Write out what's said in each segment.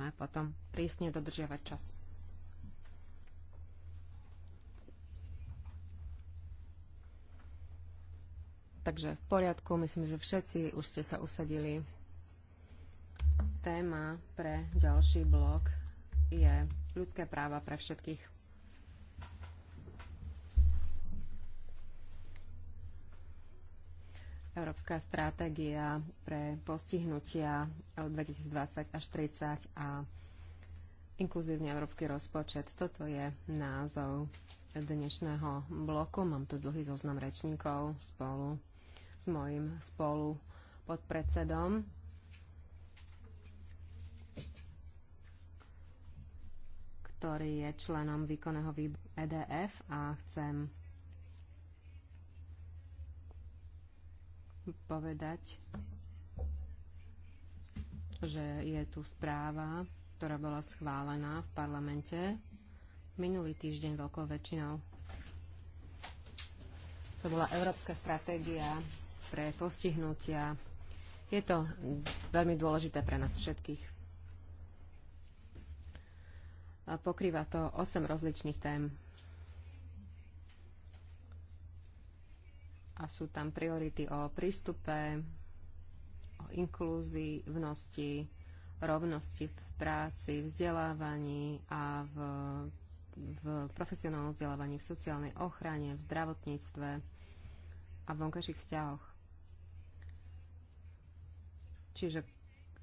a potom prísne dodržiavať čas. Takže v poriadku, myslím, že všetci už ste sa usadili. Téma pre ďalší blok je ľudské práva pre všetkých. Európska stratégia pre postihnutia 2020 až 30 a inkluzívny európsky rozpočet. Toto je názov dnešného bloku. Mám tu dlhý zoznam rečníkov spolu s mojim spolu podpredsedom. ktorý je členom výkonného výboru EDF a chcem povedať, že je tu správa, ktorá bola schválená v parlamente minulý týždeň veľkou väčšinou. To bola európska stratégia pre postihnutia. Je to veľmi dôležité pre nás všetkých. A pokrýva to 8 rozličných tém. a sú tam priority o prístupe, o inkluzívnosti, rovnosti v práci, vzdelávaní a v, v profesionálnom vzdelávaní, v sociálnej ochrane, v zdravotníctve a v vonkajších vzťahoch. Čiže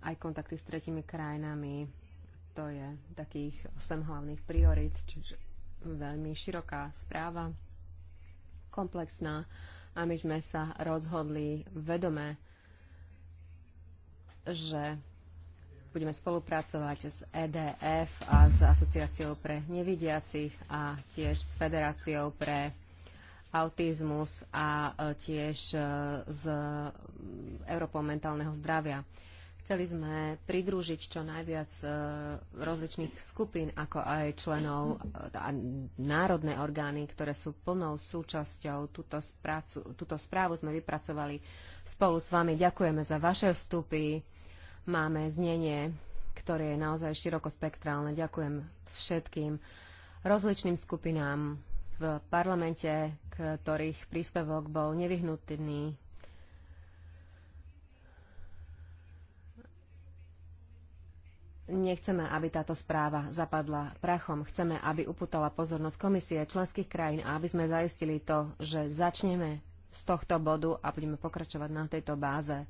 aj kontakty s tretimi krajinami, to je takých 8 hlavných priorit, čiže veľmi široká správa, komplexná. Uh, a my sme sa rozhodli vedome, že budeme spolupracovať s EDF a s Asociáciou pre nevidiacich a tiež s Federáciou pre autizmus a e, tiež s e, Európou mentálneho zdravia. Chceli sme pridružiť čo najviac e, rozličných skupín, ako aj členov e, národné orgány, ktoré sú plnou súčasťou. Túto, správcu, túto správu sme vypracovali spolu s vami. Ďakujeme za vaše vstupy. Máme znenie, ktoré je naozaj širokospektrálne. Ďakujem všetkým rozličným skupinám v parlamente, ktorých príspevok bol nevyhnutný nechceme, aby táto správa zapadla prachom. Chceme, aby upútala pozornosť komisie členských krajín a aby sme zaistili to, že začneme z tohto bodu a budeme pokračovať na tejto báze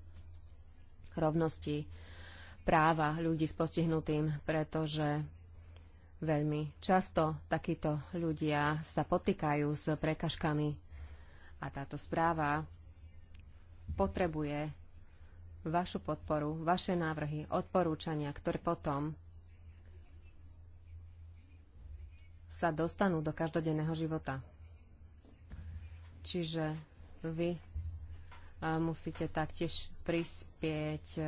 rovnosti práva ľudí s postihnutým, pretože veľmi často takíto ľudia sa potýkajú s prekažkami a táto správa potrebuje vašu podporu, vaše návrhy, odporúčania, ktoré potom sa dostanú do každodenného života. Čiže vy e, musíte taktiež prispieť, e,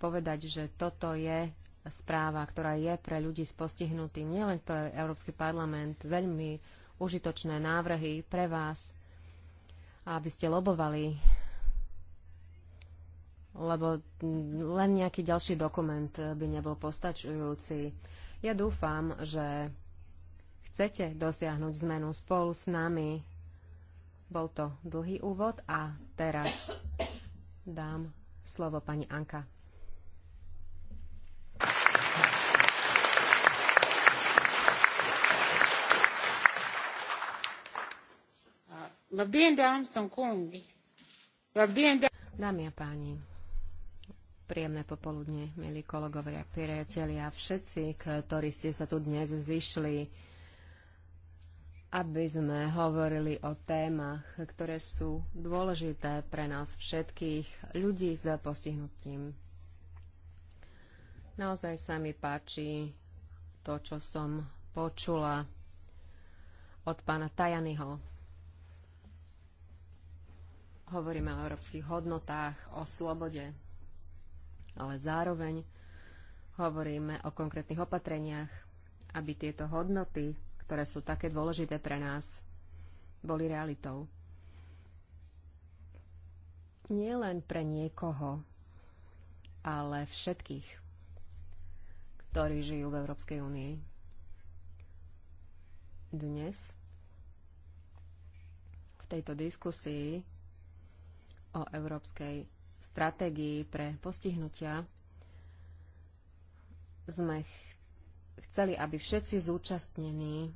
povedať, že toto je správa, ktorá je pre ľudí s postihnutým, nielen pre Európsky parlament, veľmi užitočné návrhy pre vás, aby ste lobovali lebo len nejaký ďalší dokument eh, by nebol postačujúci. Ja dúfam, že chcete dosiahnuť zmenu spolu s nami. Bol to dlhý úvod a teraz dám slovo pani Anka. Dámy a páni, Príjemné popoludne, milí kolegovia, priatelia, všetci, ktorí ste sa tu dnes zišli, aby sme hovorili o témach, ktoré sú dôležité pre nás všetkých ľudí s postihnutím. Naozaj sa mi páči to, čo som počula od pána Tajanyho. Hovoríme o európskych hodnotách, o slobode, ale zároveň hovoríme o konkrétnych opatreniach, aby tieto hodnoty, ktoré sú také dôležité pre nás, boli realitou. Nie len pre niekoho, ale všetkých, ktorí žijú v Európskej únii. Dnes v tejto diskusii o Európskej stratégii pre postihnutia sme chceli, aby všetci zúčastnení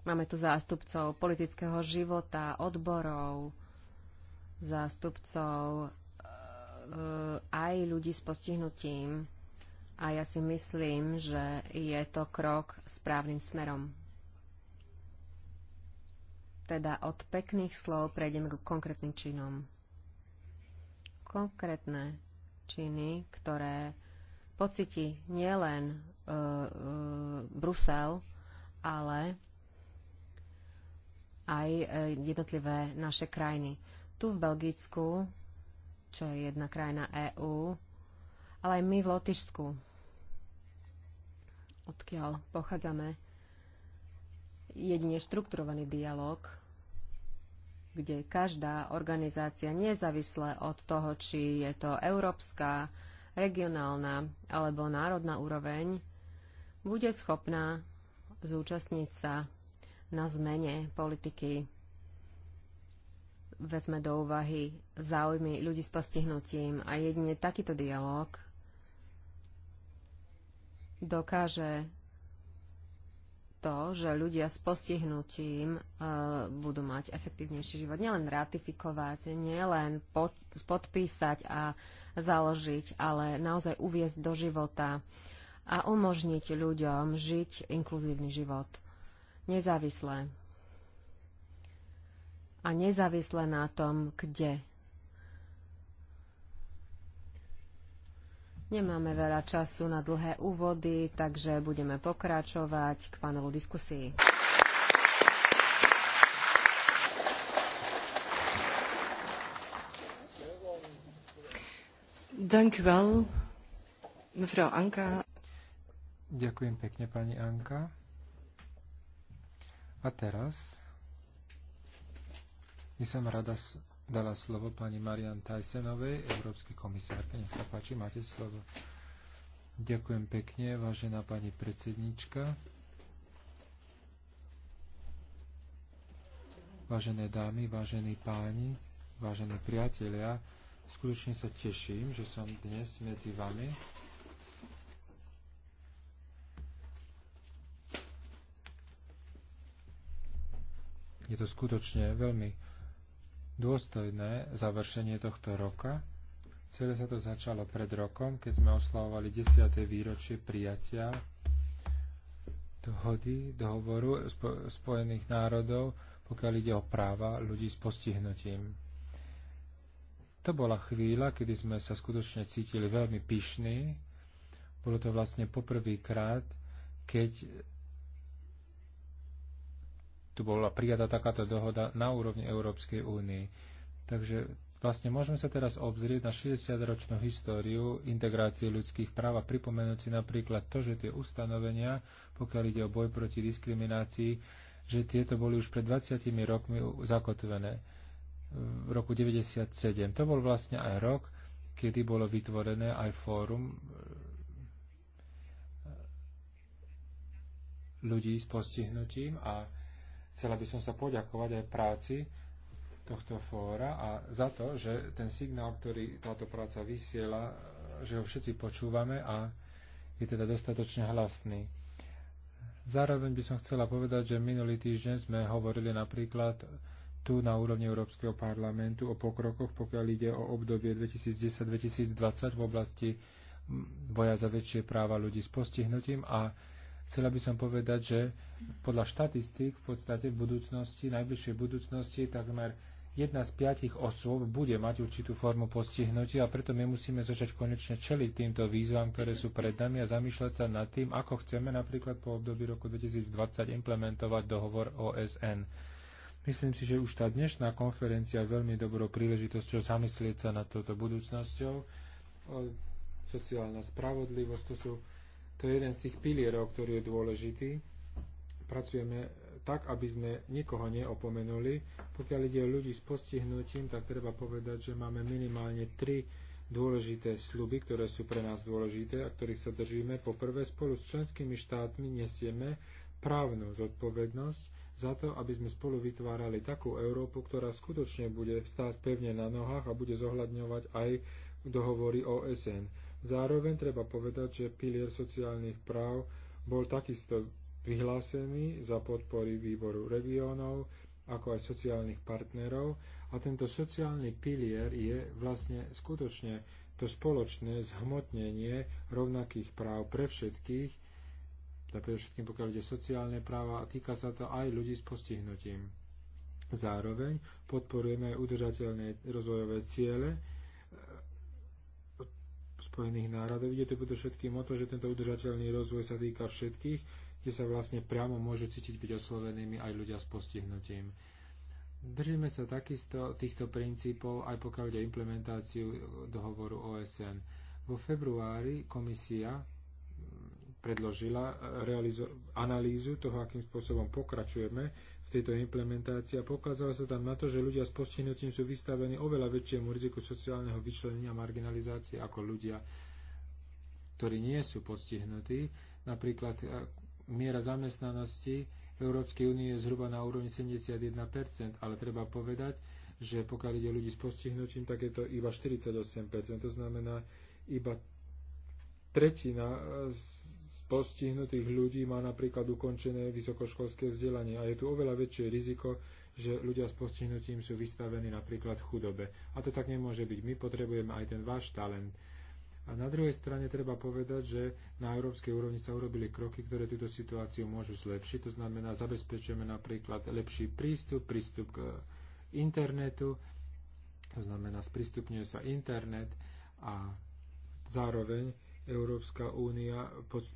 Máme tu zástupcov politického života, odborov, zástupcov e, aj ľudí s postihnutím a ja si myslím, že je to krok správnym smerom. Teda od pekných slov prejdeme k konkrétnym činom konkrétne činy, ktoré pocíti nielen e, e, Brusel, ale aj e, jednotlivé naše krajiny. Tu v Belgicku, čo je jedna krajina EÚ, ale aj my v Lotyšsku, odkiaľ pochádzame, jedine štrukturovaný dialog – kde každá organizácia, nezávisle od toho, či je to európska, regionálna alebo národná úroveň, bude schopná zúčastniť sa na zmene politiky. Vezme do úvahy záujmy ľudí s postihnutím a jedine takýto dialog dokáže to, že ľudia s postihnutím e, budú mať efektívnejší život. Nielen ratifikovať, nielen po, podpísať a založiť, ale naozaj uviezť do života a umožniť ľuďom žiť inkluzívny život. Nezávisle. A nezávisle na tom, kde Nemáme veľa času na dlhé úvody, takže budeme pokračovať k panelu diskusii. Ďakujem pekne, pani Anka. A teraz by som rada dala slovo pani Marian Tysenovej, Európsky komisárke. Nech sa páči, máte slovo. Ďakujem pekne, vážená pani predsednička. Vážené dámy, vážení páni, vážení priatelia, skutočne sa teším, že som dnes medzi vami. Je to skutočne veľmi dôstojné završenie tohto roka. Celé sa to začalo pred rokom, keď sme oslavovali 10. výročie prijatia dohody, dohovoru spo- Spojených národov, pokiaľ ide o práva ľudí s postihnutím. To bola chvíľa, kedy sme sa skutočne cítili veľmi pyšní. Bolo to vlastne poprvýkrát, keď tu bola prijata takáto dohoda na úrovni Európskej únie. Takže vlastne môžeme sa teraz obzrieť na 60-ročnú históriu integrácie ľudských práv a pripomenúť si napríklad to, že tie ustanovenia, pokiaľ ide o boj proti diskriminácii, že tieto boli už pred 20 rokmi zakotvené v roku 1997. To bol vlastne aj rok, kedy bolo vytvorené aj fórum e, ľudí s postihnutím a chcela by som sa poďakovať aj práci tohto fóra a za to, že ten signál, ktorý táto práca vysiela, že ho všetci počúvame a je teda dostatočne hlasný. Zároveň by som chcela povedať, že minulý týždeň sme hovorili napríklad tu na úrovni Európskeho parlamentu o pokrokoch, pokiaľ ide o obdobie 2010-2020 v oblasti boja za väčšie práva ľudí s postihnutím a chcela by som povedať, že podľa štatistík v podstate v budúcnosti, najbližšej budúcnosti, takmer jedna z piatich osôb bude mať určitú formu postihnutia a preto my musíme začať konečne čeliť týmto výzvam, ktoré sú pred nami a zamýšľať sa nad tým, ako chceme napríklad po období roku 2020 implementovať dohovor OSN. Myslím si, že už tá dnešná konferencia je veľmi dobrou príležitosťou zamyslieť sa nad touto budúcnosťou. O, sociálna spravodlivosť, to sú To je jeden z tých pilierov, ktorý je dôležitý. Pracujeme tak, aby sme nikoho neopomenuli. Pokiaľ ide o ľudí s postihnutím, tak treba povedať, že máme minimálne tri dôležité sluby, ktoré sú pre nás dôležité a ktorých sa držíme. Po prvé, spolu s členskými štátmi nesieme právnu zodpovednosť za to, aby sme spolu vytvárali takú Európu, ktorá skutočne bude stáť pevne na nohách a bude zohľadňovať aj dohovory OSN. Zároveň treba povedať, že pilier sociálnych práv bol takisto vyhlásený za podpory výboru regionov, ako aj sociálnych partnerov. A tento sociálny pilier je vlastne skutočne to spoločné zhmotnenie rovnakých práv pre všetkých, teda pre všetkým, pokiaľ ide sociálne práva, a týka sa to aj ľudí s postihnutím. Zároveň podporujeme udržateľné rozvojové ciele, Spojených národov. Vidíte tu všetkým o to, že tento udržateľný rozvoj sa týka všetkých, kde sa vlastne priamo môže cítiť byť oslovenými aj ľudia s postihnutím. Držíme sa takisto týchto princípov aj pokiaľ ide o implementáciu dohovoru OSN. Vo februári komisia mm, predložila e, realizo- analýzu toho, akým spôsobom pokračujeme v tejto implementácii a pokázala sa tam na to, že ľudia s postihnutím sú vystavení oveľa väčšiemu riziku sociálneho vyčlenenia a marginalizácie ako ľudia, ktorí nie sú postihnutí. Napríklad e, miera zamestnanosti Európskej únie je zhruba na úrovni 71%, ale treba povedať, že pokiaľ ide ľudí s postihnutím, tak je to iba 48%. To znamená, iba tretina z postihnutých ľudí má napríklad ukončené vysokoškolské vzdelanie a je tu oveľa väčšie riziko, že ľudia s postihnutím sú vystavení napríklad chudobe. A to tak nemôže byť. My potrebujeme aj ten váš talent. A na druhej strane treba povedať, že na európskej úrovni sa urobili kroky, ktoré túto situáciu môžu zlepšiť. To znamená, zabezpečujeme napríklad lepší prístup, prístup k internetu. To znamená, sprístupňuje sa internet a zároveň uh, Európska únia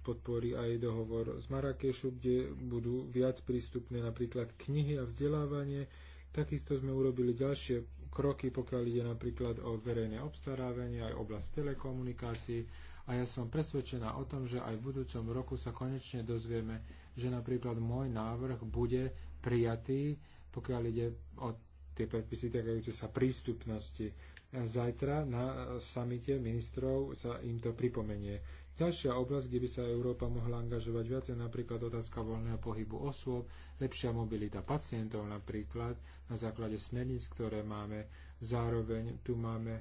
podporí aj dohovor z Marrakešu, kde budú viac prístupné napríklad knihy a vzdelávanie. Takisto sme urobili ďalšie kroky, pokiaľ ide napríklad o verejné obstarávanie, aj oblasť telekomunikácií. A ja som presvedčená o tom, že aj v budúcom roku sa konečne dozvieme, že napríklad môj návrh bude prijatý, pokiaľ ide o tie predpisy týkajúce sa prístupnosti zajtra na eh, samite ministrov sa im to pripomenie. Ďalšia oblasť, kde by sa Európa mohla angažovať viac, je napríklad otázka voľného pohybu osôb, lepšia mobilita pacientov napríklad na základe smerníc, ktoré máme. Zároveň tu máme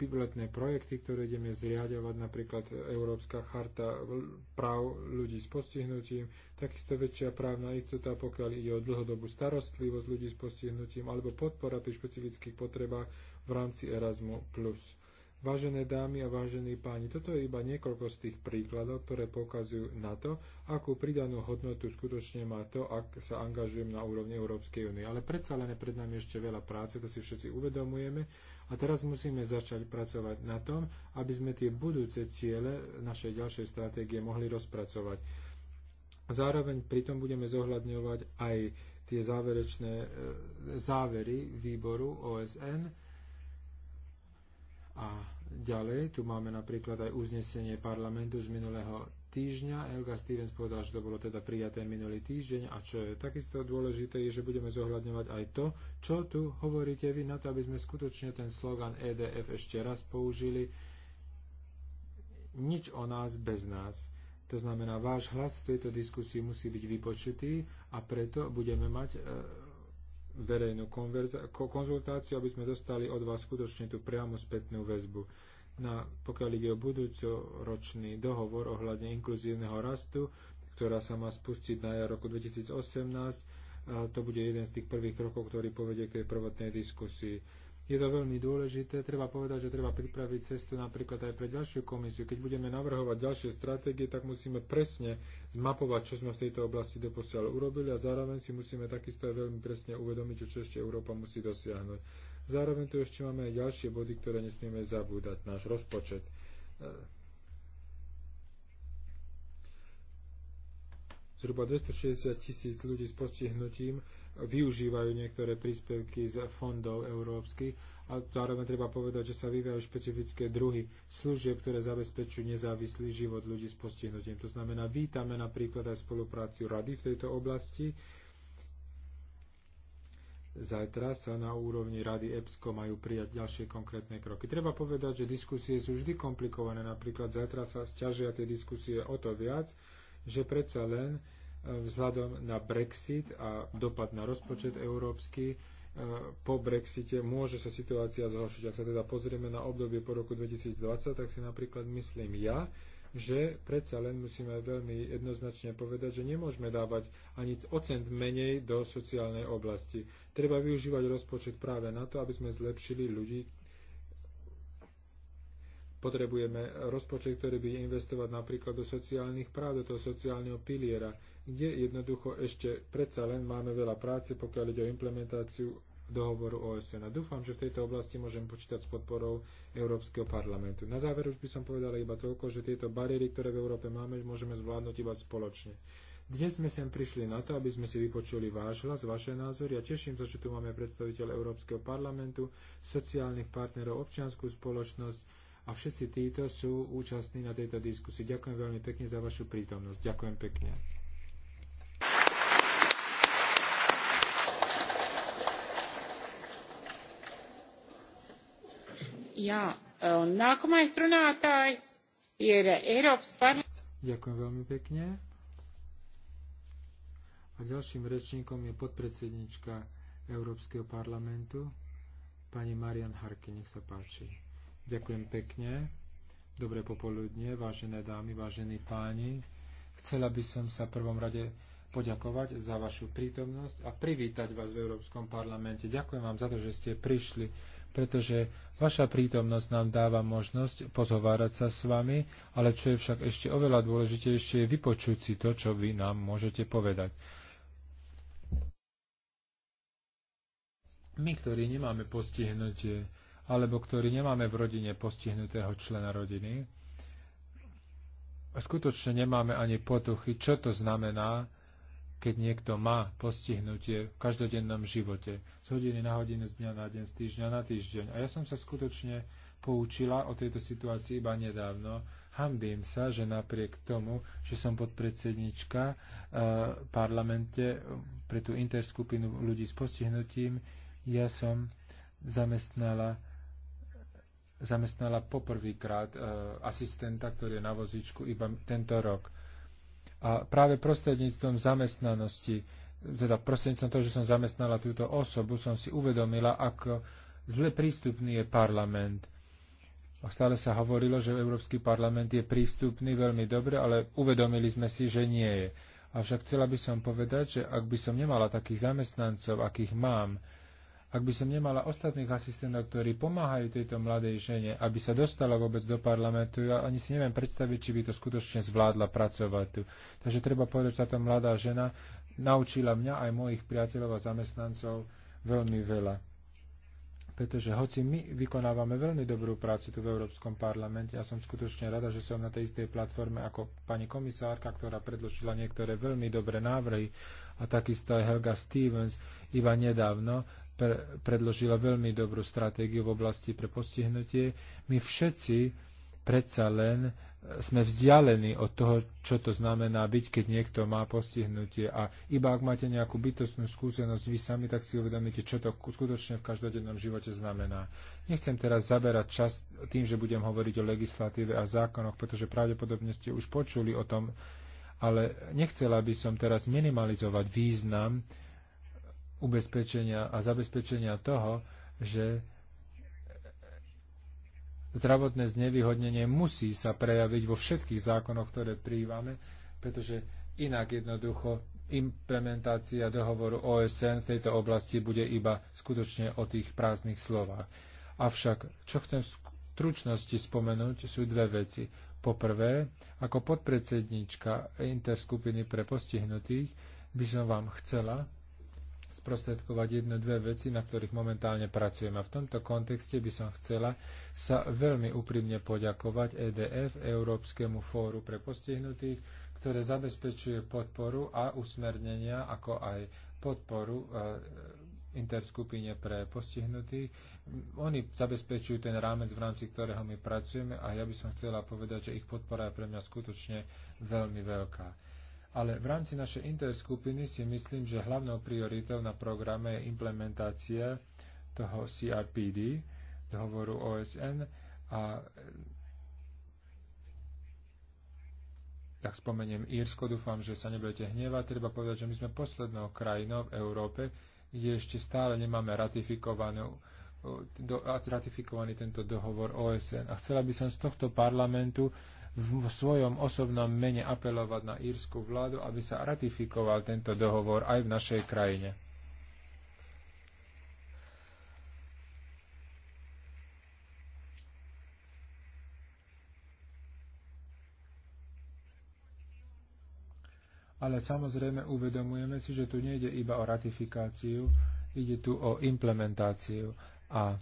pivletné projekty, ktoré ideme zriadovať, napríklad Európska charta práv ľudí s postihnutím, takisto väčšia právna istota, pokiaľ ide o dlhodobú starostlivosť ľudí s postihnutím alebo podpora pri špecifických potrebách v rámci Erasmus+. Vážené dámy a vážení páni, toto je iba niekoľko z tých príkladov, ktoré pokazujú na to, akú pridanú hodnotu skutočne má to, ak sa angažujem na úrovni Európskej únie. Ale predsa len pred nami ešte veľa práce, to si všetci uvedomujeme. A teraz musíme začať pracovať na tom, aby sme tie budúce ciele našej ďalšej stratégie mohli rozpracovať. Zároveň pritom budeme zohľadňovať aj tie záverečné e, závery výboru OSN, Ďalej, tu máme napríklad aj uznesenie parlamentu z minulého týždňa. Elga Stevens povedala, že to bolo teda prijaté minulý týždeň a čo je takisto dôležité, je, že budeme zohľadňovať aj to, čo tu hovoríte vy na to, aby sme skutočne ten slogan EDF ešte raz použili. Nič o nás bez nás. To znamená, váš hlas v tejto diskusii musí byť vypočutý a preto budeme mať e, verejnú konverza- konzultáciu, aby sme dostali od vás skutočne tú priamu spätnú väzbu na, pokiaľ ide o budúcoročný dohovor ohľadne inkluzívneho rastu, ktorá sa má spustiť na jar roku 2018, to bude jeden z tých prvých krokov, ktorý povedie k tej prvotnej diskusii. Je to veľmi dôležité. Treba povedať, že treba pripraviť cestu napríklad aj pre ďalšiu komisiu. Keď budeme navrhovať ďalšie stratégie, tak musíme presne zmapovať, čo sme v tejto oblasti doposiaľ urobili a zároveň si musíme takisto aj veľmi presne uvedomiť, čo, čo ešte Európa musí dosiahnuť. Zároveň tu ešte máme ďalšie body, ktoré nesmieme zabúdať. Náš rozpočet. Eh. Zhruba 260 tisíc ľudí s postihnutím využívajú niektoré príspevky z fondov európskych a zároveň treba povedať, že sa vyvíjajú špecifické druhy služieb, ktoré zabezpečujú nezávislý život ľudí s postihnutím. To znamená, vítame napríklad aj spolupráciu rady v tejto oblasti, Zajtra sa na úrovni Rady EPSCO majú prijať ďalšie konkrétne kroky. Treba povedať, že diskusie sú vždy komplikované. Napríklad zajtra sa stiažia tie diskusie o to viac, že predsa len e, vzhľadom na Brexit a dopad na rozpočet európsky e, po Brexite môže sa situácia zhoršiť. Ak sa teda pozrieme na obdobie po roku 2020, tak si napríklad myslím ja, že predsa len musíme veľmi jednoznačne povedať, že nemôžeme dávať ani ocent menej do sociálnej oblasti. Treba využívať rozpočet práve na to, aby sme zlepšili ľudí. Potrebujeme rozpočet, ktorý by investovať napríklad do sociálnych práv, do toho sociálneho piliera, kde jednoducho ešte predsa len máme veľa práce, pokiaľ ide o implementáciu dohovoru OSN. E a dúfam, že v tejto oblasti môžem počítať s podporou Európskeho parlamentu. Na záver už by som povedala iba toľko, že tieto bariéry, ktoré v Európe máme, môžeme zvládnuť iba spoločne. Dnes sme sem prišli na to, aby sme si vypočuli váš hlas, vaše názory a teším sa, že tu máme predstaviteľ Európskeho parlamentu, sociálnych partnerov, občianskú spoločnosť a všetci títo sú účastní na tejto diskusii. Ďakujem veľmi pekne za vašu prítomnosť. Ďakujem pekne. Ja, eh, nākamā runātājs ir Eiropas parlaments. Ďakujem veľmi pekne. A ďalším rečníkom je podpredsednička Európskeho parlamentu, pani Marian Harky, nech sa páči. Ďakujem pekne. Dobré popoludne, vážené dámy, vážení páni. Chcela by som sa v prvom rade poďakovať za vašu prítomnosť a privítať vás v Európskom parlamente. Ďakujem vám za to, že ste prišli pretože vaša prítomnosť nám dáva možnosť pozhovárať sa s vami, ale čo je však ešte oveľa dôležitejšie, je vypočuť si to, čo vy nám môžete povedať. My, ktorí nemáme postihnutie, alebo ktorí nemáme v rodine postihnutého člena rodiny, skutočne nemáme ani potuchy, čo to znamená, keď niekto má postihnutie v každodennom živote, z hodiny na hodinu, z dňa na deň, z týždňa na týždeň. A ja som sa skutočne poučila o tejto situácii iba nedávno. Hambím sa, že napriek tomu, že som podpredsednička eh, v e, parlamente pre tú interskupinu ľudí s postihnutím, ja som zamestnala zamestnala poprvýkrát e, asistenta, ktorý je na vozičku iba tento rok. A práve prostredníctvom zamestnanosti, teda prostredníctvom toho, že som zamestnala túto osobu, som si uvedomila, ako zle prístupný je parlament. A stále sa hovorilo, že Európsky parlament je prístupný veľmi dobre, ale uvedomili sme si, že nie je. Avšak chcela by som povedať, že ak by som nemala takých zamestnancov, akých mám, ak by som nemala ostatných asistentov, ktorí pomáhajú tejto mladej žene, aby sa dostala vôbec do parlamentu, ja ani si neviem predstaviť, či by to skutočne zvládla pracovať tu. Takže treba povedať, že táto mladá žena naučila mňa aj mojich priateľov a zamestnancov veľmi veľa. Pretože hoci my vykonávame veľmi dobrú prácu tu v Európskom parlamente, ja som skutočne rada, že som na tej istej platforme ako pani komisárka, ktorá predložila niektoré veľmi dobré návrhy a takisto aj Helga Stevens iba nedávno, pre, predložila veľmi dobrú stratégiu v oblasti pre postihnutie. My všetci predsa len e, sme vzdialení od toho, čo to znamená byť, keď niekto má postihnutie. A iba ak máte nejakú bytostnú skúsenosť, vy sami tak si uvedomíte, čo to skutočne v každodennom živote znamená. Nechcem teraz zaberať čas tým, že budem hovoriť o legislatíve a zákonoch, pretože pravdepodobne ste už počuli o tom, ale nechcela by som teraz minimalizovať význam ubezpečenia a zabezpečenia toho, že zdravotné znevýhodnenie musí sa prejaviť vo všetkých zákonoch, ktoré prijímame, pretože inak jednoducho implementácia dohovoru OSN v tejto oblasti bude iba skutočne o tých prázdnych slovách. Avšak, čo chcem v stručnosti spomenúť, sú dve veci. Poprvé, ako podpredsednička interskupiny pre postihnutých by som vám chcela sprostredkovať jedno, dve veci, na ktorých momentálne pracujem. A v tomto kontexte by som chcela sa veľmi úprimne poďakovať EDF, Európskemu fóru pre postihnutých, ktoré zabezpečuje podporu a usmernenia, ako aj podporu e, interskupine pre postihnutých. Oni zabezpečujú ten rámec, v rámci ktorého my pracujeme a ja by som chcela povedať, že ich podpora je pre mňa skutočne veľmi veľká ale v rámci našej interskupiny si myslím, že hlavnou prioritou na programe je implementácie toho CRPD, dohovoru OSN a eh, tak spomeniem Írsko, dúfam, že sa nebudete hnievať. Treba povedať, že my sme poslednou krajinou v Európe, kde ešte stále nemáme ratifikovanú, eh, ratifikovaný tento dohovor OSN. A chcela by som z tohto parlamentu v svojom osobnom mene apelovať na írsku vládu, aby sa ratifikoval tento dohovor aj v našej krajine. Ale samozrejme uvedomujeme si, že tu nejde iba o ratifikáciu, ide tu o implementáciu. A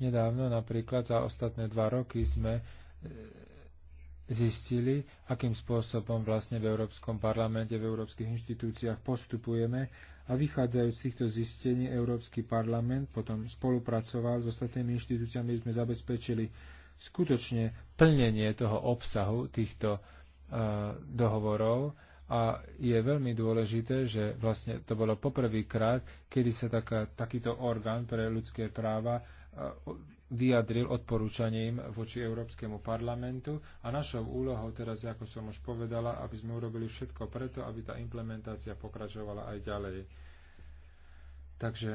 nedávno napríklad za ostatné dva roky sme zistili, akým spôsobom vlastne v Európskom parlamente, v európskych inštitúciách postupujeme a vychádzajú z týchto zistení Európsky parlament potom spolupracoval s ostatnými inštitúciami, aby sme zabezpečili skutočne plnenie toho obsahu týchto uh, dohovorov a je veľmi dôležité, že vlastne to bolo poprvýkrát, kedy sa taká, takýto orgán pre ľudské práva uh, vyjadril odporúčaním voči Európskemu parlamentu a našou úlohou teraz, ako som už povedala, aby sme urobili všetko preto, aby tá implementácia pokračovala aj ďalej. Takže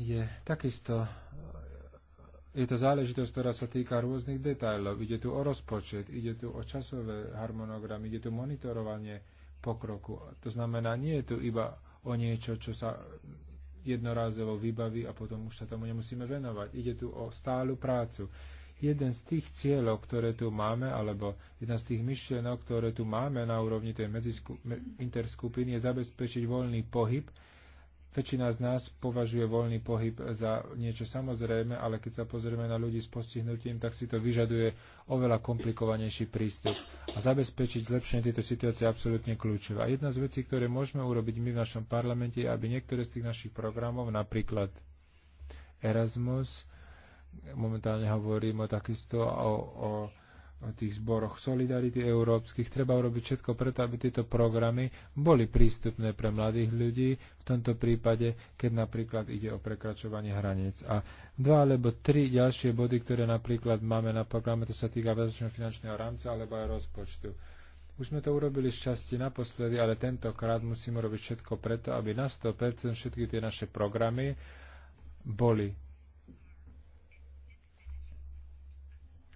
je takisto. Je to záležitosť, ktorá sa týka rôznych detajlov. Ide tu o rozpočet, ide tu o časové harmonogramy, ide tu monitorovanie pokroku. To znamená, nie je tu iba o niečo, čo sa jednorazovo vybaví a potom už sa tomu nemusíme venovať. Ide tu o stálu prácu. Jeden z tých cieľov, ktoré tu máme, alebo jedna z tých myšlienok, ktoré tu máme na úrovni tej medzisku- me- interskupiny, je zabezpečiť voľný pohyb väčšina z nás považuje voľný pohyb za niečo samozrejme, ale keď sa pozrieme na ľudí s postihnutím, tak si to vyžaduje oveľa komplikovanejší prístup. A zabezpečiť zlepšenie tejto situácie je absolútne kľúčové. A jedna z vecí, ktoré môžeme urobiť my v našom parlamente, je, aby niektoré z tých našich programov, napríklad Erasmus, momentálne hovorím o takisto o, o o tých zboroch Solidarity Európskych. Treba urobiť všetko preto, aby tieto programy boli prístupné pre mladých ľudí v tomto prípade, keď napríklad ide o prekračovanie hraníc. A dva alebo tri ďalšie body, ktoré napríklad máme na programe, to sa týka väzočného finančného rámca alebo aj rozpočtu. Už sme to urobili z časti naposledy, ale tentokrát musíme urobiť všetko preto, aby na 100% všetky tie naše programy boli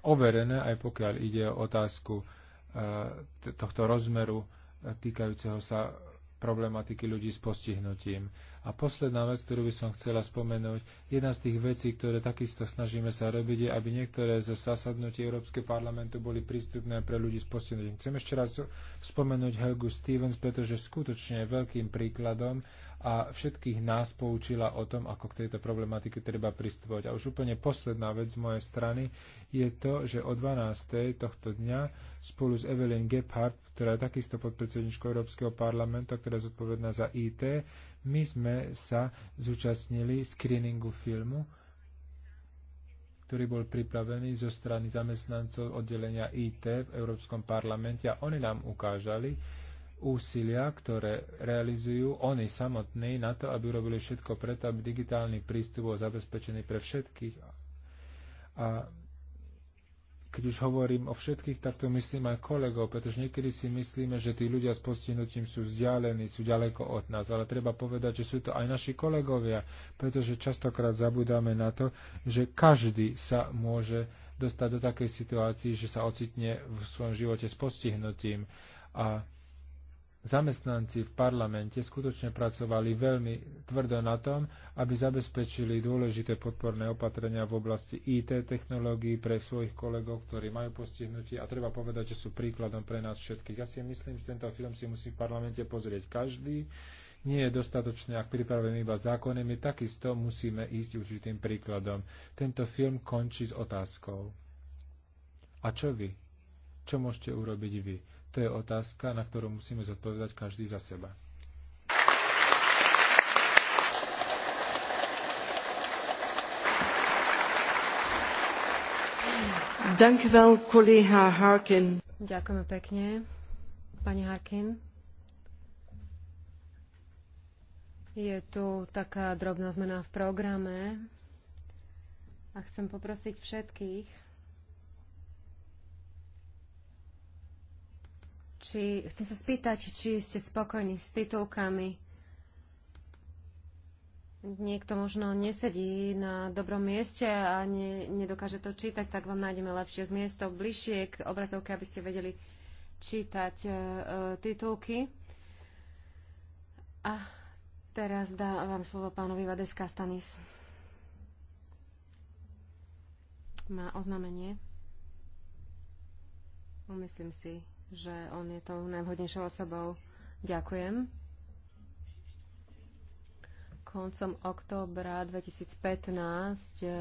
overené aj pokiaľ ide o otázku eh, tohto rozmeru eh, týkajúceho sa problematiky ľudí s postihnutím. A posledná vec, ktorú by som chcela spomenúť, jedna z tých vecí, ktoré takisto snažíme sa robiť, je, aby niektoré zo zasadnutí Európskej parlamentu boli prístupné pre ľudí s postihnutím. Chcem ešte raz spomenúť Helgu Stevens, pretože skutočne je veľkým príkladom, a všetkých nás poučila o tom, ako k tejto problematike treba pristupovať. A už úplne posledná vec z mojej strany je to, že o 12. tohto dňa spolu s Evelyn Gebhardt, ktorá je takisto podpredsedničkou Európskeho parlamentu, ktorá je zodpovedná za IT, my sme sa zúčastnili screeningu filmu, ktorý bol pripravený zo strany zamestnancov oddelenia IT v Európskom parlamente a oni nám ukážali, úsilia, ktoré realizujú oni samotní na to, aby urobili všetko preto, aby digitálny prístup bol zabezpečený pre všetkých. A keď už hovorím o všetkých, tak to myslím aj kolegov, pretože niekedy si myslíme, že tí ľudia s postihnutím sú vzdialení, sú ďaleko od nás, ale treba povedať, že sú to aj naši kolegovia, pretože častokrát zabudáme na to, že každý sa môže dostať do takej situácii, že sa ocitne v svojom živote s postihnutím. A zamestnanci v parlamente skutočne pracovali veľmi tvrdo na tom, aby zabezpečili dôležité podporné opatrenia v oblasti IT technológií pre svojich kolegov, ktorí majú postihnutie a treba povedať, že sú príkladom pre nás všetkých. Ja si myslím, že tento film si musí v parlamente pozrieť každý. Nie je dostatočné, ak pripravujeme iba zákony, my takisto musíme ísť určitým príkladom. Tento film končí s otázkou. A čo vy? Čo môžete urobiť vy? To je otázka, na ktorú musíme zodpovedať každý za seba. Ďakujem pekne, pani Harkin. Je tu taká drobná zmena v programe a chcem poprosiť všetkých, či, chcem sa spýtať, či ste spokojní s titulkami. Niekto možno nesedí na dobrom mieste a ne, nedokáže to čítať, tak vám nájdeme lepšie z miesto bližšie k obrazovke, aby ste vedeli čítať e, e, titulky. A teraz dávam slovo pánovi Vadeska Stanis. Má oznámenie. No, myslím si, že on je tou najvhodnejšou osobou. Ďakujem. Koncom októbra 2015 e,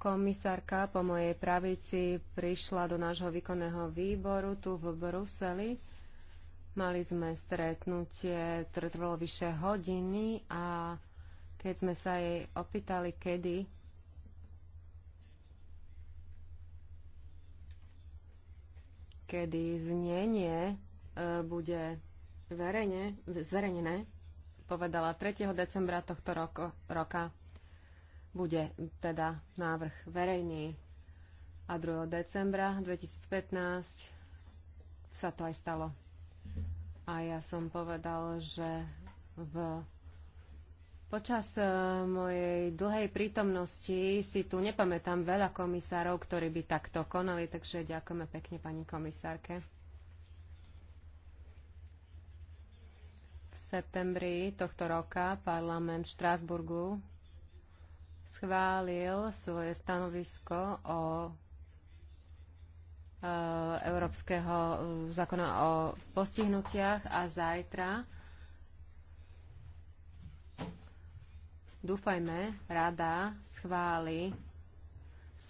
komisárka po mojej pravici prišla do nášho výkonného výboru tu v Bruseli. Mali sme stretnutie, ktoré trvalo vyše hodiny a keď sme sa jej opýtali, kedy kedy znenie e, bude verejne, zverejnené, povedala 3. decembra tohto roko, roka. Bude teda návrh verejný a 2. decembra 2015 sa to aj stalo. A ja som povedal, že v Počas eh, mojej dlhej prítomnosti si tu nepamätám veľa komisárov, ktorí by takto konali, takže ďakujeme pekne pani komisárke. V septembri tohto roka parlament Štrásburgu schválil svoje stanovisko o eh, európskeho eh, zákona o postihnutiach a zajtra dúfajme, rada schváli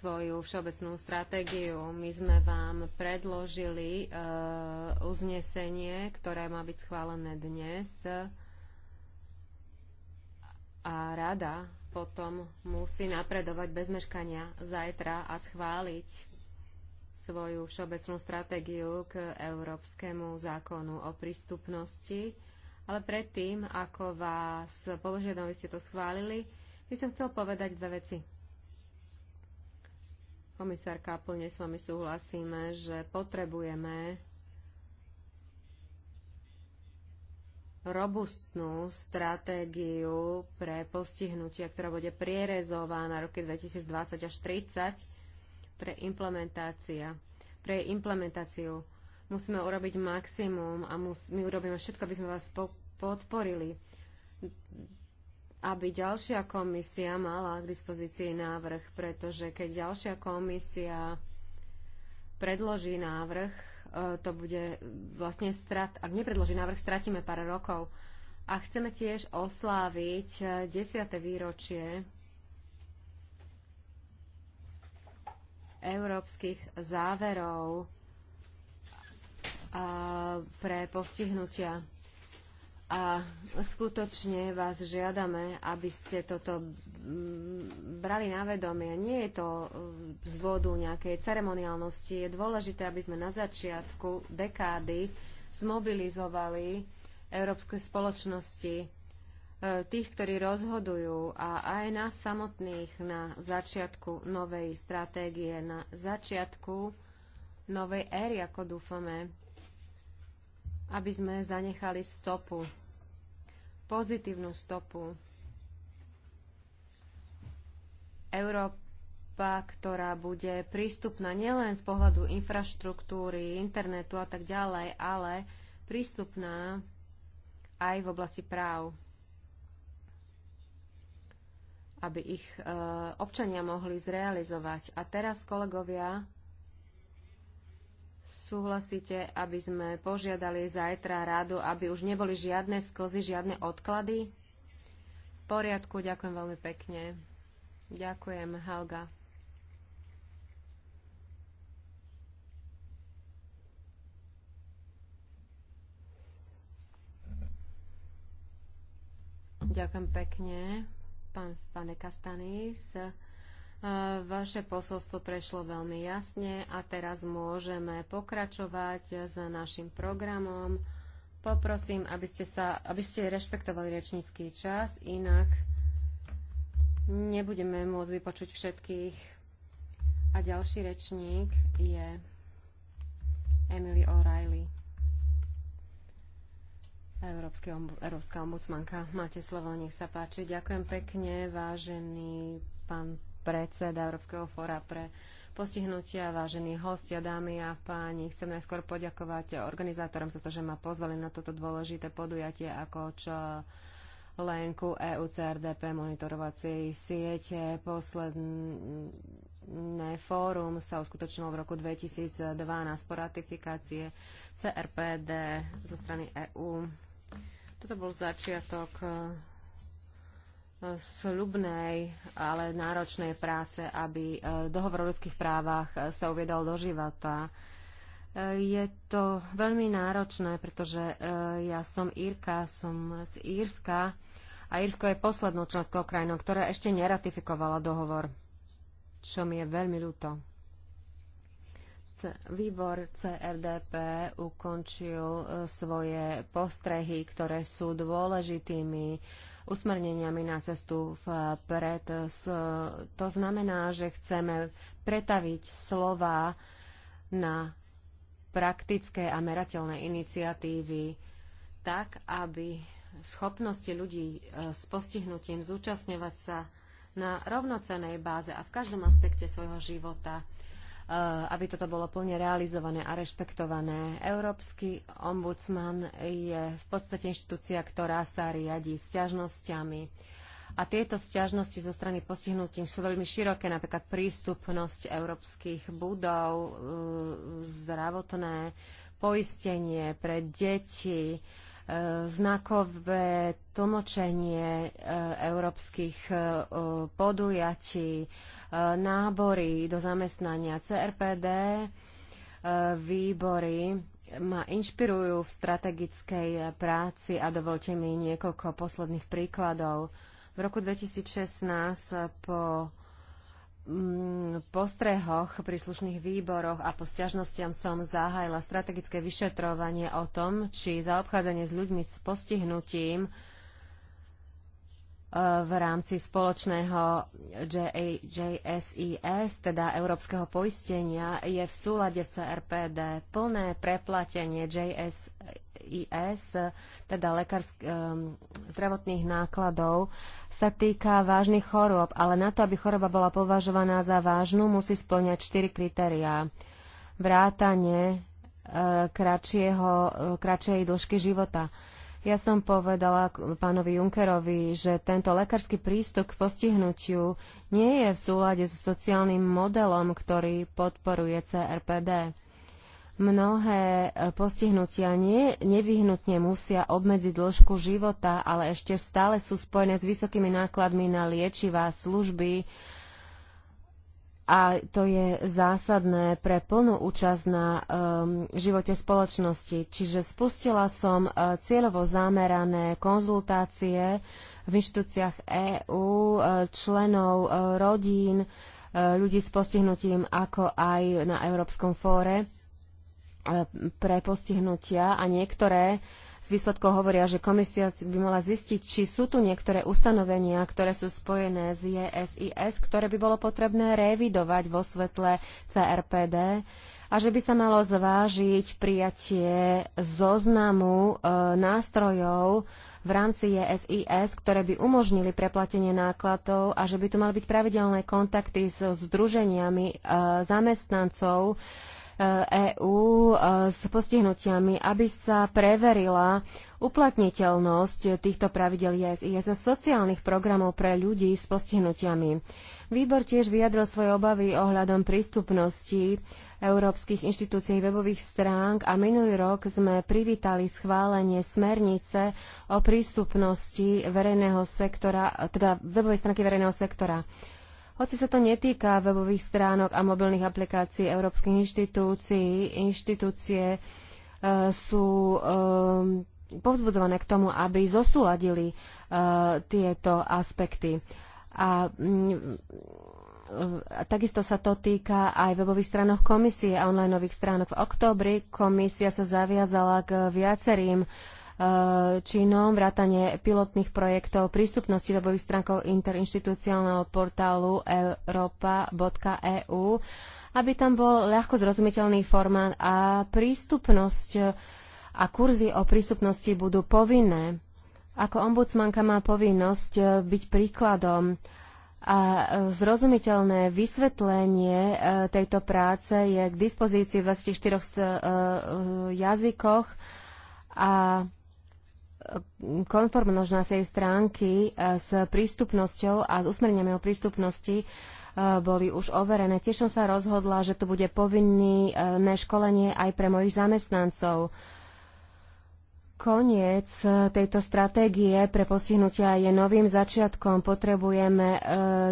svoju všeobecnú stratégiu. My sme vám predložili uh, uznesenie, ktoré má byť schválené dnes a rada potom musí napredovať bez meškania zajtra a schváliť svoju všeobecnú stratégiu k Európskemu zákonu o prístupnosti. Ale predtým, ako vás považiadom, ste to schválili, by som chcel povedať dve veci. Komisárka, plne s vami súhlasíme, že potrebujeme robustnú stratégiu pre postihnutia, ktorá bude prierezová na roky 2020 až 2030 pre implementácia, pre implementáciu musíme urobiť maximum a mus, my urobíme všetko, aby sme vás po, podporili, aby ďalšia komisia mala k dispozícii návrh, pretože keď ďalšia komisia predloží návrh, e, to bude vlastne strat, ak nepredloží návrh, stratíme pár rokov. A chceme tiež osláviť 10. E, výročie európskych záverov a, pre postihnutia. A skutočne vás žiadame, aby ste toto brali na vedomie. Nie je to z dôvodu nejakej ceremoniálnosti. Je dôležité, aby sme na začiatku dekády zmobilizovali európske spoločnosti e, tých, ktorí rozhodujú a aj nás samotných na začiatku novej stratégie, na začiatku novej éry, ako dúfame, aby sme zanechali stopu, pozitívnu stopu. Európa, ktorá bude prístupná nielen z pohľadu infraštruktúry, internetu a tak ďalej, ale prístupná aj v oblasti práv, aby ich e, občania mohli zrealizovať. A teraz, kolegovia, súhlasíte, aby sme požiadali zajtra rádu, aby už neboli žiadne sklzy, žiadne odklady? V poriadku, ďakujem veľmi pekne. Ďakujem, Helga. Ďakujem pekne, pán, pane Kastanis. Vaše posolstvo prešlo veľmi jasne a teraz môžeme pokračovať s našim programom. Poprosím, aby ste, sa, aby ste rešpektovali rečnícky čas, inak nebudeme môcť vypočuť všetkých. A ďalší rečník je Emily O'Reilly, Európsky, Európska ombudsmanka. Máte slovo, nech sa páči. Ďakujem pekne, vážený pán predseda Európskeho fóra pre postihnutia, vážení hostia, dámy a páni. Chcem najskôr poďakovať organizátorom za to, že ma pozvali na toto dôležité podujatie ako čo Lenku EUCRDP monitorovacej siete. Posledné fórum sa uskutočnilo v roku 2012 po ratifikácie CRPD zo strany EÚ. Toto bol začiatok slubnej, ale náročnej práce, aby e, dohovor o ľudských právach e, sa uviedol do života. E, je to veľmi náročné, pretože ja som Írka, som z Írska a Írsko je poslednou členskou krajinou, ktorá ešte neratifikovala dohovor, čo mi je veľmi ľúto. Výbor CRDP ukončil svoje postrehy, ktoré sú dôležitými uh, usmerneniami na cestu vpred. To znamená, že chceme pretaviť slova na praktické a merateľné iniciatívy tak, aby schopnosti ľudí e, s postihnutím zúčastňovať sa na rovnocenej báze a v každom aspekte svojho života Eh, aby toto bolo plne realizované a rešpektované. Európsky ombudsman je v podstate inštitúcia, ktorá sa riadi sťažnosťami. A tieto sťažnosti zo strany postihnutím sú veľmi široké, napríklad prístupnosť európskych budov, eh, zdravotné poistenie pre deti, eh, znakové tlmočenie európskych podujatí, nábory do zamestnania CRPD, e, výbory ma inšpirujú v strategickej e, práci a dovolte mi niekoľko posledných príkladov. V roku 2016 po mm, postrehoch príslušných výboroch a po sťažnostiam som zahájila strategické vyšetrovanie o tom, či zaobchádzanie s ľuďmi s postihnutím uh, Eh, v rámci spoločného JSES, teda Európskeho poistenia, je v súlade s CRPD plné preplatenie JSES, teda lekársk- zdravotných nákladov, sa týka vážnych chorôb, ale na to, aby choroba bola považovaná za vážnu, musí splňať 4 kritériá. Vrátanie eh, kratšieho, eh, kratšej dĺžky života. Ja som povedala pánovi Junkerovi, že tento lekársky prístup k postihnutiu nie je v súlade so sociálnym modelom, ktorý podporuje CRPD. Mnohé e, postihnutia nie, nevyhnutne musia obmedziť dĺžku života, ale ešte stále sú spojené s vysokými nákladmi na liečivá služby, a to je zásadné pre plnú účasť na um, živote spoločnosti. Čiže spustila som uh, cieľovo zamerané konzultácie v inštitúciách EÚ, uh, členov uh, rodín, uh, ľudí s postihnutím, ako aj na Európskom fóre uh, pre postihnutia a niektoré uh, S výsledkou hovoria, že komisia by mala zistiť, či sú tu niektoré ustanovenia, ktoré sú spojené s JSIS, ktoré by bolo potrebné revidovať vo svetle CRPD a že by sa malo zvážiť prijatie zoznamu e, nástrojov v rámci JSIS, ktoré by umožnili preplatenie nákladov a že by tu mali byť pravidelné kontakty so združeniami e, zamestnancov, EÚ eh, e eh, s postihnutiami, aby sa preverila uplatniteľnosť týchto pravidel ISIS a sociálnych programov pre ľudí s postihnutiami. Výbor tiež vyjadril svoje obavy ohľadom prístupnosti európskych inštitúcií webových stránk a minulý rok sme privítali schválenie smernice o prístupnosti verejného sektora, teda webovej stránky verejného sektora. Uh, Hoci sa to netýka webových stránok a mobilných aplikácií európskych inštitúcií, inštitúcie e, sú e, povzbudzované k tomu, aby zosúladili e, tieto aspekty. A, a mm, e, takisto sa to týka aj webových stránok komisie a online stránok. V októbri komisia sa zaviazala k viacerým uh, činom, vrátanie pilotných projektov prístupnosti webových stránkov interinstitucionálneho portálu europa.eu, aby tam bol ľahko zrozumiteľný formát a prístupnosť a kurzy o prístupnosti budú povinné. Ako ombudsmanka má povinnosť byť príkladom a zrozumiteľné vysvetlenie e, tejto práce je k dispozícii v 24 e, e, jazykoch a konformnosť našej stránky eh, s prístupnosťou a s usmerneniami o prístupnosti eh, boli už overené. Tiež som sa rozhodla, že to bude povinné eh, školenie aj pre mojich zamestnancov. Koniec tejto stratégie pre postihnutia je novým začiatkom. Potrebujeme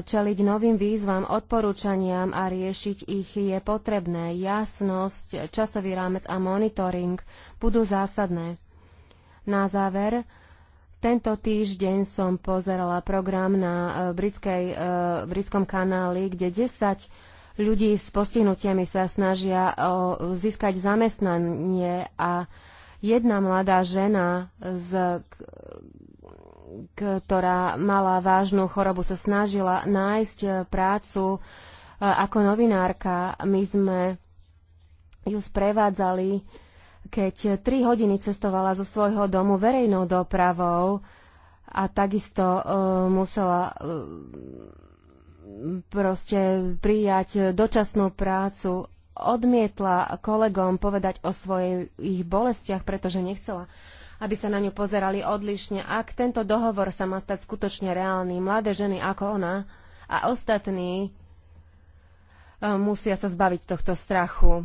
čeliť novým výzvam, odporúčaniam a riešiť ich je potrebné. Jasnosť, časový rámec a monitoring budú zásadné. Na záver, tento týždeň som pozerala program na e, britskej, e, britskom kanáli, kde 10 ľudí s postihnutiami sa snažia e, získať zamestnanie a jedna mladá žena, z, ktorá mala vážnu chorobu, sa snažila nájsť prácu ako novinárka. My sme ju sprevádzali uh, keď tri hodiny cestovala zo svojho domu verejnou dopravou a takisto uh, musela uh, proste prijať dočasnú prácu, odmietla kolegom povedať o svojich bolestiach, pretože nechcela aby sa na ňu pozerali odlišne. Ak tento dohovor sa má stať skutočne reálny, mladé ženy ako ona a ostatní e, musia sa zbaviť tohto strachu.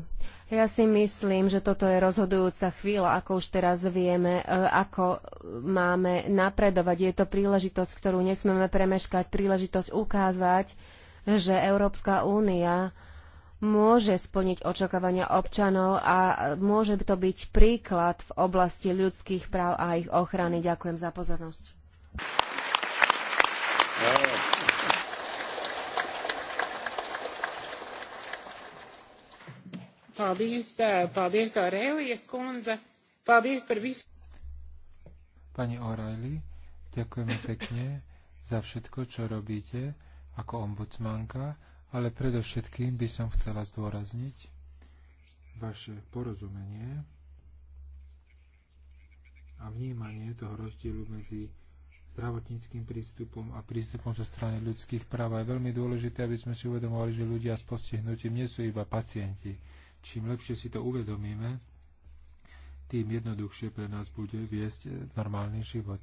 Ja si myslím, že toto je rozhodujúca chvíľa, ako už teraz vieme, e, ako máme napredovať. Je to príležitosť, ktorú nesmieme premeškať, príležitosť ukázať, že Európska únia môže splniť očakávania občanov a môže to byť príklad v oblasti ľudských práv a ich ochrany. Ďakujem za pozornosť. Yeah. Paldies, eh, paldies, Aurēlijas kundze. Paldies par visu. Pani Aurēlī, ďakujeme pekne za všetko, čo robíte ako ombudsmanka, ale predovšetkým by som chcela zdôrazniť vaše porozumenie a vnímanie toho rozdielu medzi zdravotníckým prístupom a prístupom zo strany ľudských práv. Je veľmi dôležité, aby sme si uvedomovali, že ľudia s postihnutím nie sú iba pacienti čím lepšie si to uvedomíme, tým jednoduchšie pre nás bude viesť normálny život.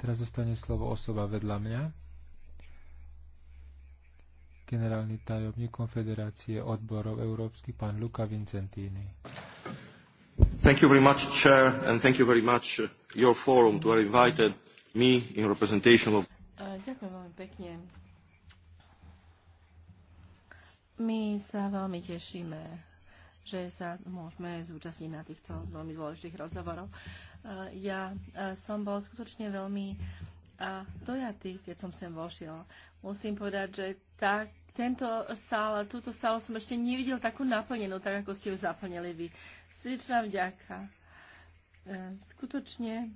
Teraz zostane slovo osoba vedľa mňa, generálny tajomník Konfederácie odborov európskych, pán Luka Vincentini. Thank you very much, Chair, and thank you very much, uh, your forum, to have invited me in representation of... Ďakujem veľmi pekne. My sa veľmi tešíme že sa môžeme zúčastniť na týchto veľmi dôležitých rozhovoroch. E, ja e, som bol skutočne veľmi dojatý, keď som sem vošiel. Musím povedať, že tak tento sál, túto sálu som ešte nevidel takú naplnenú, tak ako ste ju zaplnili vy. Srdečná vďaka. E, skutočne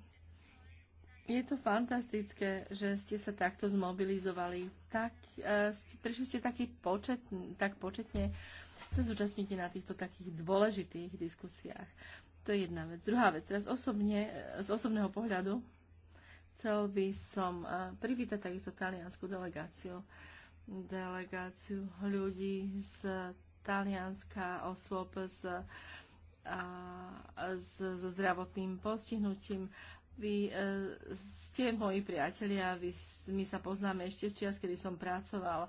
je to fantastické, že ste sa takto zmobilizovali. Tak, prišli ste taký počet, tak početne sa zúčastníte na týchto takých dôležitých diskusiách. To je jedna vec. Druhá vec, teraz osobne, z osobného pohľadu, chcel by som eh, privítať takisto talianskú delegáciu. Delegáciu ľudí z Talianska, osôb z, a, z, so zdravotným postihnutím. Vy e, ste moji priatelia, vy, my sa poznáme ešte z čias, kedy som pracoval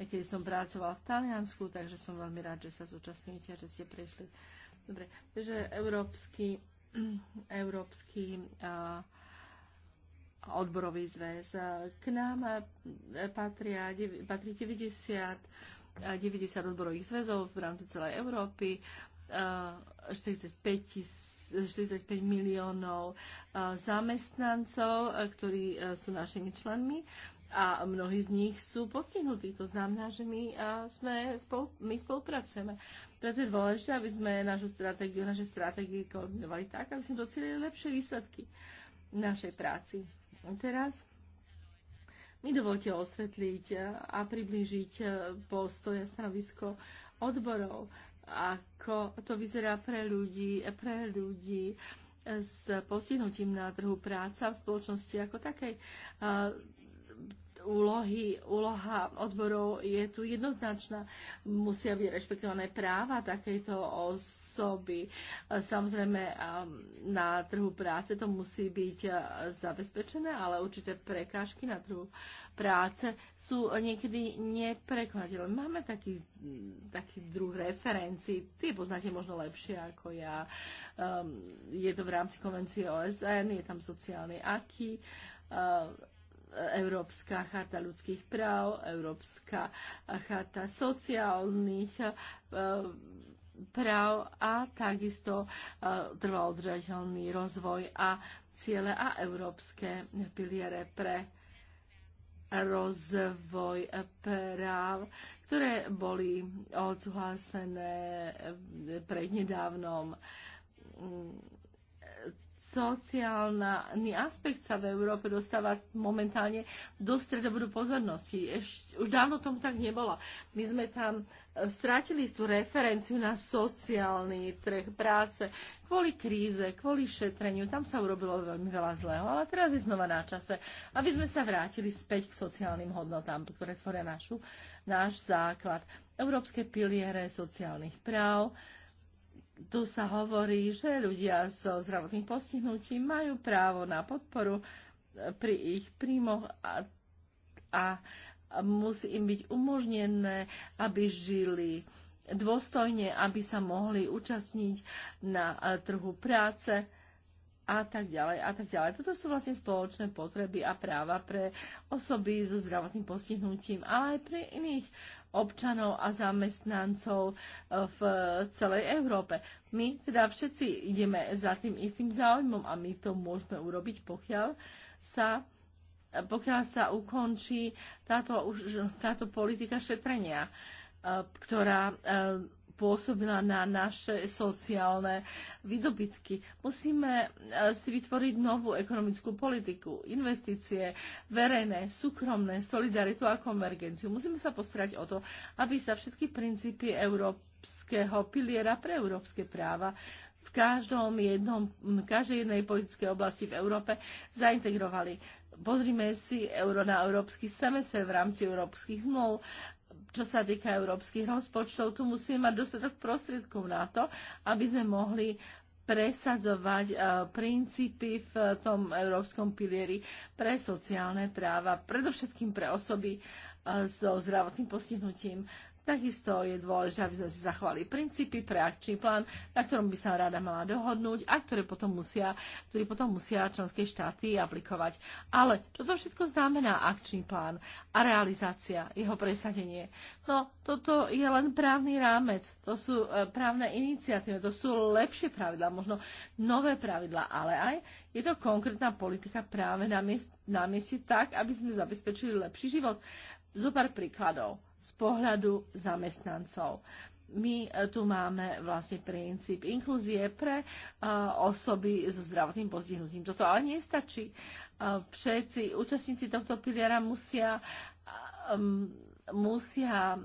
Ja, kedy som pracovala v Taliansku, takže som veľmi rád, že sa zúčastňujete a že ste prišli. Dobre, takže Európsky, Európsky uh, odborový zväz. K nám patria, patrí 90, 90 odborových zväzov v rámci celej Európy, uh, 45 tisíc 45 miliónov zamestnancov, ktorí sú našimi členmi a mnohí z nich sú postihnutí. To znamená, že my, sme spolu, my spolupracujeme. Preto je dôležité, aby sme našu stratégiu, naše stratégie koordinovali tak, aby sme docelili lepšie výsledky našej práci. Teraz mi dovolte osvetliť a priblížiť e, postoj a stanovisko odborov, ako to vyzerá pre ľudí, pre ľudí e, s postihnutím na trhu práca v spoločnosti ako takej úlohy, úloha odborov je tu jednoznačná. Musia byť rešpektované práva takejto osoby. Samozrejme, um, na trhu práce to musí byť uh, zabezpečené, ale určité prekážky na trhu práce sú niekedy neprekonateľné. Máme taký, taký druh referencií, tie poznáte možno lepšie ako ja. Um, je to v rámci konvencie OSN, je tam sociálny aký. Uh, Evropska hata ljudskih prav, Evropska hata socialnih eh, prav a takisto eh, trvaodržateľný rozvoj a ciele a evropské piliere pre rozvoj práv, ktoré boli odsúhlasené prednedávnom mm, sociálny aspekt sa v Európe dostáva momentálne do stredobodu pozornosti. Eš, už dávno tomu tak nebolo. My sme tam e, strátili tú referenciu na sociálny trh práce kvôli kríze, kvôli šetreniu. Tam sa urobilo veľmi veľa zlého, ale teraz je znova na čase, aby sme sa vrátili späť k sociálnym hodnotám, ktoré tvoria našu, náš základ. Európske piliere sociálnych práv, Tu sa hovorí, že ľudia so zdravotným postihnutím majú právo na podporu e, pri ich príjmoch a, a musí im byť umožnené, aby žili dôstojne, aby sa mohli účastniť na e, trhu práce a tak ďalej a tak ďalej. Toto sú vlastne spoločné potreby a práva pre osoby so zdravotným postihnutím, ale aj pre iných občanov a zamestnancov eh, v celej Európe. My teda všetci ideme za tým istým záujmom a my to môžeme urobiť, pokiaľ sa pokiaľ sa ukončí táto, už, táto politika šetrenia, eh, ktorá eh, pôsobila na naše sociálne vydobitky. Musíme e, si vytvoriť novú ekonomickú politiku, investície, verejné, súkromné, solidaritu a konvergenciu. Musíme sa postarať o to, aby sa všetky princípy európskeho piliera pre európske práva v, každom jednom, v každej jednej politickej oblasti v Európe zaintegrovali. Pozrime si euro na európsky semestr v rámci európskych zmluv čo sa týka európskych rozpočtov, tu musíme mať dostatok prostriedkov na to, aby sme mohli presadzovať e, princípy v tom európskom pilieri pre sociálne práva, predovšetkým pre osoby e, so zdravotným postihnutím, Takisto je dôležité, aby sme si zachovali princípy pre akčný plán, na ktorom by sa rada mala dohodnúť a ktoré potom musia, ktoré potom musia členské štáty aplikovať. Ale čo to všetko znamená akčný plán a realizácia, jeho presadenie? No, toto je len právny rámec, to sú e, právne iniciatívy, to sú lepšie pravidla, možno nové pravidla, ale aj je to konkrétna politika práve na mieste, na mieste tak, aby sme zabezpečili lepší život. Zo pár príkladov z pohľadu zamestnancov. My e, tu máme vlastne princíp inklúzie pre e, osoby so zdravotným postihnutím. Toto ale nestačí. E, všetci účastníci tohto piliera musia, musia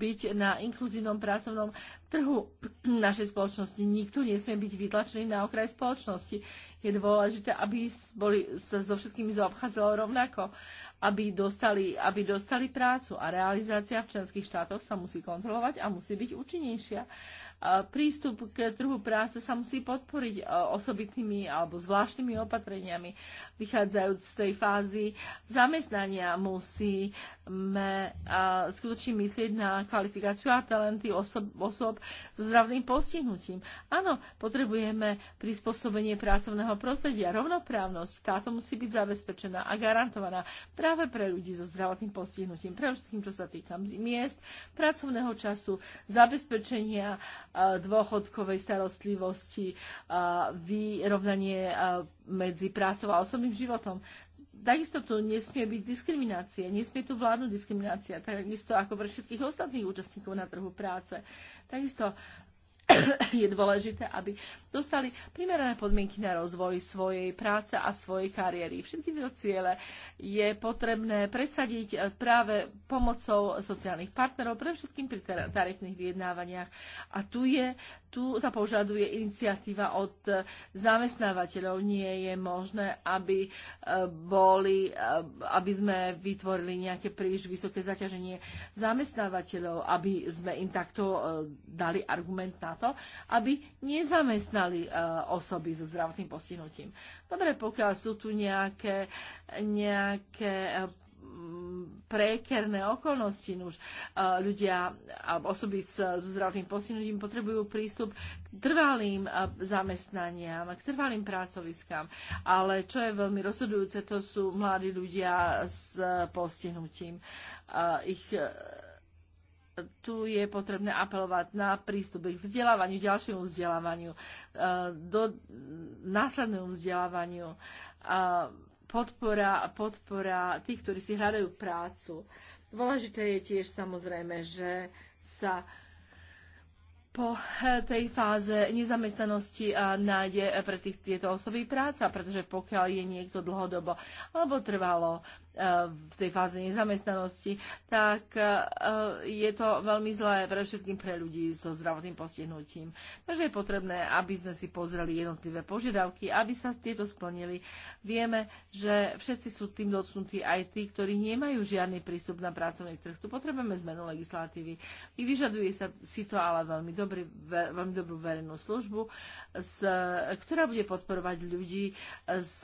byť na inkluzívnom pracovnom trhu našej spoločnosti. Nikto nesmie byť vytlačený na okraj spoločnosti. Je dôležité, aby boli, sa so všetkými zaobchádzalo rovnako aby dostali, aby dostali prácu a realizácia v členských štátoch sa musí kontrolovať a musí byť účinnejšia. Prístup k trhu práce sa musí podporiť e, osobitými alebo zvláštnymi opatreniami. Vychádzajúc z tej fázy, zamestnania musí sme skutočne myslieť na kvalifikáciu a talenty osob, osob so zdravým postihnutím. Áno, potrebujeme prispôsobenie pracovného prostredia. Rovnoprávnosť táto musí byť zabezpečená a garantovaná práve pre ľudí so zdravotným postihnutím, pre všetkým, čo sa týka miest, pracovného času, zabezpečenia dôchodkovej starostlivosti, vyrovnanie medzi prácou a osobným životom takisto tu nesmie byť diskriminácia, nesmie tu vládnuť diskriminácia, takisto ako pre všetkých ostatných účastníkov na trhu práce. Takisto je dôležité, aby dostali primerané podmienky na rozvoj svojej práce a svojej kariéry. Všetky tieto ciele je potrebné presadiť práve pomocou sociálnych partnerov, pre všetkým pri tarifných vyjednávaniach. A tu je tu sa požaduje iniciatíva od e, zamestnávateľov. Nie je možné, aby, e, boli, e, aby sme vytvorili nejaké príliš vysoké zaťaženie zamestnávateľov, aby sme im takto dali argument na to, aby nezamestnali osoby so zdravotným postihnutím. Dobre, pokiaľ sú tu nejaké, nejaké prekerné okolnosti. Už ľudia a osoby s zdravotným postihnutím potrebujú prístup k trvalým zamestnaniam, k trvalým pracoviskám. Ale čo je veľmi rozhodujúce, to sú mladí ľudia s postihnutím. Ich e, tu je potrebné apelovať na prístup k vzdelávaniu, ďalšiemu vzdelávaniu, e, do následnému vzdelávaniu podpora, podpora tých, ktorí si hľadajú prácu. Dôležité je tiež samozrejme, že sa po tej fáze nezamestnanosti nájde pre tých, tieto osoby práca, pretože pokiaľ je niekto dlhodobo alebo trvalo Eh, v tej fáze nezamestnanosti, tak eh, je to veľmi zlé pre všetkým pre ľudí so zdravotným postihnutím. Takže je potrebné, aby sme si pozreli jednotlivé požiadavky, aby sa tieto splnili. Vieme, že všetci sú tým dotknutí aj tí, ktorí nemajú žiadny prístup na pracovný trh. Tu potrebujeme zmenu legislatívy. I vyžaduje sa si to ale veľmi, dobrý, veľmi dobrú verejnú službu, s, ktorá bude podporovať ľudí s,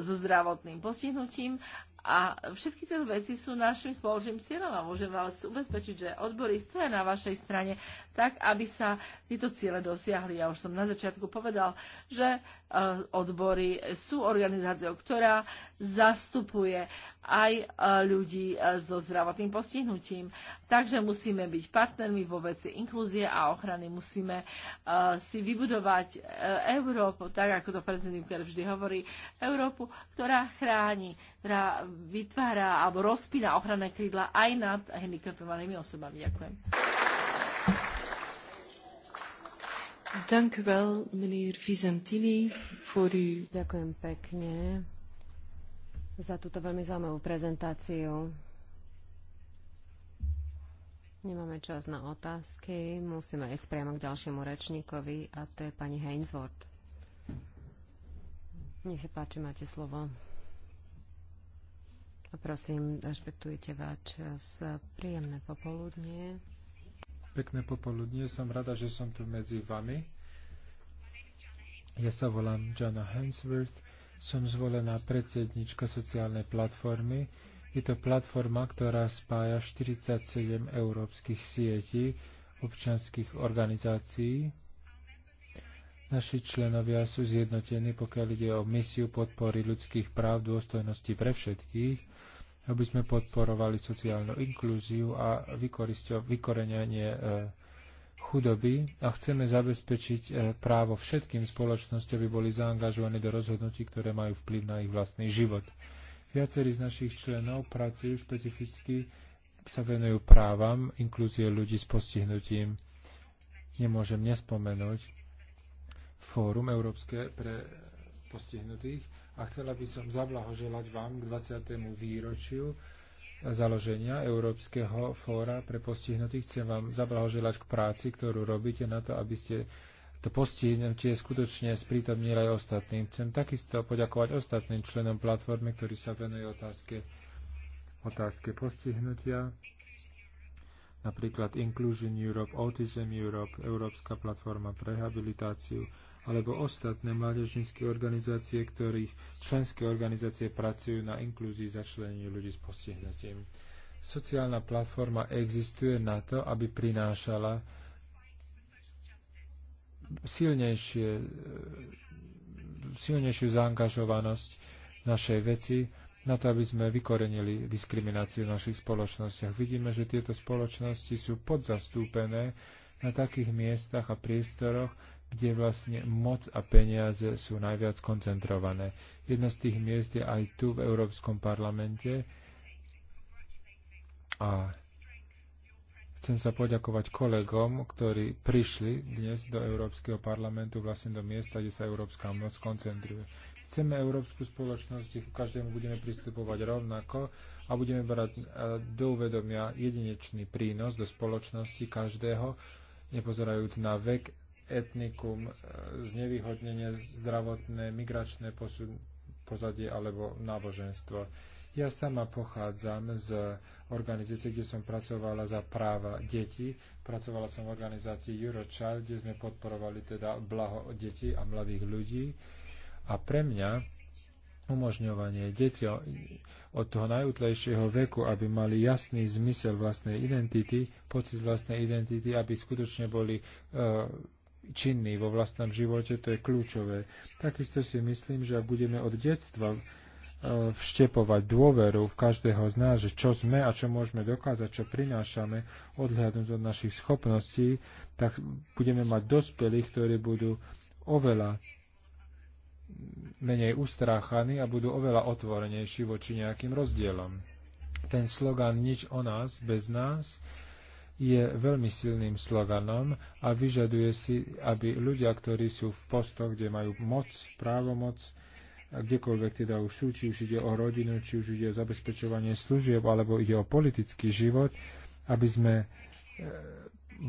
so zdravotným postihnutím A všetky tieto veci sú našim spoločným cieľom a môžem vás ubezpečiť, že odbory stoja na vašej strane tak, aby sa tieto ciele dosiahli. Ja už som na začiatku povedal, že Eh, odbory sú organizáciou, ktorá zastupuje aj eh, ľudí eh, so zdravotným postihnutím. Takže musíme byť partnermi vo veci inklúzie a ochrany. Musíme si vybudovať Európu, tak ako to prezident Juncker vždy hovorí, Európu, ktorá chráni, ktorá vytvára alebo rozpína ochranné krídla aj nad handicapovanými osobami. Ďakujem. Dank u wel, meneer Vizentini, voor uw... Dank u wel, meneer Vizentini, voor uw... Dank u wel, meneer Vizentini, voor uw presentatie. Ik heb niet meer tijd voor de vragen. Ik moet direct naar de spreker, en dat is meneer Heinsworth. Ik wil u graag het woord geven. En, alsjeblieft, respecteer je tijd. Het is een Pekné popoludnie, som rada, že som tu medzi vami. Ja sa volám Jana Hensworth, som zvolená predsednička sociálnej platformy. Je to platforma, ktorá spája 47 európskych sietí občanských organizácií. Naši členovia sú zjednotení, pokiaľ ide o misiu podpory ľudských práv, dôstojnosti pre všetkých aby sme podporovali sociálnu inklúziu a vykorenenie e, chudoby a chceme zabezpečiť e, právo všetkým spoločnosti, aby boli zaangažovaní do rozhodnutí, ktoré majú vplyv na ich vlastný život. Viacerí z našich členov pracujú špecificky, sa venujú právam inklúzie ľudí s postihnutím. Nemôžem nespomenúť Fórum Európske pre postihnutých, a chcela by som zablahoželať vám k 20. výročiu založenia Európskeho fóra pre postihnutých. Chcem vám zablahoželať k práci, ktorú robíte na to, aby ste to postihnutie skutočne sprítomnili aj ostatným. Chcem takisto poďakovať ostatným členom platformy, ktorí sa venujú otázke, otázke postihnutia napríklad Inclusion Europe, Autism Europe, Európska platforma pre rehabilitáciu, alebo ostatné mládežnícke organizácie, ktorých členské organizácie pracujú na inklúzii začlenenia ľudí s postihnutím. Sociálna platforma existuje na to, aby prinášala silnejšie, silnejšiu zaangažovanosť našej veci na to, aby sme vykorenili diskrimináciu v našich spoločnostiach. Vidíme, že tieto spoločnosti sú podzastúpené na takých miestach a priestoroch, kde vlastne moc a peniaze sú najviac koncentrované. Jedno z tých miest je aj tu v Európskom parlamente. A chcem sa poďakovať kolegom, ktorí prišli dnes do Európskeho parlamentu, vlastne do miesta, kde sa Európska moc koncentruje. Chceme Európsku spoločnosť, ku každému budeme pristupovať rovnako a budeme brať e, do uvedomia jedinečný prínos do spoločnosti každého, nepozerajúc na vek, etnikum, eh, znevýhodnenie zdravotné, migračné pozadie alebo náboženstvo. Ja sama pochádzam z organizácie, kde som pracovala za práva detí. Pracovala som v organizácii Eurochild, kde sme podporovali teda blaho detí a mladých ľudí. A pre mňa umožňovanie deťom od toho najútlejšieho veku, aby mali jasný zmysel vlastnej identity, pocit vlastnej identity, aby skutočne boli uh, činný vo vlastnom živote, to je kľúčové. Takisto si myslím, že ak budeme od detstva e, vštepovať dôveru v každého z nás, že čo sme a čo môžeme dokázať, čo prinášame, odhľadnúť od našich schopností, tak budeme mať dospelých, ktorí budú oveľa menej ustráchaní a budú oveľa otvorenejší voči nejakým rozdielom. Ten slogan nič o nás, bez nás, je veľmi silným sloganom a vyžaduje si, aby ľudia, ktorí sú v postoch, kde majú moc, právomoc, kdekoľvek teda už sú, či už ide o rodinu, či už ide o zabezpečovanie služieb, alebo ide o politický život, aby sme e,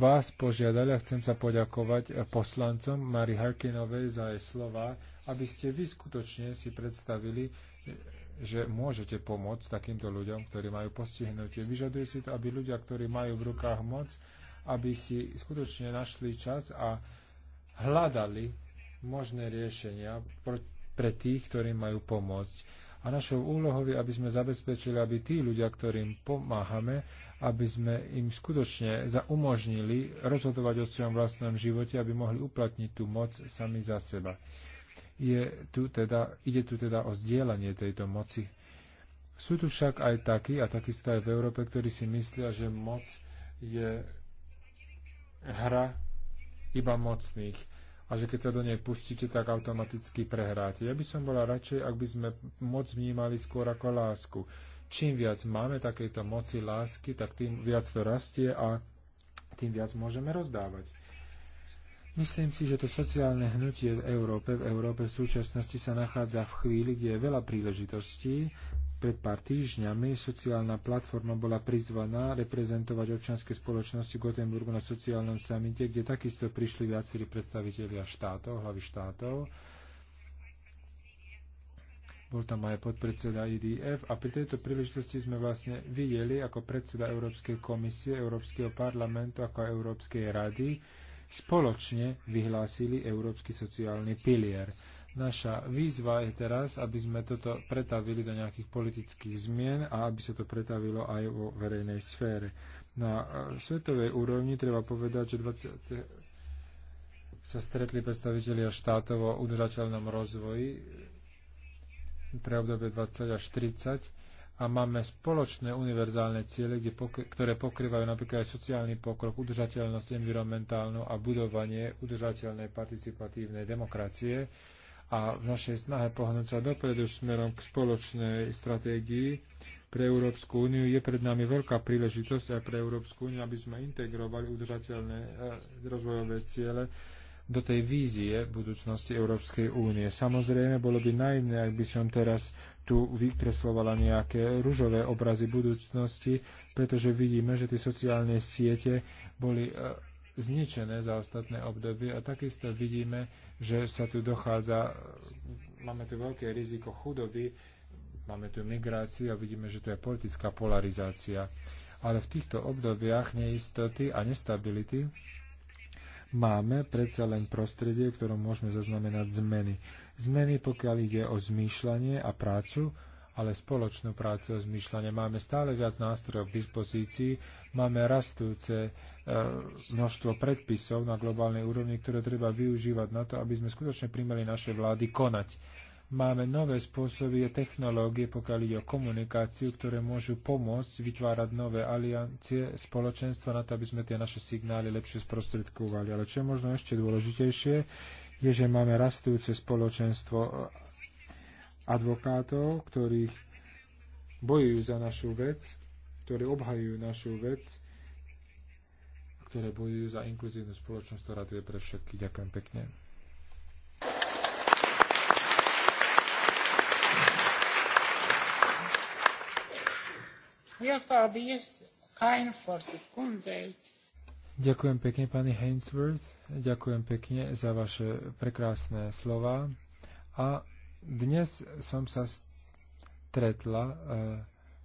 vás požiadali a chcem sa poďakovať poslancom Mari Harkinovej za jej slova, aby ste vy skutočne si predstavili, e, že môžete pomôcť takýmto ľuďom, ktorí majú postihnutie. Vyžaduje si to, aby ľudia, ktorí majú v rukách moc, aby si skutočne našli čas a hľadali možné riešenia pre tých, ktorým majú pomôcť. A našou úlohou je, aby sme zabezpečili, aby tí ľudia, ktorým pomáhame, aby sme im skutočne umožnili rozhodovať o svojom vlastnom živote, aby mohli uplatniť tú moc sami za seba je tu teda, ide tu teda o zdieľanie tejto moci. Sú tu však aj takí, a takisto aj v Európe, ktorí si myslia, že moc je hra iba mocných a že keď sa do nej pustíte, tak automaticky prehráte. Ja by som bola radšej, ak by sme moc vnímali skôr ako lásku. Čím viac máme takejto moci lásky, tak tým viac to rastie a tým viac môžeme rozdávať. Myslím si, že to sociálne hnutie v Európe, v Európe v súčasnosti sa nachádza v chvíli, kde je veľa príležitostí. Pred pár týždňami sociálna platforma bola prizvaná reprezentovať občianske spoločnosti Gotemburgu na sociálnom samite, kde takisto prišli viacerí predstavitelia štátov, hlavy štátov. Bol tam aj podpredseda IDF a pri tejto príležitosti sme vlastne videli ako predseda Európskej komisie, Európskeho parlamentu, ako aj Európskej rady, spoločne vyhlásili európsky sociálny pilier. Naša výzva je teraz, aby sme toto pretavili do nejakých politických zmien a aby sa to pretavilo aj vo verejnej sfére. Na e, svetovej úrovni treba povedať, že 20 sa stretli predstavitelia štátov o udržateľnom rozvoji pre obdobie 20 až 30 a máme spoločné univerzálne ciele, kde pokry, ktoré pokrývajú napríklad aj sociálny pokrok, udržateľnosť environmentálnu a budovanie udržateľnej participatívnej demokracie. A v našej snahe pohnúť sa dopredu smerom k spoločnej stratégii pre Európsku úniu je pred nami veľká príležitosť aj pre Európsku úniu, aby sme integrovali udržateľné e, rozvojové ciele do tej vizije budućnosti Europskej unije. Samozrejme, bolo by najmne, ak by som teraz tu vykreslovala nejaké rúžové obrazy budúcnosti, pretože vidíme, že tie sociálne siete boli e, zničené za ostatné obdobie a takisto vidíme, že sa tu dochádza, e, máme tu veľké riziko chudoby, máme tu migráciu a vidíme, že tu je politická polarizácia. Ale v týchto obdobiach neistoty a nestability máme predsa len prostredie, ktorom môžeme zaznamenať zmeny. Zmeny, pokiaľ ide o zmýšľanie a prácu, ale spoločnú prácu a zmýšľanie. Máme stále viac nástrojov k dispozícii, máme rastúce e, množstvo predpisov na globálnej úrovni, ktoré treba využívať na to, aby sme skutočne primeli naše vlády konať. Mamy nowe sposoby i technologie, pokali o komunikacji, które mogą pomóc wytwarzać nowe aliancje społeczeństwa na to, abyśmy te nasze sygnały lepiej sprostrytkowali. Ale czy można jeszcze dôleżitejście, jeżeli mamy rastujące społeczeństwo adwokatów, którzy bojują za naszą wec, którzy obhajują naszą wec, które bojują za inkluzywną społeczność, która tu jest pre wszystkich. Dziękuję pięknie. Jaz pa bi jaz kajn forse skunzel. Ďakujem pekne, pani Hainsworth. Ďakujem pekne za vaše prekrásne slova. A dnes som sa stretla e,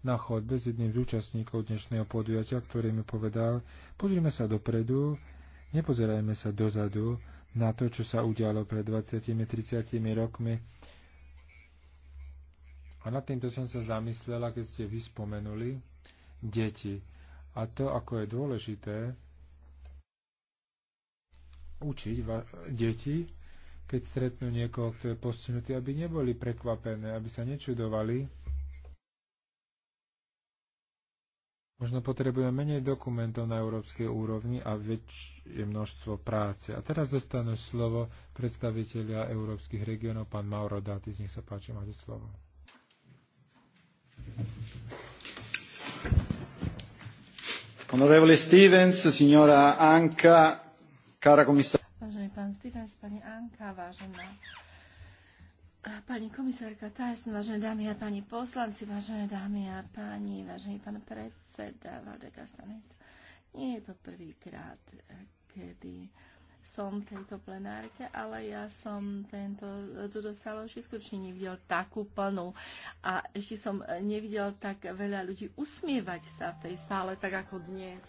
na chodbe s jedným z účastníkov dnešného podujatia, ktorý mi povedal, pozrime sa dopredu, nepozerajme sa dozadu na to, čo sa udialo pred 20-30 rokmi. A nad týmto som sa zamyslela, keď ste vyspomenuli deti. A to, ako je dôležité učiť va- deti, keď stretnú niekoho, kto je postihnutý, aby neboli prekvapené, aby sa nečudovali. Možno potrebujeme menej dokumentov na európskej úrovni a väčšie množstvo práce. A teraz dostanú slovo predstaviteľia európskych regiónov, pán Mauro Dati, z nich sa páči, máte slovo. Honorevole Stevens, signora Anka, cara commissaria. Uvaženi pan Stevens, pani Anka, vážená pani komisárka Tajsn, vážené dámy a pani poslanci, vážené dámy a páni, vážený pán predseda Valdeka Stanis. Nie je to prvýkrát, kedy uh, som tejto plenárke, ale ja som tento, túto stále či nevidel takú plnú. A ešte som nevidel tak veľa ľudí usmievať sa v tej sále, tak ako dnes.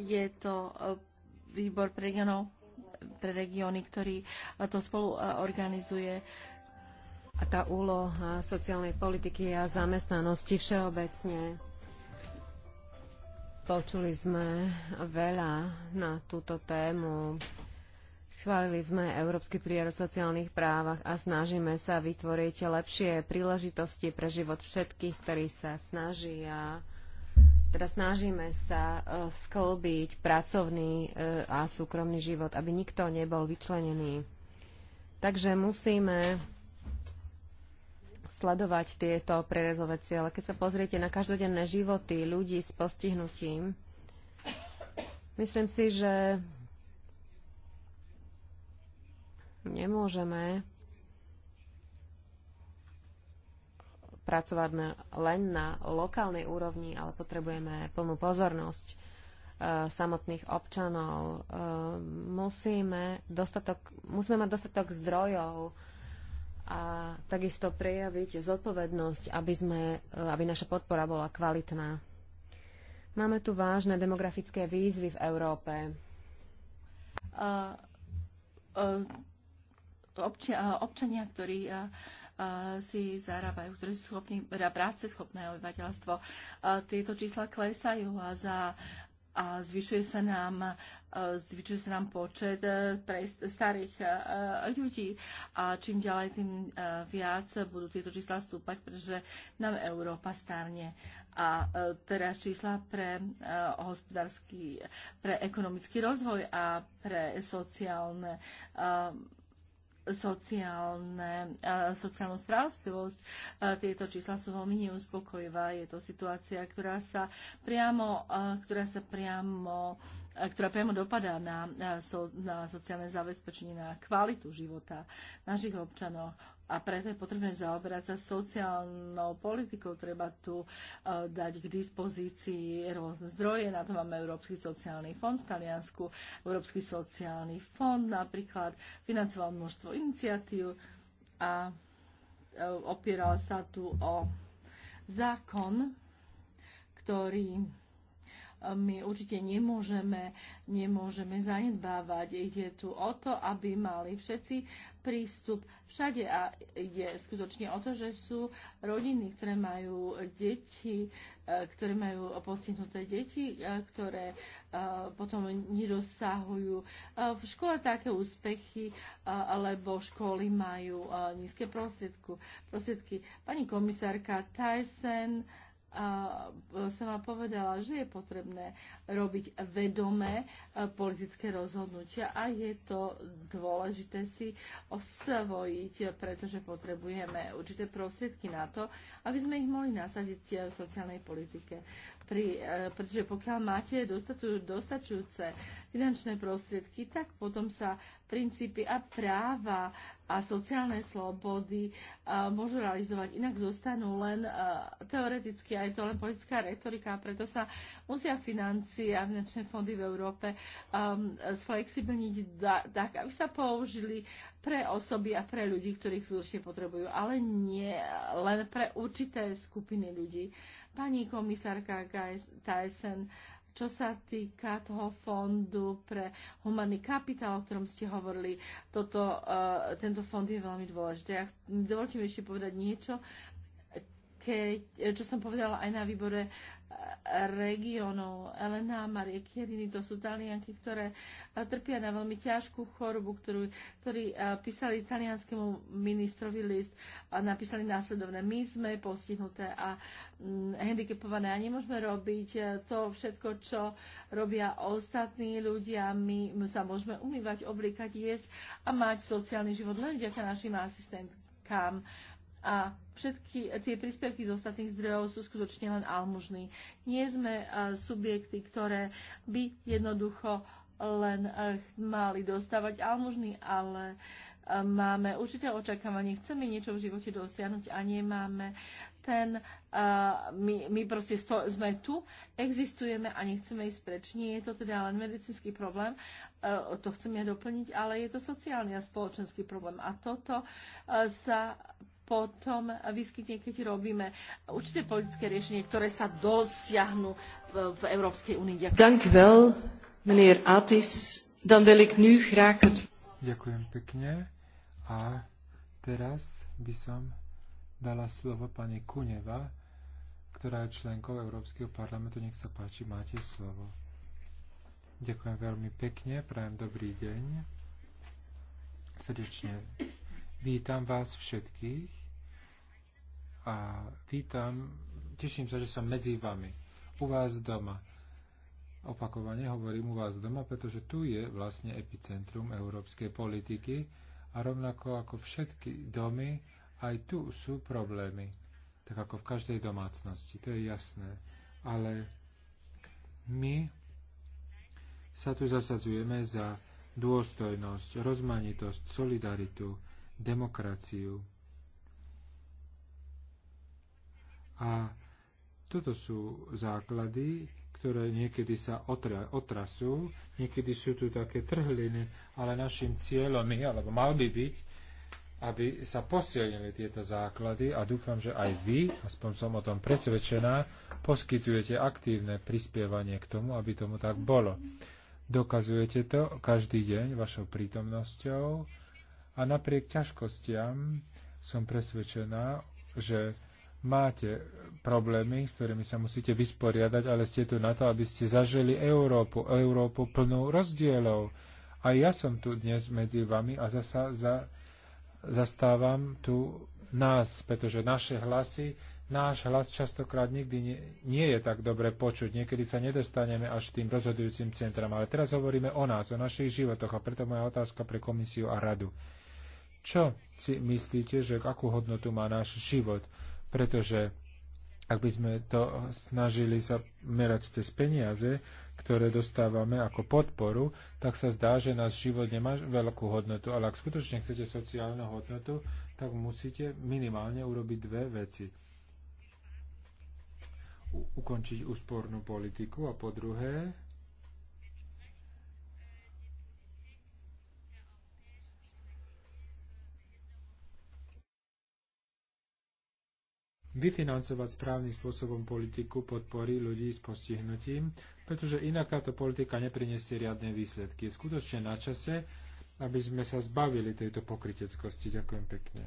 Je to e, výbor pre regionov, pre regióny, ktorý e, to spolu e, organizuje. A tá úloha sociálnej politiky a zamestnanosti všeobecne Počuli sme veľa na túto tému. Schválili sme Európsky prier o sociálnych právach a snažíme sa vytvoriť lepšie príležitosti pre život všetkých, ktorí sa snažia. Teda snažíme sa e, sklbiť pracovný e, a súkromný život, aby nikto nebol vyčlenený. Takže musíme sledovať tieto prerezové ciele. Keď sa pozriete na každodenné životy ľudí s postihnutím, myslím si, že nemôžeme pracovať na, len na lokálnej úrovni, ale potrebujeme plnú pozornosť e, samotných občanov. E, musíme, dostatok, musíme mať dostatok zdrojov, e, a takisto prejaviť zodpovednosť, aby, sme, e, aby naša podpora bola kvalitná. Máme tu vážne demografické výzvy v Európe. Uh, uh, e, obča, uh, občania, ktorí uh, uh, si zarábajú, ktorí sú schopní, práce schopné obyvateľstvo, uh, tieto čísla klesajú a za uh, zvišuje se nam, zvišuje se nam počet e, starých e, e, ľudí a čím ďalej, tým viac budú tieto čísla stúpať, pretože nám Európa starne. A teraz čísla pre hospodársky, pre ekonomický rozvoj a pre sociálne um, sociálne, sociálnu správstvovosť. Tieto čísla sú veľmi neuspokojivé. Je to situácia, ktorá sa priamo, ktorá sa priamo ktorá priamo dopadá na, na sociálne zabezpečenie, na kvalitu života našich občanov, a preto je potrebné zaoberať sa sociálnou politikou. Treba tu eh, dať k dispozícii rôzne zdroje. Na to máme Európsky sociálny fond v Taliansku, Európsky sociálny fond napríklad financoval množstvo iniciatív a eh, opieral sa tu o zákon, ktorý my určite nemôžeme, nemôžeme zanedbávať. Ide tu o to, aby mali všetci prístup všade a ide skutočne o to, že sú rodiny, ktoré majú deti, e, ktoré majú postihnuté deti, e, ktoré e, potom nedosahujú v škole také úspechy, lebo školy majú nízke prostriedky. Pani komisárka Tyson, sa e, vám povedala, že je potrebné robiť vedomé e, politické rozhodnutia a je to dôležité si osvojiť, pretože potrebujeme určité prostriedky na to, aby sme ich mohli nasadiť v sociálnej politike. Pri, e, pretože pokiaľ máte dostačujúce finančné prostriedky, tak potom sa princípy a práva a sociálne slobody môžu realizovať. Inak zostanú len teoreticky, aj to len politická retorika, preto sa musia financie a finančné fondy v Európe um, sflexibilniť tak, aby sa použili pre osoby a pre ľudí, ktorých skutočne potrebujú, ale nie len pre určité skupiny ľudí. Pani komisárka KS, KSN, uh, čo sa týka toho fondu pre humanný kapitál, o ktorom ste hovorili, toto, uh, tento fond je veľmi dôležitý. Ja, dovolte mi ešte povedať niečo, keď, eh, čo som povedala aj na výbore uh, regionov Elena Marie Chierini, to sú talianky, ktoré eh, trpia na veľmi ťažkú chorobu, ktorú, ktorí eh, písali italianskému ministrovi list a napísali následovné. My sme postihnuté a hm, handicapované a nemôžeme robiť eh, to všetko, čo robia ostatní ľudia. My sa môžeme umývať, oblíkať, jesť a mať sociálny život len vďaka našim asistentkám a všetky tie príspevky z ostatných zdrojov sú skutočne len almužný. Nie sme subjekty, ktoré by jednoducho len mali dostávať almužný, ale máme určité očakávanie, chceme niečo v živote dosiahnuť a nemáme ten, uh, my, my proste sto, sme tu, existujeme a nechceme ísť preč. Nie je to teda len medicínsky problém, uh, to chcem ja doplniť, ale je to sociálny a spoločenský problém. A toto uh, sa potom vyskytne, keď robíme určité politické riešenie, ktoré sa dosiahnu v, v Európskej únii. Dank wel, meneer Atis. Dan wil ik nu graag het... Ďakujem pekne. A teraz by som dala slovo pani Kuneva, ktorá je členkou Európskeho parlamentu. Nech sa páči, máte slovo. Ďakujem veľmi pekne, prajem dobrý deň. Srdečne vítam vás všetkých a vítam, teším sa, že som medzi vami, u vás doma. Opakovane hovorím u vás doma, pretože tu je vlastne epicentrum európskej politiky a rovnako ako všetky domy, aj tu sú problémy, tak ako v každej domácnosti, to je jasné. Ale my sa tu zasadzujeme za dôstojnosť, rozmanitosť, solidaritu, demokraciu, A toto sú základy, ktoré niekedy sa otra, otrasú, niekedy sú tu také trhliny, ale našim cieľom je, alebo mal by byť, aby sa posilnili tieto základy a dúfam, že aj vy, aspoň som o tom presvedčená, poskytujete aktívne prispievanie k tomu, aby tomu tak bolo. Dokazujete to každý deň vašou prítomnosťou a napriek ťažkostiam som presvedčená, že máte problémy, s ktorými sa musíte vysporiadať, ale ste tu na to, aby ste zažili Európu, Európu plnú rozdielov. A ja som tu dnes medzi vami a zasa za, zastávam tu nás, pretože naše hlasy, náš hlas častokrát nikdy nie, nie je tak dobre počuť. Niekedy sa nedostaneme až tým rozhodujúcim centram, ale teraz hovoríme o nás, o našich životoch a preto moja otázka pre komisiu a radu. Čo si myslíte, že akú hodnotu má náš život? pretože ak by sme to snažili sa merať cez peniaze, ktoré dostávame ako podporu, tak sa zdá, že náš život nemá veľkú hodnotu. Ale ak skutočne chcete sociálnu hodnotu, tak musíte minimálne urobiť dve veci. U- ukončiť úspornú politiku a po druhé vyfinancovať správnym spôsobom politiku podpory ľudí s postihnutím, pretože inak táto politika nepriniesie riadne výsledky. Je skutočne na čase, aby sme sa zbavili tejto pokriteckosti. Ďakujem pekne.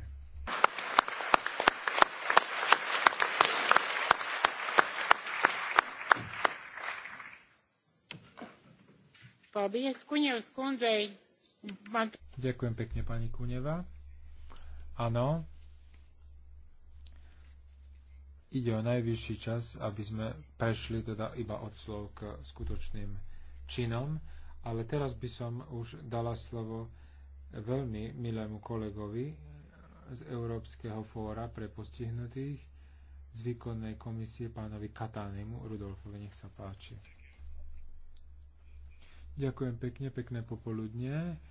Ďakujem pekne, pani Kuneva. Áno ide o najvyšší čas, aby sme prešli teda iba od slov k skutočným činom. Ale teraz by som už dala slovo veľmi milému kolegovi z Európskeho fóra pre postihnutých z výkonnej komisie pánovi Katánemu Rudolfovi. Nech sa páči. Ďakujem pekne, pekné popoludne.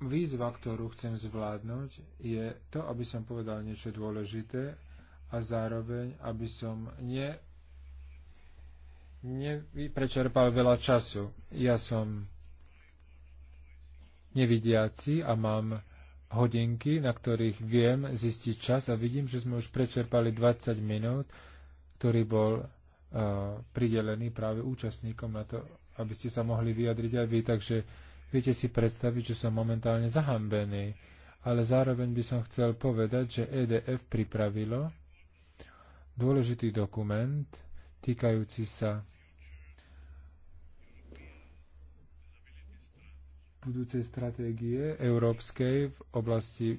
Výzva, ktorú chcem zvládnuť, je to, aby som povedal niečo dôležité a zároveň, aby som ne, neprečerpal veľa času. Ja som nevidiaci a mám hodinky, na ktorých viem zistiť čas a vidím, že sme už prečerpali 20 minút, ktorý bol uh, pridelený práve účastníkom na to, aby ste sa mohli vyjadriť aj vy. Takže uh, Viete si predstaviť, že som momentálne zahambený, ale zároveň by som chcel povedať, že EDF pripravilo dôležitý dokument týkajúci sa budúcej stratégie európskej v oblasti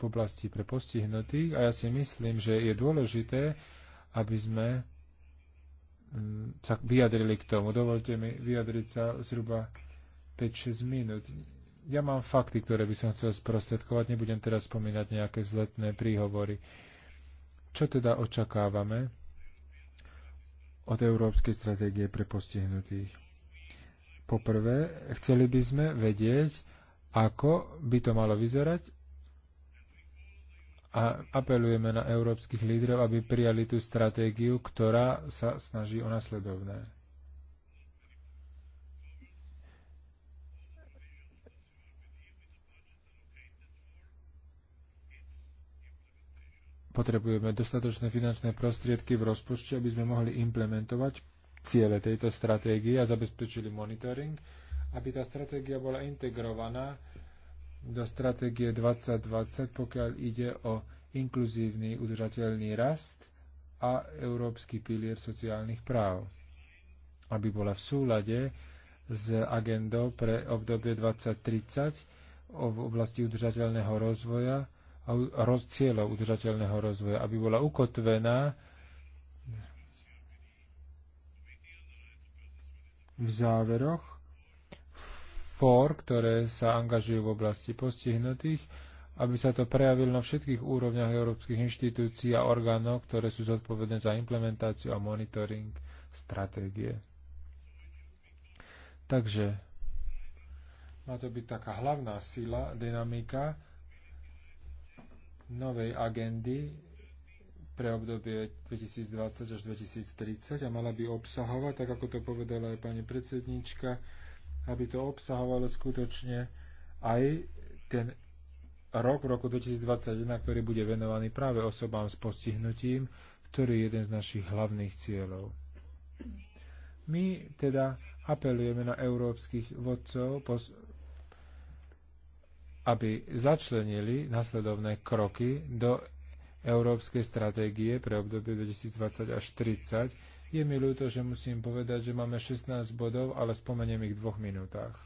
v oblasti pre postihnutých a ja si myslím, že je dôležité, aby sme sa mm, vyjadrili k tomu. Dovolte mi vyjadriť sa zhruba 5-6 minút. Ja mám fakty, ktoré by som chcel sprostredkovať. Nebudem teraz spomínať nejaké zletné príhovory. Čo teda očakávame od Európskej stratégie pre postihnutých? Poprvé, chceli by sme vedieť, ako by to malo vyzerať a apelujeme na európskych lídrov, aby prijali tú stratégiu, ktorá sa snaží o nasledovné. Potrebujeme dostatočné finančné prostriedky v rozpočte, aby sme mohli implementovať ciele tejto stratégie a zabezpečili monitoring, aby tá stratégia bola integrovaná uh, do stratégie 2020, pokiaľ ide o inkluzívny udržateľný rast a európsky pilier sociálnych práv, aby bola v súlade s agendou pre obdobie 2030 v oblasti udržateľného rozvoja a roz, cieľov udržateľného rozvoja, aby bola ukotvená v záveroch fór, ktoré sa angažujú v oblasti postihnutých, aby sa to prejavilo na všetkých úrovniach európskych inštitúcií a orgánov, ktoré sú zodpovedné za implementáciu a monitoring stratégie. Takže má to byť taká hlavná sila, dynamika novej agendy pre obdobie 2020 až 2030 a mala by obsahovať, tak ako to povedala aj pani predsednička, aby to obsahovalo skutočne aj ten rok v roku 2021, ktorý bude venovaný práve osobám s postihnutím, ktorý je jeden z našich hlavných cieľov. My teda apelujeme na európskych vodcov, aby začlenili nasledovné kroky do európskej stratégie pre obdobie 2020 až 2030, Je mi ľúto, že musím povedať, že máme 16 bodov, ale spomeniem ich v dvoch minútach.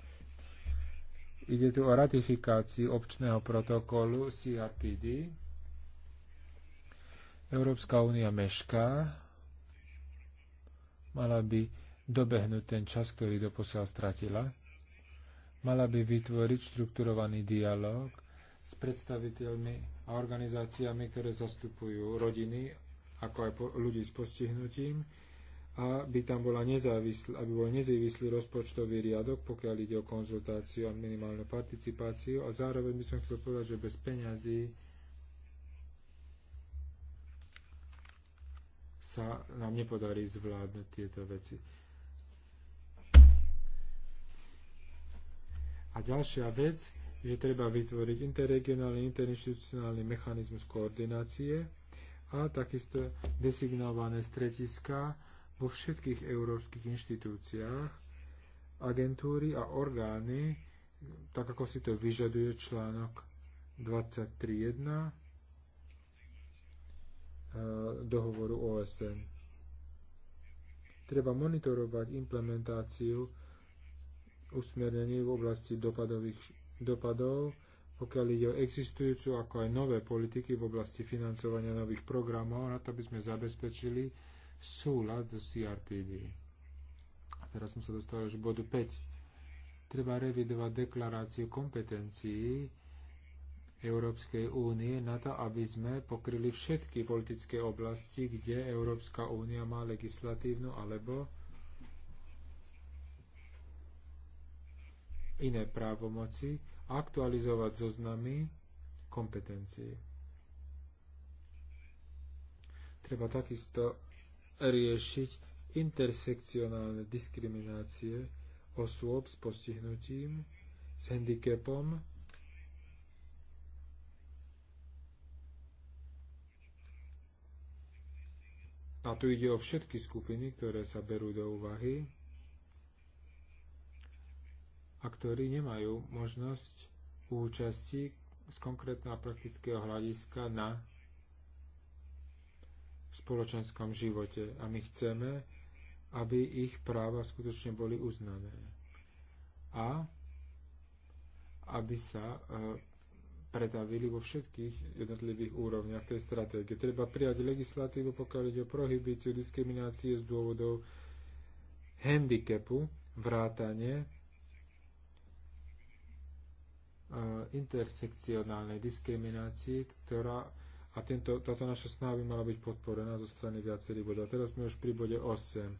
Ide tu o ratifikáciu občného protokolu CRPD. Európska únia mešká. Mala by dobehnúť ten čas, ktorý doposiaľ stratila. Mala by vytvoriť štrukturovaný dialog s predstaviteľmi a organizáciami, ktoré zastupujú rodiny, ako aj ľudí s postihnutím, aby tam bola nezávislý, aby bol nezávislý rozpočtový riadok, pokiaľ ide o konzultáciu a minimálnu participáciu. A zároveň by som chcel povedať, že bez peňazí sa nám nepodarí zvládnuť tieto veci. A ďalšia vec, že treba vytvoriť interregionálny, interinstitucionálny mechanizmus koordinácie a takisto designované stretiska, vo všetkých európskych inštitúciách, agentúry a orgány, tak ako si to vyžaduje článok 23.1 eh, dohovoru OSN. Treba monitorovať implementáciu usmernení v oblasti dopadových, dopadov, pokiaľ ide o existujúcu ako aj nové politiky v oblasti financovania nových programov, na to by sme zabezpečili, sous la de CRPD. Teraz sam se dostao još bodu 5. Treba revidovat deklaraciju kompetenciji Europske unije na to, aby sme pokrili všetky politické oblasti, gdje Europska unija má legislativnu alebo iné právomoci, aktualizovat zoznamy kompetencií. Treba takisto riešiť intersekcionálne diskriminácie osôb s postihnutím, s handicapom, a tu ide o všetky skupiny, ktoré sa berú do úvahy a ktorí nemajú možnosť účasti z konkrétneho praktického hľadiska na spoločenskom živote a my chceme, aby ich práva skutočne boli uznané. A aby sa e, predavili vo všetkých jednotlivých úrovniach tej stratégie. Treba prijať legislatívu, pokiaľ ide o prohibíciu diskriminácie z dôvodov handicapu, vrátanie uh, e, intersekcionálnej diskriminácie, ktorá uh, A tento, táto naša snaha by mala byť podporená zo strany viacerých bodov. A teraz sme už pri bode 8.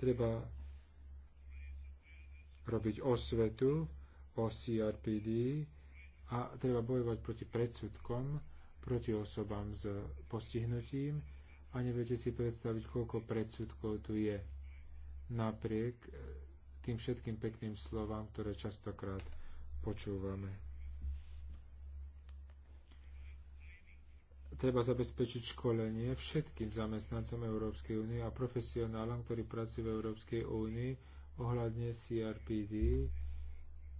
Treba robiť osvetu o CRPD a treba bojovať proti predsudkom, proti osobám s postihnutím a neviete si predstaviť, koľko predsudkov tu je napriek eh, tým všetkým pekným slovám, ktoré častokrát počúvame. treba zabezpečiť školenie všetkým zamestnancom Európskej únie a profesionálom, ktorí pracujú v Európskej únii ohľadne CRPD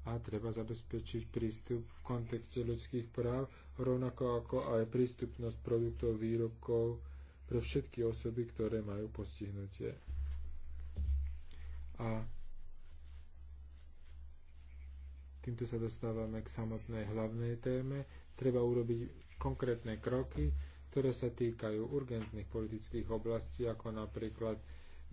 a treba zabezpečiť prístup v kontekste ľudských práv, rovnako ako aj prístupnosť produktov, výrobkov pre všetky osoby, ktoré majú postihnutie. A týmto sa dostávame k samotnej hlavnej téme. Treba urobiť konkrétne kroky, ktoré sa týkajú urgentných politických oblastí, ako napríklad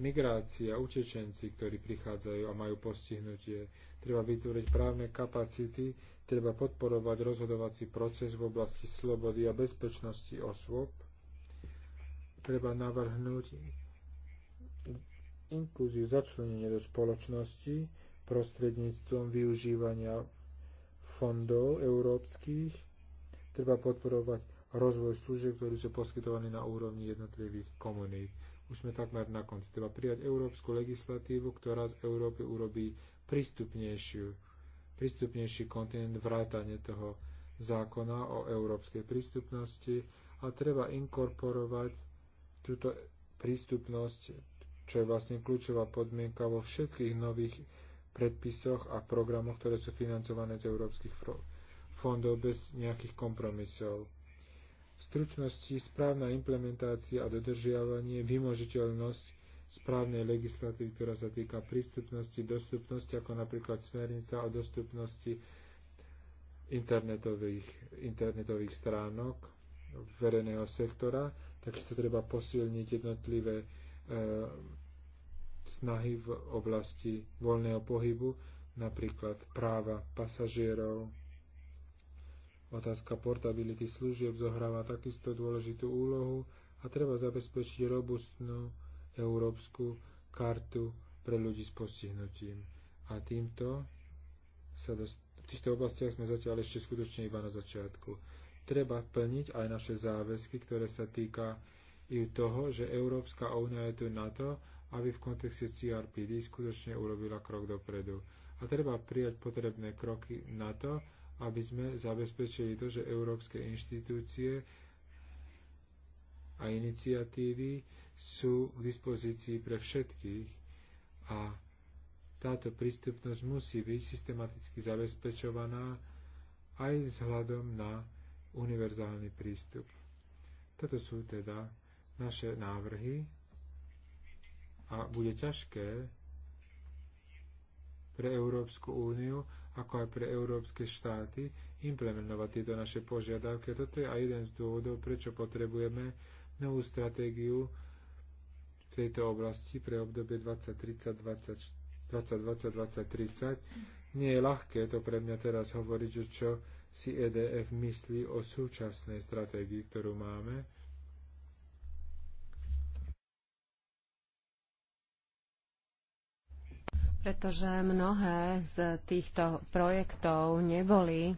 migrácia, utečenci, ktorí prichádzajú a majú postihnutie. Treba vytvoriť právne kapacity, treba podporovať rozhodovací proces v oblasti slobody a bezpečnosti osôb, treba navrhnúť inkluziu začlenenie do spoločnosti prostredníctvom využívania fondov európskych, treba podporovať rozvoj služieb, ktoré sú poskytované na úrovni jednotlivých komunít. Už sme takmer na konci. Treba prijať európsku legislatívu, ktorá z Európy urobí prístupnejšiu, prístupnejší kontinent vrátane toho zákona o európskej prístupnosti a treba inkorporovať túto prístupnosť, čo je vlastne kľúčová podmienka vo všetkých nových predpisoch a programoch, ktoré sú financované z európskych fondov bez nejakých kompromisov. V stručnosti správna implementácia a dodržiavanie, vymožiteľnosť správnej legislatívy, ktorá sa týka prístupnosti, dostupnosti, ako napríklad smernica o dostupnosti internetových, internetových stránok verejného sektora, takisto treba posilniť jednotlivé e, snahy v oblasti voľného pohybu, napríklad práva pasažierov, Otázka portability služieb zohráva takisto dôležitú úlohu a treba zabezpečiť robustnú európsku kartu pre ľudí s postihnutím. A týmto sa dost... v týchto oblastiach sme zatiaľ ešte skutočne iba na začiatku. Treba plniť aj naše záväzky, ktoré sa týka i toho, že Európska únia je tu na to, aby v kontexte CRPD skutočne urobila krok dopredu. A treba prijať potrebné kroky na to, aby sme zabezpečili to, že európske inštitúcie a iniciatívy sú k dispozícii pre všetkých a táto prístupnosť musí byť systematicky zabezpečovaná aj vzhľadom na univerzálny prístup. Toto sú teda naše návrhy a bude ťažké pre Európsku úniu, ako aj pre európske štáty, implementovať tieto naše požiadavky. A toto je aj jeden z dôvodov, prečo potrebujeme novú stratégiu v tejto oblasti pre obdobie 2030-2030. Nie je ľahké to pre mňa teraz hovoriť, že čo si EDF myslí o súčasnej stratégii, ktorú máme. pretože mnohé z týchto projektov neboli e,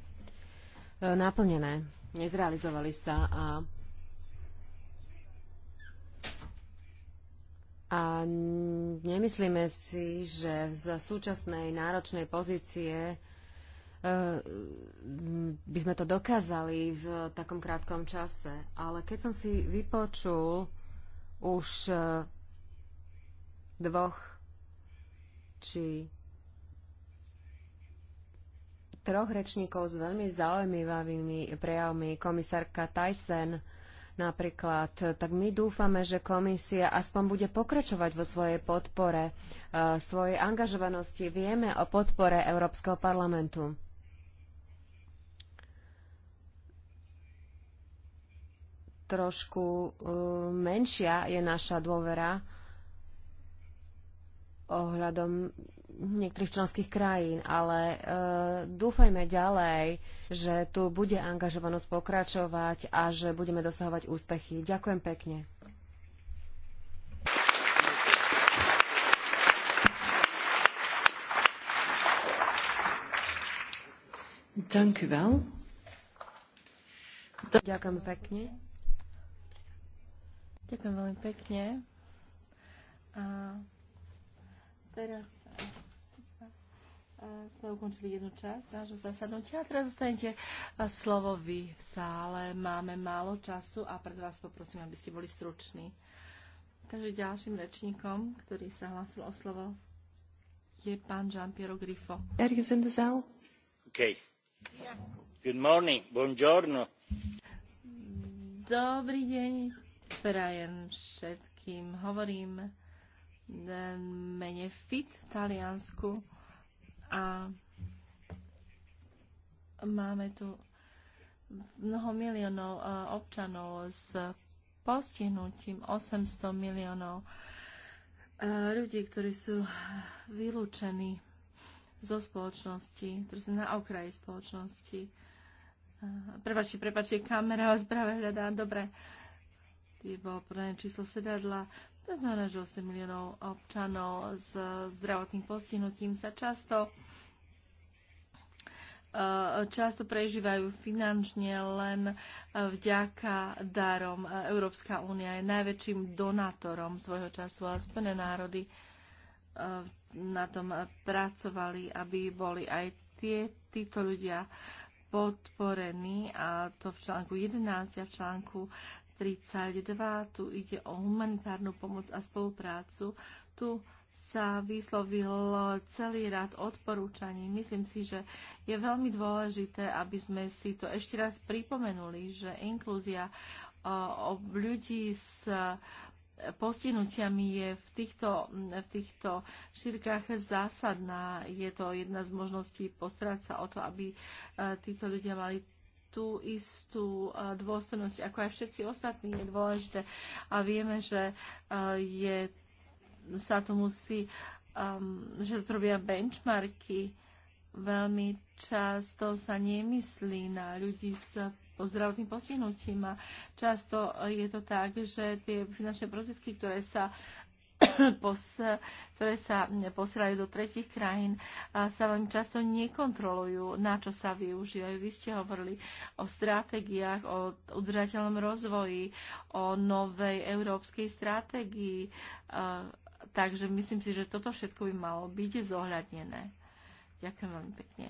naplnené, nezrealizovali sa a, a nemyslíme si, že z súčasnej náročnej pozície e, by sme to dokázali v takom krátkom čase. Ale keď som si vypočul už e, dvoch či troch rečníkov s veľmi zaujímavými prejavmi, komisárka Tyson napríklad, tak my dúfame, že komisia aspoň bude pokračovať vo svojej podpore, e, svojej angažovanosti. Vieme o podpore Európskeho parlamentu. Trošku e, menšia je naša dôvera ohľadom niektorých členských krajín, ale e, dúfajme ďalej, že tu bude angažovanosť pokračovať a že budeme dosahovať úspechy. Ďakujem pekne. Ďakujem pekne. Ďakujem veľmi pekne. A teraz e, e, sme ukončili jednu časť nášho zásadnú a Teraz zostanete e, slovo vy v sále. Máme málo času a pred vás poprosím, aby ste boli struční. Takže ďalším rečníkom, ktorý sa hlásil o slovo, je pán Jean-Pierre Griffo. Eric is in the cell. OK. Good morning. Buongiorno. Dobrý deň. Prajem všetkým. Hovorím menej fit v Taliansku a máme tu mnoho miliónov e, občanov s postihnutím 800 miliónov e, ľudí, ktorí sú vylúčení zo spoločnosti, ktorí sú na okraji spoločnosti. E, prepačte, prepačte, kamera vás práve hľadá. Dobre, je bolo podané číslo sedadla. Znaleźł się milioną obczano z zdrowotnym postinutím sa často eh, často prežívajú finančne len eh, vďaka darom. Európska únia je najväčším donátorom svojho času a Spojené národy eh, na tom pracovali, aby boli aj tie, títo ľudia podporení a to v článku 11 a v článku 32. Tu ide o humanitárnu pomoc a spoluprácu. Tu sa vyslovil celý rad odporúčaní. Myslím si, že je veľmi dôležité, aby sme si to ešte raz pripomenuli, že inklúzia o ľudí s postihnutiami je v týchto, v týchto šírkach zásadná. Je to jedna z možností postarať sa o to, aby e, títo ľudia mali tu istu dvostanost, ako je všetci ostatní je dôležité a vieme, že je sa to musí, um, že to robia benchmarky. Veľmi často sa nemyslí na ľudí s zdravotným postihnutím a často je to tak, že tie finančné prostriedky, ktoré sa uh, pos, ktoré sa posielajú do tretich krajín, a sa veľmi často nekontrolujú, na čo sa využívajú. Vy ste hovorili o stratégiách, o udržateľnom rozvoji, o novej európskej stratégii. Takže myslím si, že toto všetko by malo byť zohľadnené. Ďakujem veľmi pekne.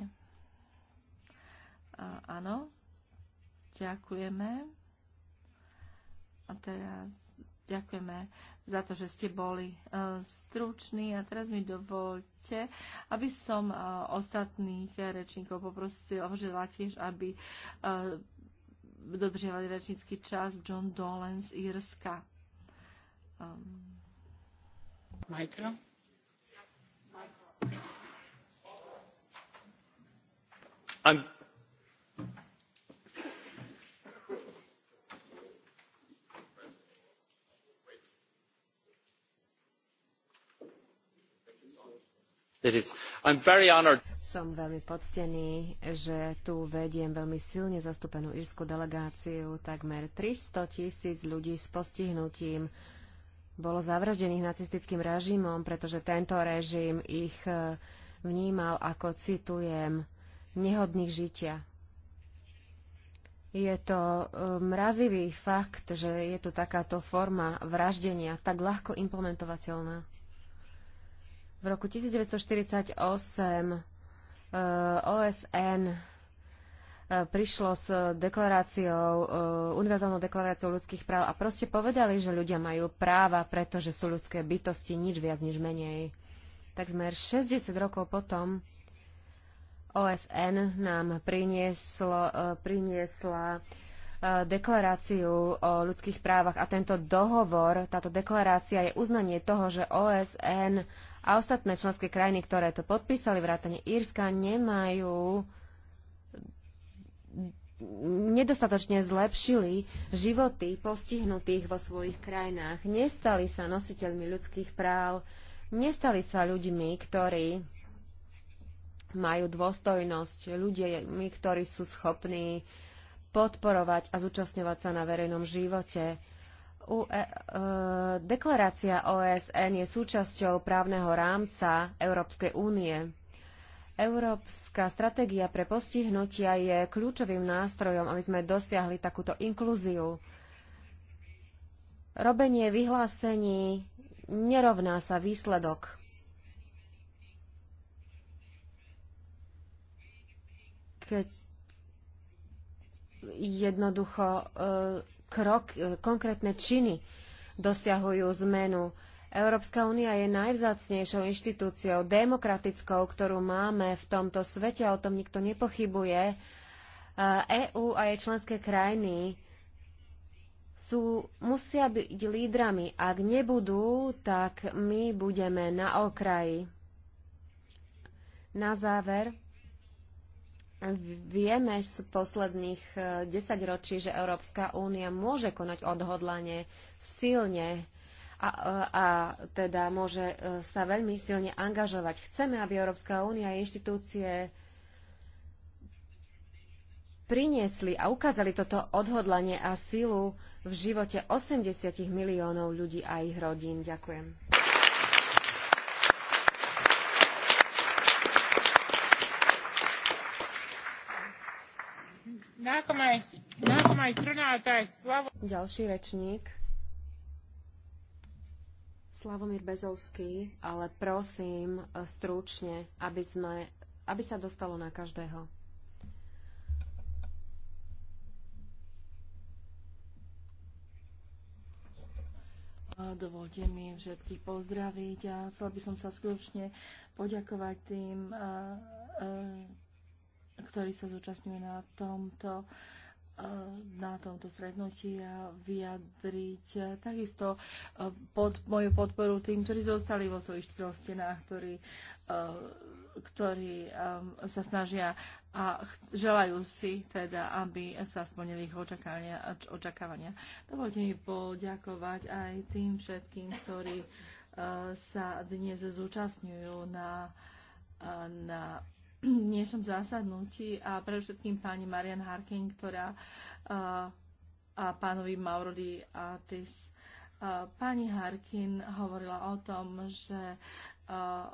A, áno, ďakujeme. A teraz ďakujeme za to, že ste boli e, struční a teraz mi dovolte, aby som e, ostatných rečníkov poprosila, ožila tiež, aby e, dodržiavali rečnícky čas John Dolan z Irska. Ehm. Michael? I'm som veľmi poctený že tu vediem veľmi silne zastúpenú írsku delegáciu takmer tristo tisíc ľudí s postihnutím bolo zavraždených nacistickým režimom pretože tento režim ich e, vnímal ako citujem nehodných žitia je to e, mrazivý fakt že je tu takáto forma vraždenia tak ľahko implementovateľná v roku 1948 OSN eh, eh, prišlo s deklaráciou, eh, univerzálnou deklaráciou ľudských práv a proste povedali, že ľudia majú práva, pretože sú ľudské bytosti, nič viac, nič menej. Tak sme 60 rokov potom OSN nám prinieslo, priniesla deklaráciu o ľudských právach a tento dohovor, táto deklarácia je uznanie toho, že OSN A ostatné členské krajiny, ktoré to podpísali, vrátane Írska, nemajú nedostatočne zlepšili životy postihnutých vo svojich krajinách. Nestali sa nositeľmi ľudských práv, nestali sa ľuďmi, ktorí majú dôstojnosť, ľuďmi, ktorí sú schopní podporovať a zúčastňovať sa na verejnom živote. UE, uh, e, deklarácia OSN je súčasťou právneho rámca Európskej únie. Európska stratégia pre postihnutia je kľúčovým nástrojom, aby sme dosiahli takúto inklúziu. Robenie vyhlásení nerovná sa výsledok. Keď jednoducho uh, krok, eh, konkrétne činy dosiahujú zmenu. Európska únia je najvzácnejšou inštitúciou, demokratickou, ktorú máme v tomto svete, o tom nikto nepochybuje. EÚ eh, e a jej členské krajiny sú, musia byť lídrami. Ak nebudú, tak my budeme na okraji. Na záver, Vieme z posledných 10 eh, ročí, že Európska únia môže konať odhodlanie silne a, a, eh, a teda môže eh, sa veľmi silne angažovať. Chceme, aby Európska únia a inštitúcie priniesli a ukázali toto odhodlanie a silu v živote 80 miliónov ľudí a ich rodín. Ďakujem. Ďalší rečník. Slavomír Bezovský, ale prosím eh, stručne, aby, sme, aby sa dostalo na každého. Dovolte mi všetkých pozdraviť a chcel by som sa skutočne poďakovať tým uh, uh, ktorí sa zúčastňujú na tomto e, na tomto stretnutí a vyjadriť e, takisto e, pod moju podporu tým, ktorí zostali vo svojich štyroch stenách, ktorí, ktorí sa snažia a želajú si teda, aby sa splnili ich očakávania. očakávania. Dovolte mi poďakovať aj tým všetkým, ktorí sa dnes zúčastňujú na, na niečom zasadnutí a predovšetkým pani Marian Harking, ktorá a, a pánovi Maurodi Atis. A, pani Harkin hovorila o tom, že a,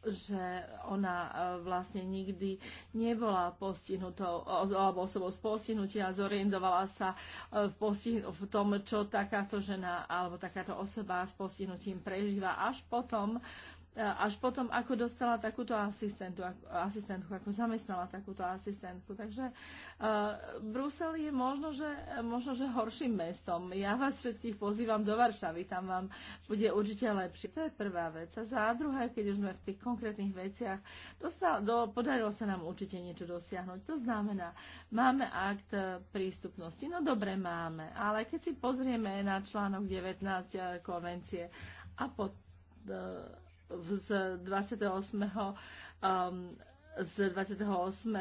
že ona vlastne nikdy nebola postihnutou alebo osobou z postihnutia a zorientovala sa v, postih, v tom, čo takáto žena alebo takáto osoba s postihnutím prežíva až potom, uh, E, až potom, ako dostala takúto asistentu, ako, asistentku, ako zamestnala takúto asistentku. Takže uh, Brusel je možno že, možno, že horším mestom. Ja vás všetkých pozývam do Varšavy, tam vám bude určite lepšie. To je prvá vec. A za druhé, keď už sme v tých konkrétnych veciach, dostal, do, podarilo sa nám určite niečo dosiahnuť. To znamená, máme akt e, prístupnosti. No dobre, máme. Ale keď si pozrieme na článok 19 konvencie a pod uh, z 28. Um, z 28.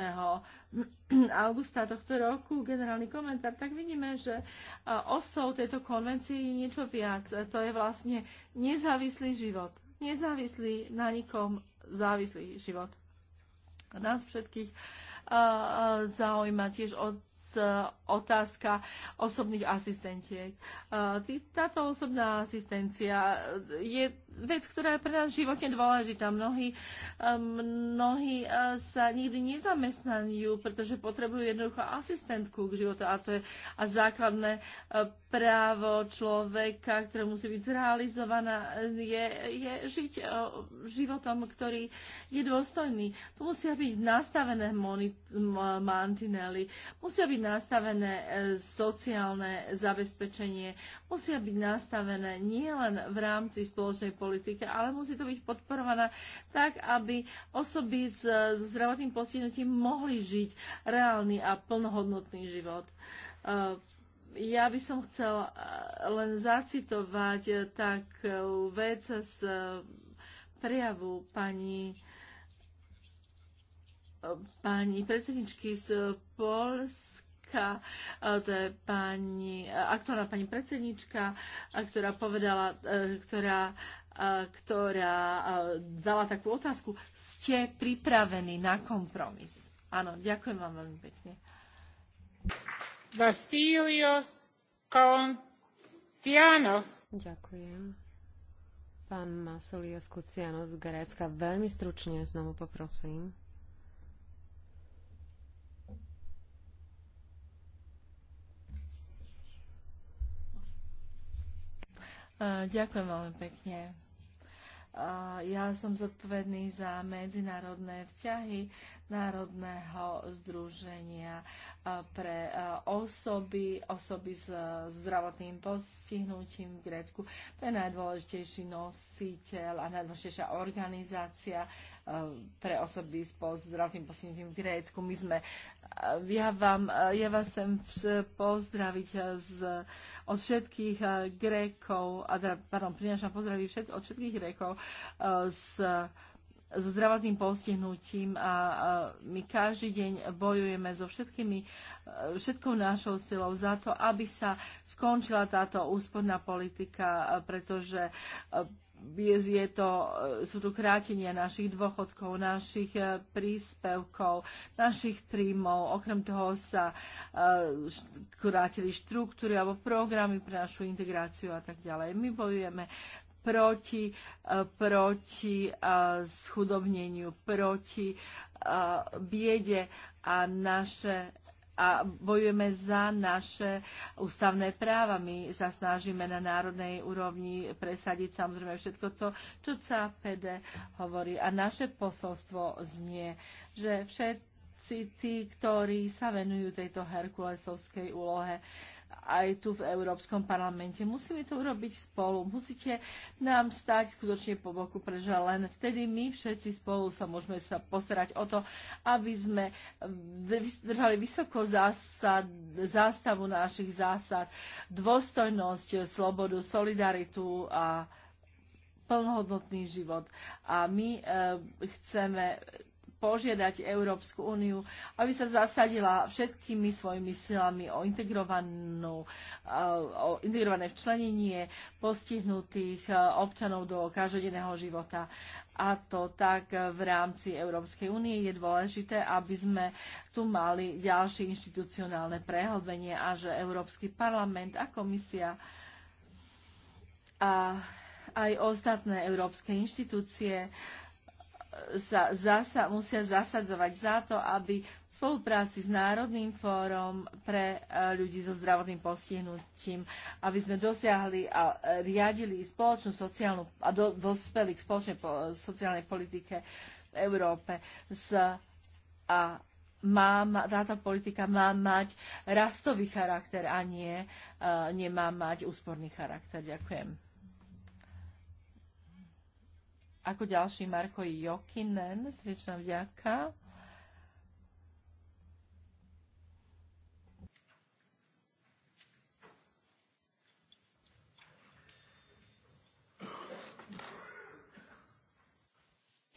augusta tohto roku generálny komentár, tak vidíme, že uh, osou tejto konvencie je niečo viac. To je vlastne nezávislý život. Nezávislý na nikom závislý život. Nás všetkých uh, uh, zaujíma tiež od otázka osobných asistentiek. Táto osobná asistencia je vec, ktorá je pre nás životne dôležitá. Mnohí, eh, mnohí eh, sa nikdy nezamestnajú, pretože potrebujú jednoducho asistentku k životu a to je a základné eh, právo človeka, ktoré musí byť zrealizované, je, je žiť životom, ktorý je dôstojný. Tu musia byť nastavené mantinely, musia byť nastavené sociálne zabezpečenie, musia byť nastavené nielen v rámci spoločnej politiky, politike, ale musí to byť podporované tak, aby osoby s, s zdravotným postihnutím mohli žiť reálny a plnohodnotný život. Eh, ja by som chcel eh, len zacitovať eh, tak vec z prejavu pani pani predsedničky z Polska, to je pani, aktuálna pani predsednička, ktorá povedala, ktorá uh, E, ktorá e, dala takú otázku. Ste pripravení na kompromis? Áno, ďakujem vám veľmi pekne. Vasilios Koncianos. Ďakujem. Pán Masolios Kucianos z Grécka, veľmi stručne znovu poprosím. Ďakujem veľmi pekne. Ja som zodpovedný za medzinárodné vzťahy Národného združenia pre osoby, osoby s zdravotným postihnutím v Grécku. To je najdôležitejší nositeľ a najdôležitejšia organizácia pre osoby s zdravotným postihnutím v Grécku. My sme, eh, ja, vám, eh, ja vás sem pozdraviť eh, z, od všetkých Grékov, a teda, pardon, prinášam pozdraviť všet, od všetkých Grékov s so zdravotným postihnutím a, a my každý deň bojujeme so všetkými, všetkou našou silou za to, aby sa skončila táto úsporná politika, pretože je to, eh, sú tu krátenia našich dôchodkov, našich eh, príspevkov, našich príjmov. Okrem toho sa eh, krátili štruktúry alebo programy pre našu integráciu a tak ďalej. My bojujeme proti, proti schudobneniu, proti biede a naše a bojujeme za naše ústavné práva. My sa snažíme na národnej úrovni presadiť samozrejme všetko to, čo CAPD hovorí. A naše posolstvo znie, že všetci tí, ktorí sa venujú tejto Herkulesovskej úlohe, uh, aj tu v Európskom parlamente. Musíme to urobiť spolu. Musíte nám stať skutočne po boku, pretože len vtedy my všetci spolu sa môžeme sa postarať o to, aby sme držali vysoko zásad, zástavu našich zásad, dôstojnosť, slobodu, solidaritu a plnohodnotný život. A my e, chceme požiadať Európsku úniu, aby sa zasadila všetkými svojimi silami o, integrovanú, eh, o integrované včlenenie postihnutých eh, občanov do každodenného života. A to tak v rámci Európskej únie je dôležité, aby sme tu mali ďalšie inštitucionálne prehlbenie a že Európsky parlament a komisia a aj ostatné európske inštitúcie uh, sa zasa, musia zasadzovať za to, aby v spolupráci s Národným fórom pre e, ľudí so zdravotným postihnutím, aby sme dosiahli a riadili spoločnú sociálnu a do, dospeli k spoločnej po, sociálnej politike v Európe. S, a má, má, táto politika má mať rastový charakter a nie, uh, nemá mať úsporný charakter. Ďakujem ako ďalší Marko Jokinen, srdečná vďaka.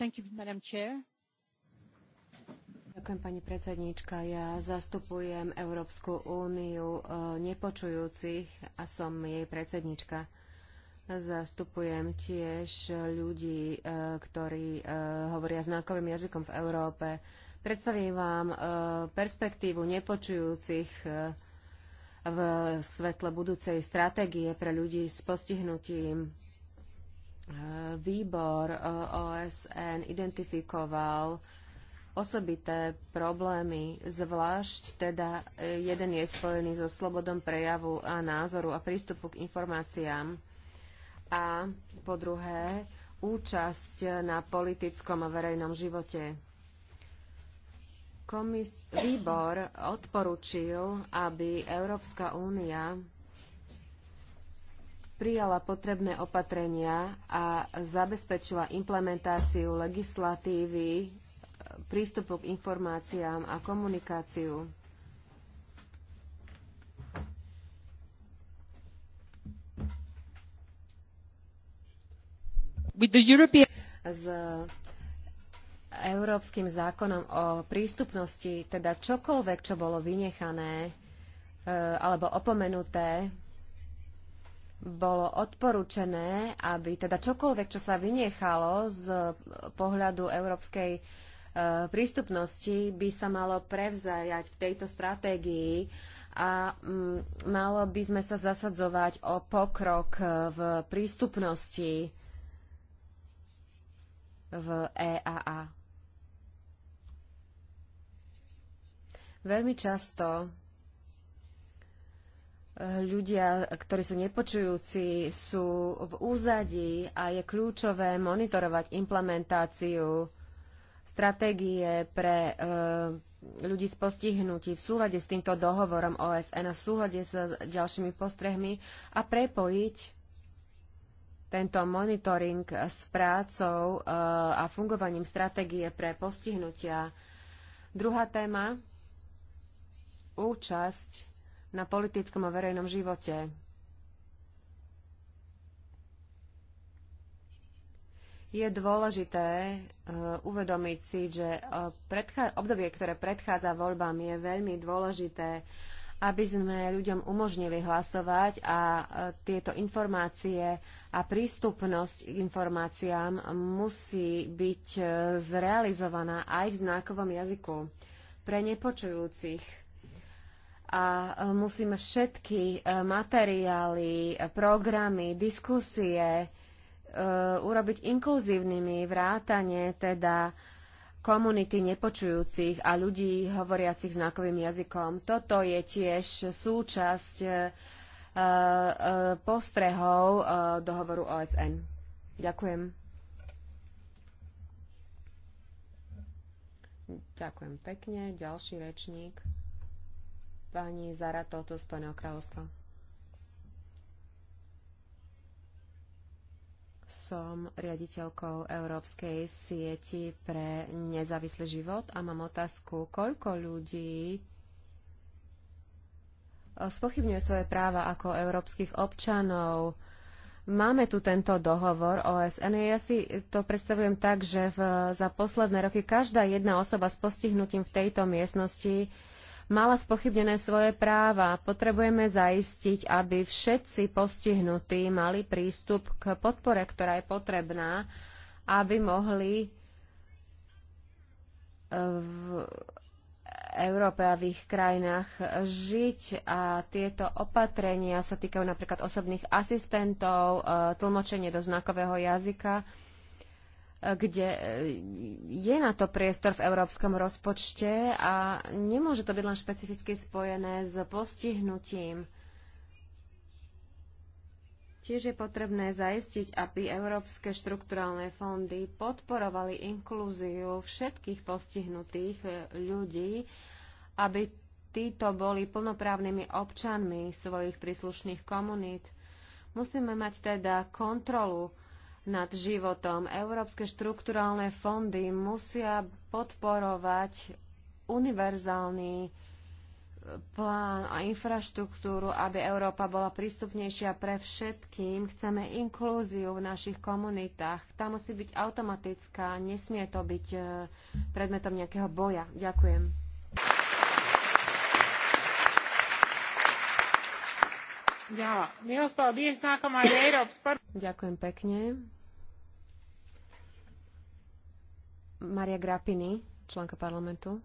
Thank you, Madam Chair. Ďakujem, pani predsedníčka. Ja zastupujem Európsku úniu eh, nepočujúcich a som jej predsednička. Zastupujem tiež ľudí, eh, ktorí eh, hovoria znakovým jazykom v Európe. Predstavím vám eh, perspektívu nepočujúcich v svetle budúcej stratégie pre ľudí s postihnutím. Výbor OSN identifikoval osobité problémy, zvlášť teda jeden je spojený so slobodom prejavu a názoru a prístupu k informáciám a po druhé účasť na politickom a verejnom živote. Komis- výbor odporučil, aby Európska únia prijala potrebné opatrenia a zabezpečila implementáciu legislatívy prístupu k informáciám a komunikáciu. s Európskym zákonom o prístupnosti, teda čokoľvek, čo bolo vynechané e, alebo opomenuté, bolo odporúčené, aby teda čokoľvek, čo sa vynechalo z pohľadu európskej e, prístupnosti, by sa malo prevzajať v tejto stratégii a malo by sme sa zasadzovať o pokrok v prístupnosti v EAA. Veľmi často eh, ľudia, ktorí sú nepočujúci, sú v úzadí a je kľúčové monitorovať implementáciu stratégie pre eh, ľudí s postihnutí v súlade s týmto dohovorom OSN a v súlade s ďalšími postrehmi a prepojiť tento monitoring s prácou eh, a fungovaním stratégie pre postihnutia. Druhá téma, účasť na politickom a verejnom živote. Je dôležité eh, uvedomiť si, že eh, obdobie, ktoré predchádza voľbám, je veľmi dôležité, aby sme ľuďom umožnili hlasovať a tieto informácie, a prístupnosť k informáciám musí byť eh, zrealizovaná aj v znakovom jazyku pre nepočujúcich. A eh, musíme všetky eh, materiály, programy, diskusie urobiť inkluzívnymi vrátane teda komunity nepočujúcich a ľudí hovoriacich znakovým jazykom. Toto je tiež súčasť Eh, eh, postrehov uh, dohovoru OSN. Ďakujem. Ďakujem pekne. Ďalší rečník. Pani Zara Toto z Pane Kráľovstva. Som riaditeľkou Európskej sieti pre nezávislý život a mám otázku, koľko ľudí spochybňuje svoje práva ako európskych občanov. Máme tu tento dohovor OSN. Ja si to predstavujem tak, že v, za posledné roky každá jedna osoba s postihnutím v tejto miestnosti mala spochybnené svoje práva. Potrebujeme zaistiť, aby všetci postihnutí mali prístup k podpore, ktorá je potrebná, aby mohli eh, Európe a v ich krajinách žiť a tieto opatrenia sa týkajú napríklad osobných asistentov, e, tlmočenie do znakového jazyka, e, kde e, je na to priestor v európskom rozpočte a nemôže to byť len špecificky spojené s postihnutím. Tiež je potrebné zaistiť, aby európske štrukturálne fondy podporovali inklúziu všetkých postihnutých eh, ľudí, aby títo boli plnoprávnymi občanmi svojich príslušných komunít. Musíme mať teda kontrolu nad životom. Európske štrukturálne fondy musia podporovať univerzálny plán a infraštruktúru, aby Európa bola prístupnejšia pre všetkým. Chceme inklúziu v našich komunitách. Tá musí byť automatická, nesmie to byť e, predmetom nejakého boja. Ďakujem. Ja, Ďakujem pekne. Maria Grappini, členka parlamentu.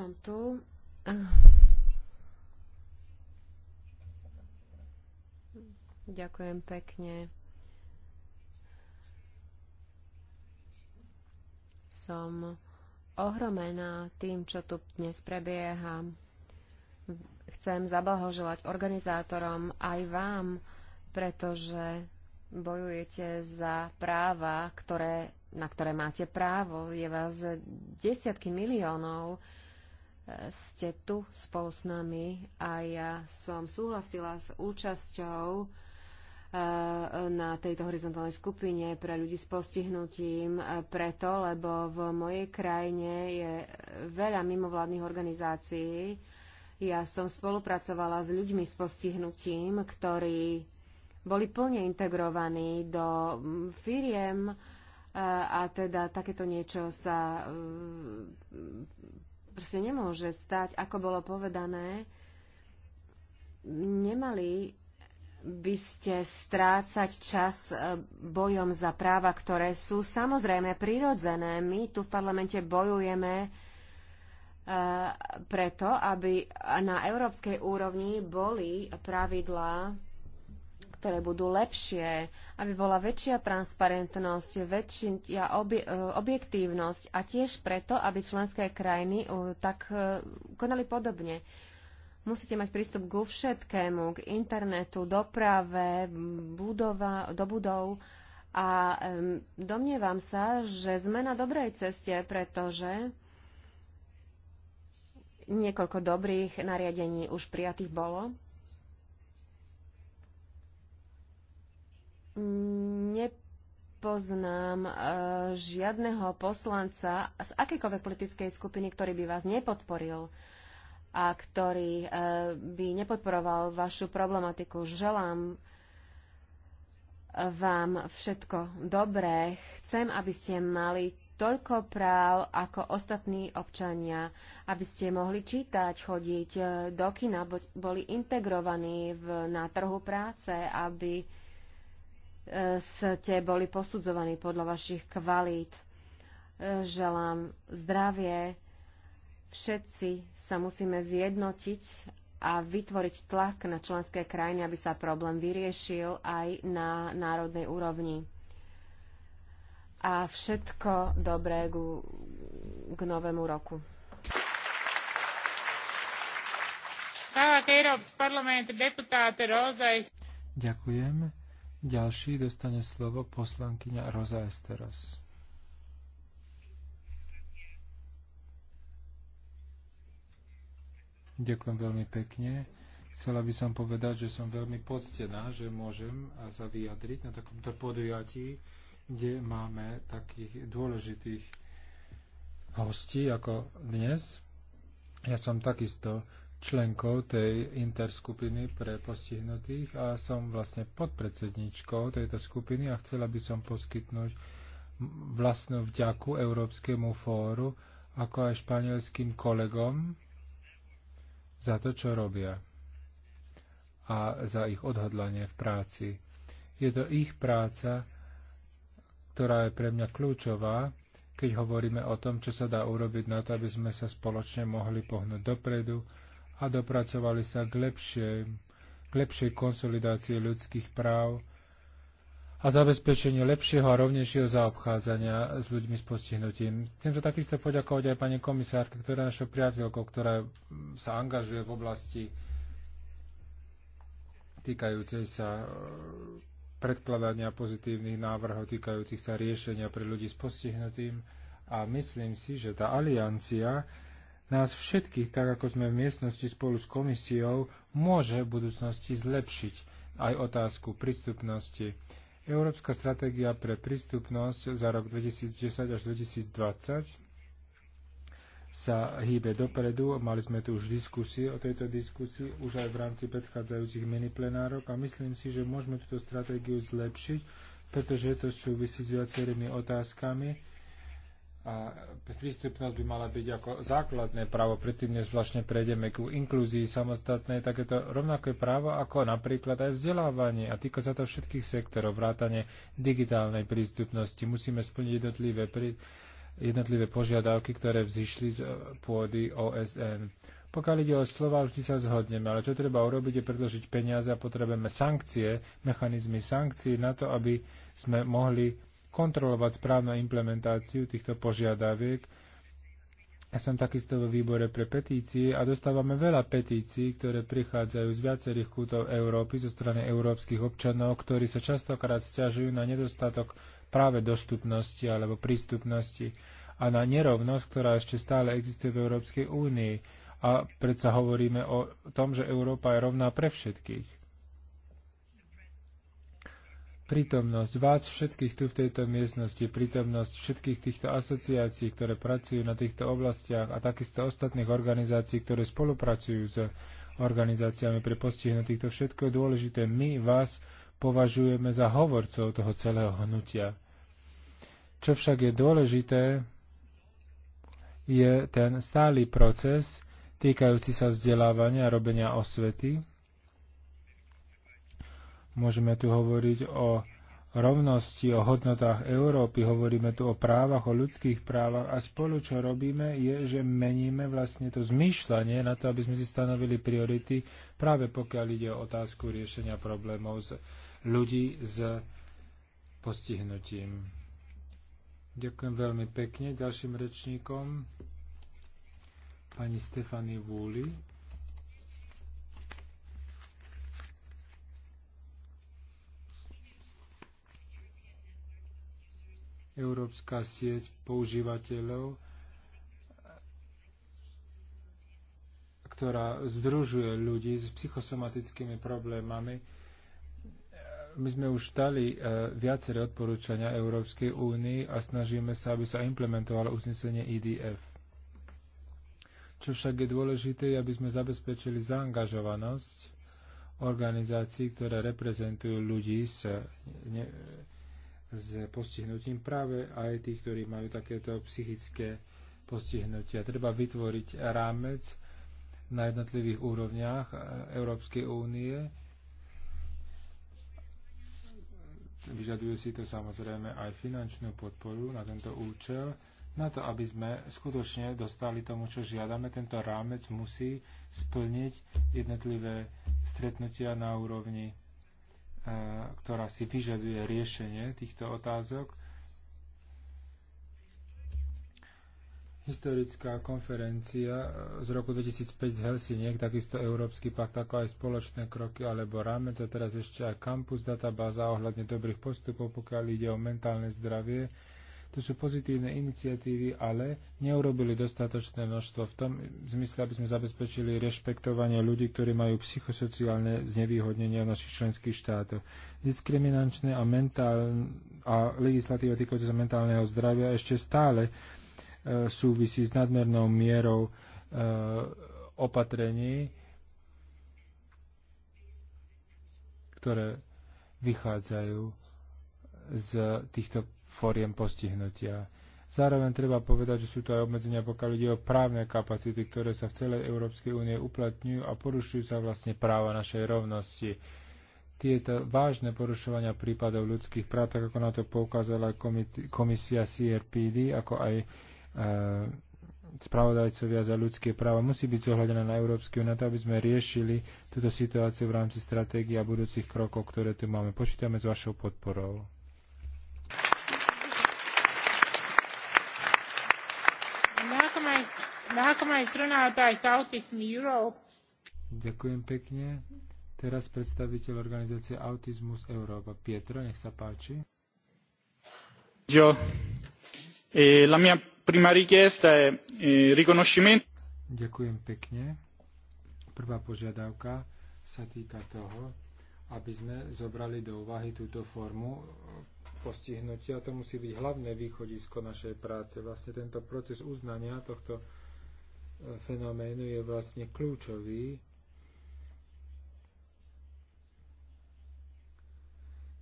olvastam to. Ďakujem pekne. Som ohromená tým, čo tu dnes prebieha. Chcem zablahoželať organizátorom aj vám, pretože bojujete za práva, ktoré, na ktoré máte právo. Je vás desiatky miliónov ste tu spolu s nami a ja som súhlasila s účasťou e, na tejto horizontálnej skupine pre ľudí s postihnutím e, preto, lebo v mojej krajine je veľa mimovládnych organizácií. Ja som spolupracovala s ľuďmi s postihnutím, ktorí boli plne integrovaní do firiem e, a teda takéto niečo sa proste nemôže stať, ako bolo povedané, nemali by ste strácať čas e, bojom za práva, ktoré sú samozrejme prirodzené. My tu v parlamente bojujeme e, preto, aby na európskej úrovni boli pravidlá ktoré budú lepšie, aby bola väčšia transparentnosť, väčšia e, objektívnosť a tiež preto, aby členské krajiny e, tak e, konali podobne. Musíte mať prístup ku všetkému, k internetu, doprave, budova, do budov. A domnievam sa, že sme na dobrej ceste, pretože niekoľko dobrých nariadení už prijatých bolo. nepoznám uh, žiadneho poslanca z akékoľvek politickej skupiny, ktorý by vás nepodporil a ktorý uh, by nepodporoval vašu problematiku. Želám eh, vám všetko dobré. Chcem, aby ste mali toľko práv ako ostatní občania, aby ste mohli čítať, chodiť do kina, boli integrovaní v, na trhu práce, aby uh, ste boli posudzovaní podľa vašich kvalít. Želám zdravie. Všetci sa musíme zjednotiť a vytvoriť tlak na členské krajiny, aby sa problém vyriešil aj na národnej úrovni. A všetko dobré k novému roku. Ďakujem. Ďalší dostane slovo poslankyňa Roza Esteros. Ďakujem veľmi pekne. Chcela by som povedať, že som veľmi poctená, že môžem sa vyjadriť na takomto podujatí, kde máme takých dôležitých hostí ako dnes. Ja som takisto členkou tej interskupiny pre postihnutých a som vlastne podpredsedničkou tejto skupiny a chcela by som poskytnúť vlastnú vďaku Európskemu fóru ako aj španielským kolegom za to, čo robia a za ich odhodlanie v práci. Je to ich práca, ktorá je pre mňa kľúčová, keď hovoríme o tom, čo sa dá urobiť na to, aby sme sa spoločne mohli pohnúť dopredu, a dopracovali sa k, lepšie, k lepšej konsolidácii ľudských práv a zabezpečenie lepšieho a rovnejšieho zaobchádzania s ľuďmi s postihnutím. Chcem to takisto poďakovať aj pani komisárke, ktorá je našou priateľkou, ktorá sa angažuje v oblasti týkajúcej sa e, predkladania pozitívnych návrhov týkajúcich sa riešenia pre ľudí s postihnutým. A myslím si, že tá aliancia, nás všetkých, tak ako sme v miestnosti spolu s komisiou, môže v budúcnosti zlepšiť aj otázku prístupnosti. Európska stratégia pre prístupnosť za rok 2010 až 2020 sa hýbe dopredu. Mali sme tu už diskusie o tejto diskusii, už aj v rámci predchádzajúcich miniplenárok a myslím si, že môžeme túto stratégiu zlepšiť, pretože to súvisí s viacerými otázkami, prístupnosť by mala byť ako základné právo, predtým než vlastne prejdeme k inklúzii samostatnej, tak je to rovnaké právo ako napríklad aj vzdelávanie a týka sa to všetkých sektorov, vrátane digitálnej prístupnosti. Musíme splniť jednotlivé, pri, jednotlivé požiadavky, ktoré vzýšli z pôdy OSN. Pokiaľ ide o slova, vždy sa zhodneme, ale čo treba urobiť je predložiť peniaze a potrebujeme sankcie, mechanizmy sankcií na to, aby sme mohli kontrolovať správnu implementáciu týchto požiadaviek. Ja som takisto vo výbore pre petície a dostávame veľa petícií, ktoré prichádzajú z viacerých kútov Európy zo strany európskych občanov, ktorí sa častokrát stiažujú na nedostatok práve dostupnosti alebo prístupnosti a na nerovnosť, ktorá ešte stále existuje v Európskej únii. A predsa hovoríme o tom, že Európa je rovná pre všetkých prítomnosť vás všetkých tu v tejto miestnosti, prítomnosť všetkých týchto asociácií, ktoré pracujú na týchto oblastiach a takisto ostatných organizácií, ktoré spolupracujú s organizáciami pri postihnutých. To všetko je dôležité. My vás považujeme za hovorcov toho celého hnutia. Čo však je dôležité, je ten stály proces týkajúci sa vzdelávania a robenia osvety, Môžeme tu hovoriť o rovnosti, o hodnotách Európy, hovoríme tu o právach, o ľudských právach a spolu čo robíme je, že meníme vlastne to zmýšľanie na to, aby sme si stanovili priority práve pokiaľ ide o otázku riešenia problémov z ľudí s postihnutím. Ďakujem veľmi pekne ďalším rečníkom pani Stefany Vúli. Európska sieť používateľov, ktorá združuje ľudí s psychosomatickými problémami. My sme už dali e, viaceré odporúčania Európskej únii a snažíme sa, aby sa implementovalo uznesenie IDF. E Čo však je dôležité, aby sme zabezpečili zaangažovanosť organizácií, ktoré reprezentujú ľudí s ne- s postihnutím práve aj tých, ktorí majú takéto psychické postihnutia. Treba vytvoriť rámec na jednotlivých úrovniach e, Európskej únie. Vyžadujú si to samozrejme aj finančnú podporu na tento účel, na to, aby sme skutočne dostali tomu, čo žiadame. Tento rámec musí splniť jednotlivé stretnutia na úrovni ktorá si vyžaduje riešenie týchto otázok. Historická konferencia z roku 2005 z Helsiniek, takisto Európsky pakt, ako aj spoločné kroky alebo rámec a teraz ešte aj kampus databáza ohľadne dobrých postupov, pokiaľ ide o mentálne zdravie to sú pozitívne iniciatívy, ale neurobili dostatočné množstvo v tom zmysle, aby sme zabezpečili rešpektovanie ľudí, ktorí majú psychosociálne znevýhodnenia v našich členských štátoch. Diskriminačné a, a legislatíva týkajúce sa mentálneho zdravia ešte stále e, súvisí s nadmernou mierou e, opatrení, ktoré vychádzajú z týchto foriem postihnutia. Zároveň treba povedať, že sú to aj obmedzenia, pokiaľ ide o právne kapacity, ktoré sa v celej Európskej únie uplatňujú a porušujú sa vlastne práva našej rovnosti. Tieto vážne porušovania prípadov ľudských práv, tak ako na to poukázala komisia CRPD, ako aj e, spravodajcovia za ľudské práva, musí byť zohľadená na Európsky na to, aby sme riešili túto situáciu v rámci stratégie a budúcich krokov, ktoré tu máme. Počítame s vašou podporou. Ďakujem pekne. Teraz predstaviteľ organizácie Autizmus Európa. Pietro, nech sa páči. E, e, Ďakujem pekne. Prvá požiadavka sa týka toho, aby sme zobrali do úvahy túto formu e, postihnutia. To musí byť hlavné východisko našej práce. Vlastne tento proces uznania tohto fenoménu je vlastne kľúčový.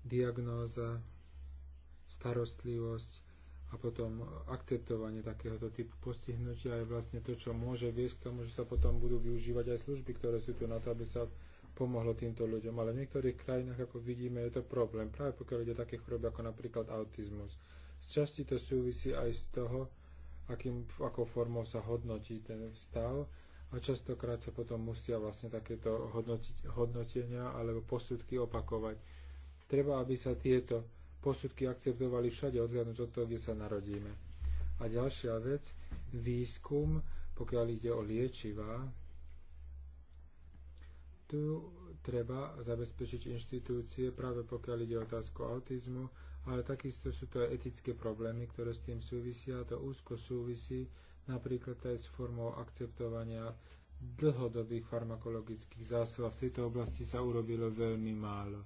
Diagnóza, starostlivosť a potom akceptovanie takéhoto typu postihnutia je vlastne to, čo môže viesť k tomu, že sa potom budú využívať aj služby, ktoré sú tu na to, aby sa pomohlo týmto ľuďom. Ale v niektorých krajinách, ako vidíme, je to problém. Práve pokiaľ ide o také choroby ako napríklad autizmus. Z časti to súvisí aj z toho, akým, akou formou sa hodnotí ten stav a častokrát sa potom musia vlastne takéto hodnotiť, hodnotenia alebo posudky opakovať. Treba, aby sa tieto posudky akceptovali všade odhľadnúť od toho, kde sa narodíme. A ďalšia vec, výskum, pokiaľ ide o liečivá, tu treba zabezpečiť inštitúcie, práve pokiaľ ide o otázku autizmu, ale takisto sú to etické problémy, ktoré s tým súvisia. To úzko súvisí napríklad aj s formou akceptovania dlhodobých farmakologických zásob. V tejto oblasti sa urobilo veľmi málo.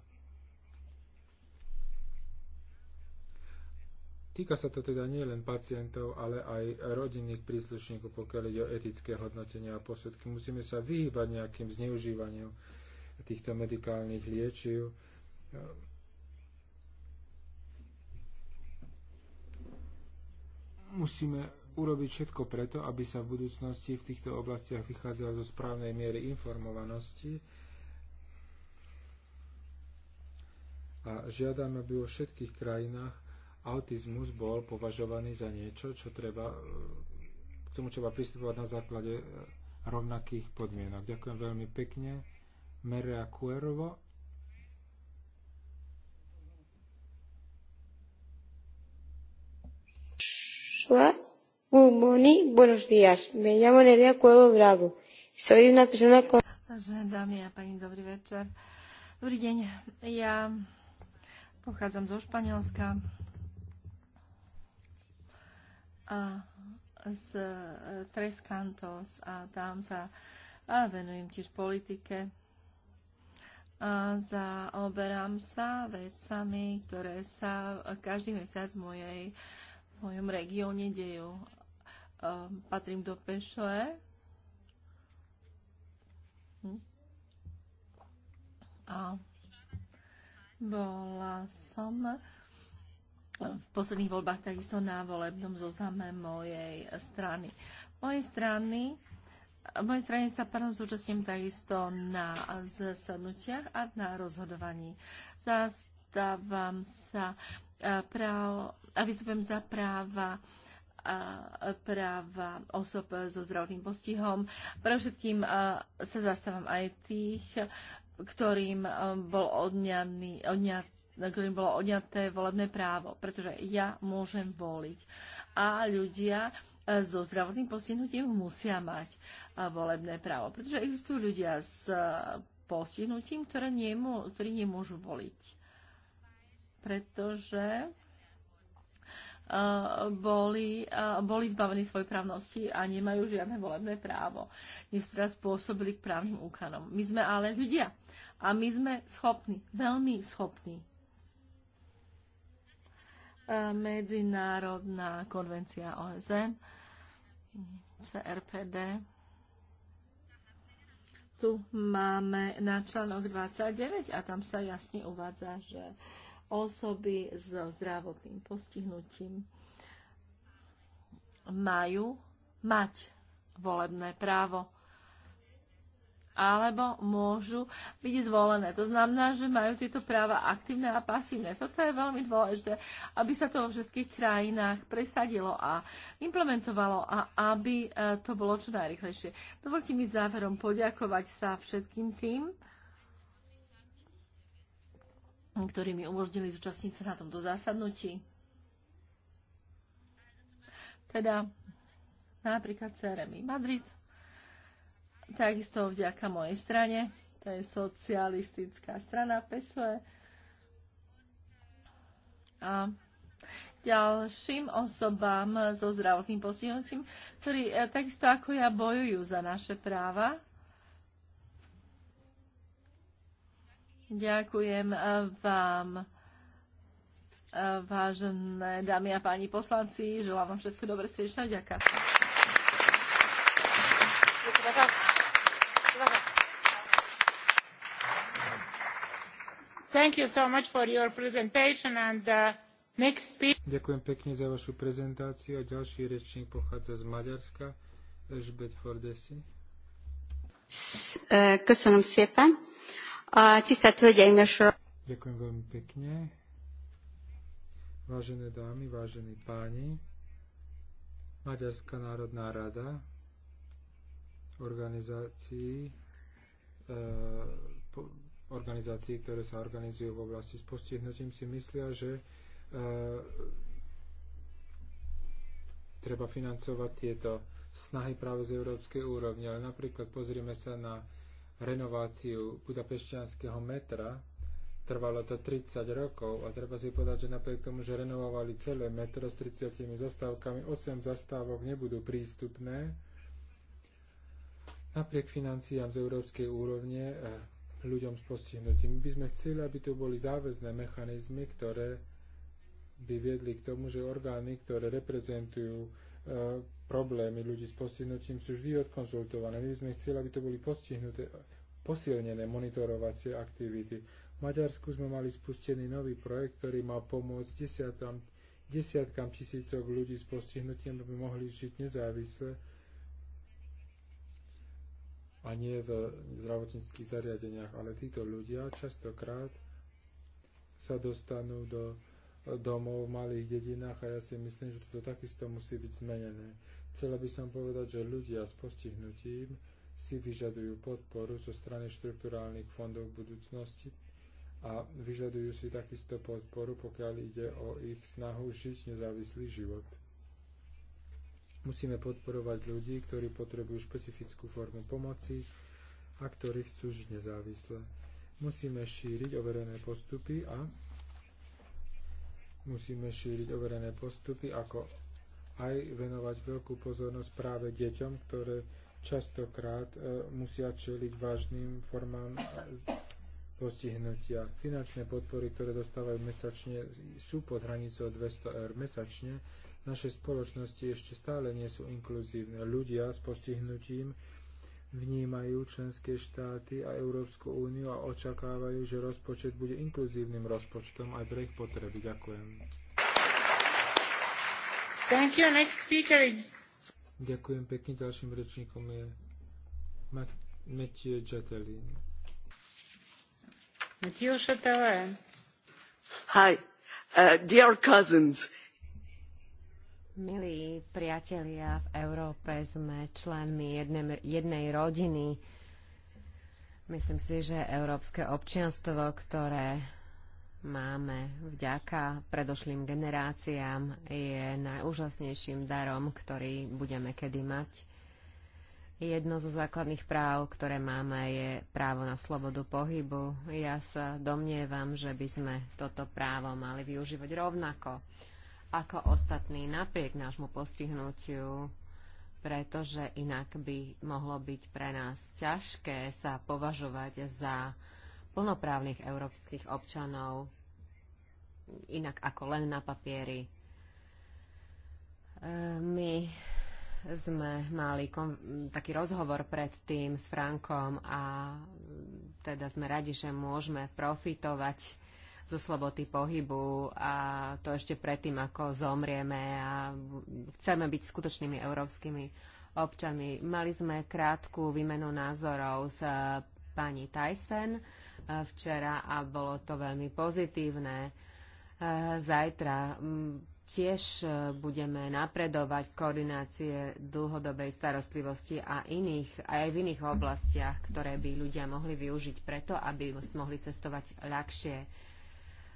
Týka sa to teda nielen pacientov, ale aj rodinných príslušníkov, pokiaľ ide o etické hodnotenia a posudky. Musíme sa vyhýbať nejakým zneužívaniem týchto medikálnych liečiv. musíme urobiť všetko preto, aby sa v budúcnosti v týchto oblastiach vychádzala zo správnej miery informovanosti. A žiadame, aby vo všetkých krajinách autizmus bol považovaný za niečo, čo treba, k tomu treba pristupovať na základe rovnakých podmienok. Ďakujem veľmi pekne. Merea Cuervo, Hola, good morning, buenos días. Me llamo Nerea Cuevo Bravo. Soy una persona con... Dobrze, damy, a pani dobry wieczór. Dobry dzień. Ja pochodzę z Hiszpanii. A z e, Tres Cantos, a tam za a venujem tiež politike. A zaoberám sa vecami, ktoré sa e, každý mesiac mojej uh, mojom regióne dejú. Eh, patrím do Pešoe. Hm? A bola som eh, v posledných voľbách takisto na volebnom zozname mojej strany. Mojej strany v eh, mojej strane sa pánom zúčastním takisto na zasadnutiach a na rozhodovaní. Zastávam sa Eh, prav, a vystupujem za práva a eh, práva osob so zdravotným postihom. Pre všetkým eh, sa zastávam aj tých, ktorým, bol odňaný, odňa, ktorým bolo odňaté volebné právo, pretože ja môžem voliť. A ľudia so zdravotným postihnutím musia mať volebné právo, pretože existujú ľudia s postihnutím, ktoré nemô, ktorí nemôžu voliť pretože eh, boli, eh, boli zbavení svojej právnosti a nemajú žiadne volebné právo. Nie sú teraz spôsobili k právnym úkanom. My sme ale ľudia a my sme schopní, veľmi schopní. Eh, Medzinárodná konvencia OSN, CRPD. Tu máme na článok 29 a tam sa jasne uvádza, že uh, osoby so zdravotným postihnutím majú mať volebné právo alebo môžu byť zvolené. To znamená, že majú tieto práva aktívne a pasívne. Toto je veľmi dôležité, aby sa to vo všetkých krajinách presadilo a implementovalo a aby e, to bolo čo najrychlejšie. Dovolte mi záverom poďakovať sa všetkým tým, ktorí mi umožnili zúčastniť sa na tomto zásadnutí. Teda napríklad CRM Madrid, takisto vďaka mojej strane, to je socialistická strana PSOE. A ďalším osobám so zdravotným postihnutím, ktorí eh, takisto ako ja bojujú za naše práva, Ďakujem eh, vám, eh, vážené dámy a páni poslanci. Želám vám všetko dobré srdečné. Ďakujem. Thank you so much for your presentation and the uh, next speaker. Ďakujem pekne za vašu prezentáciu a ďalší rečník pochádza z Maďarska, Elžbet Fordesi. Eh, köszönöm szépen. A tisztelt Hölgyeim és Ďakujem veľmi pekne. Vážené dámy, vážení páni, Maďarská národná rada organizácií, e, organizácií, ktoré sa organizujú v oblasti s postihnutím, si myslia, že e, treba financovať tieto snahy práve z európskej úrovne. Ale napríklad pozrieme sa na renováciu budapešťanského metra. Trvalo to 30 rokov a treba si povedať, že napriek tomu, že renovovali celé metro s 30 zastávkami, 8 zastávok nebudú prístupné. Napriek financiám z európskej úrovne eh, ľuďom s postihnutím by sme chceli, aby tu boli záväzné mechanizmy, ktoré by viedli k tomu, že orgány, ktoré reprezentujú Eh, problémy ľudí s postihnutím sú vždy odkonzultované. My sme chceli, aby to boli postihnuté, posilnené monitorovacie aktivity. V Maďarsku sme mali spustený nový projekt, ktorý má pomôcť desiatam, desiatkam tisícok ľudí s postihnutím, aby mohli žiť nezávisle a nie v zdravotníckých zariadeniach. Ale títo ľudia častokrát sa dostanú do domov v malých dedinách a ja si myslím, že toto takisto musí byť zmenené. Chcela by som povedať, že ľudia s postihnutím si vyžadujú podporu zo strany štrukturálnych fondov budúcnosti a vyžadujú si takisto podporu, pokiaľ ide o ich snahu žiť nezávislý život. Musíme podporovať ľudí, ktorí potrebujú špecifickú formu pomoci a ktorí chcú žiť nezávisle. Musíme šíriť overené postupy a musíme šíriť overené postupy, ako aj venovať veľkú pozornosť práve deťom, ktoré častokrát e, musia čeliť vážnym formám e, postihnutia. Finančné podpory, ktoré dostávajú mesačne, sú pod hranicou 200 eur mesačne. Naše spoločnosti ešte stále nie sú inkluzívne. Ľudia s postihnutím vnímajú členské štáty a Európsku úniu a očakávajú, že rozpočet bude inkluzívnym rozpočtom aj pre ich potreby. Ďakujem. Thank you, next speaker is... Ďakujem pekne. Ďalším rečníkom je Mathieu Chatelin. Mathieu Chatelin. Hi, uh, dear cousins, Milí priatelia, v Európe sme členmi jednej, jednej rodiny. Myslím si, že európske občianstvo, ktoré máme vďaka predošlým generáciám, je najúžasnejším darom, ktorý budeme kedy mať. Jedno zo základných práv, ktoré máme, je právo na slobodu pohybu. Ja sa domnievam, že by sme toto právo mali využívať rovnako ako ostatní napriek nášmu postihnutiu, pretože inak by mohlo byť pre nás ťažké sa považovať za plnoprávnych európskych občanov, inak ako len na papieri. E, my sme mali kon- taký rozhovor predtým s Frankom a teda sme radi, že môžeme profitovať zo slobody pohybu a to ešte predtým, ako zomrieme a chceme byť skutočnými európskymi občanmi. Mali sme krátku výmenu názorov s pani Tyson e, včera a bolo to veľmi pozitívne. E, zajtra tiež e, budeme napredovať koordinácie dlhodobej starostlivosti a iných, aj v iných oblastiach, ktoré by ľudia mohli využiť preto, aby mohli cestovať ľahšie.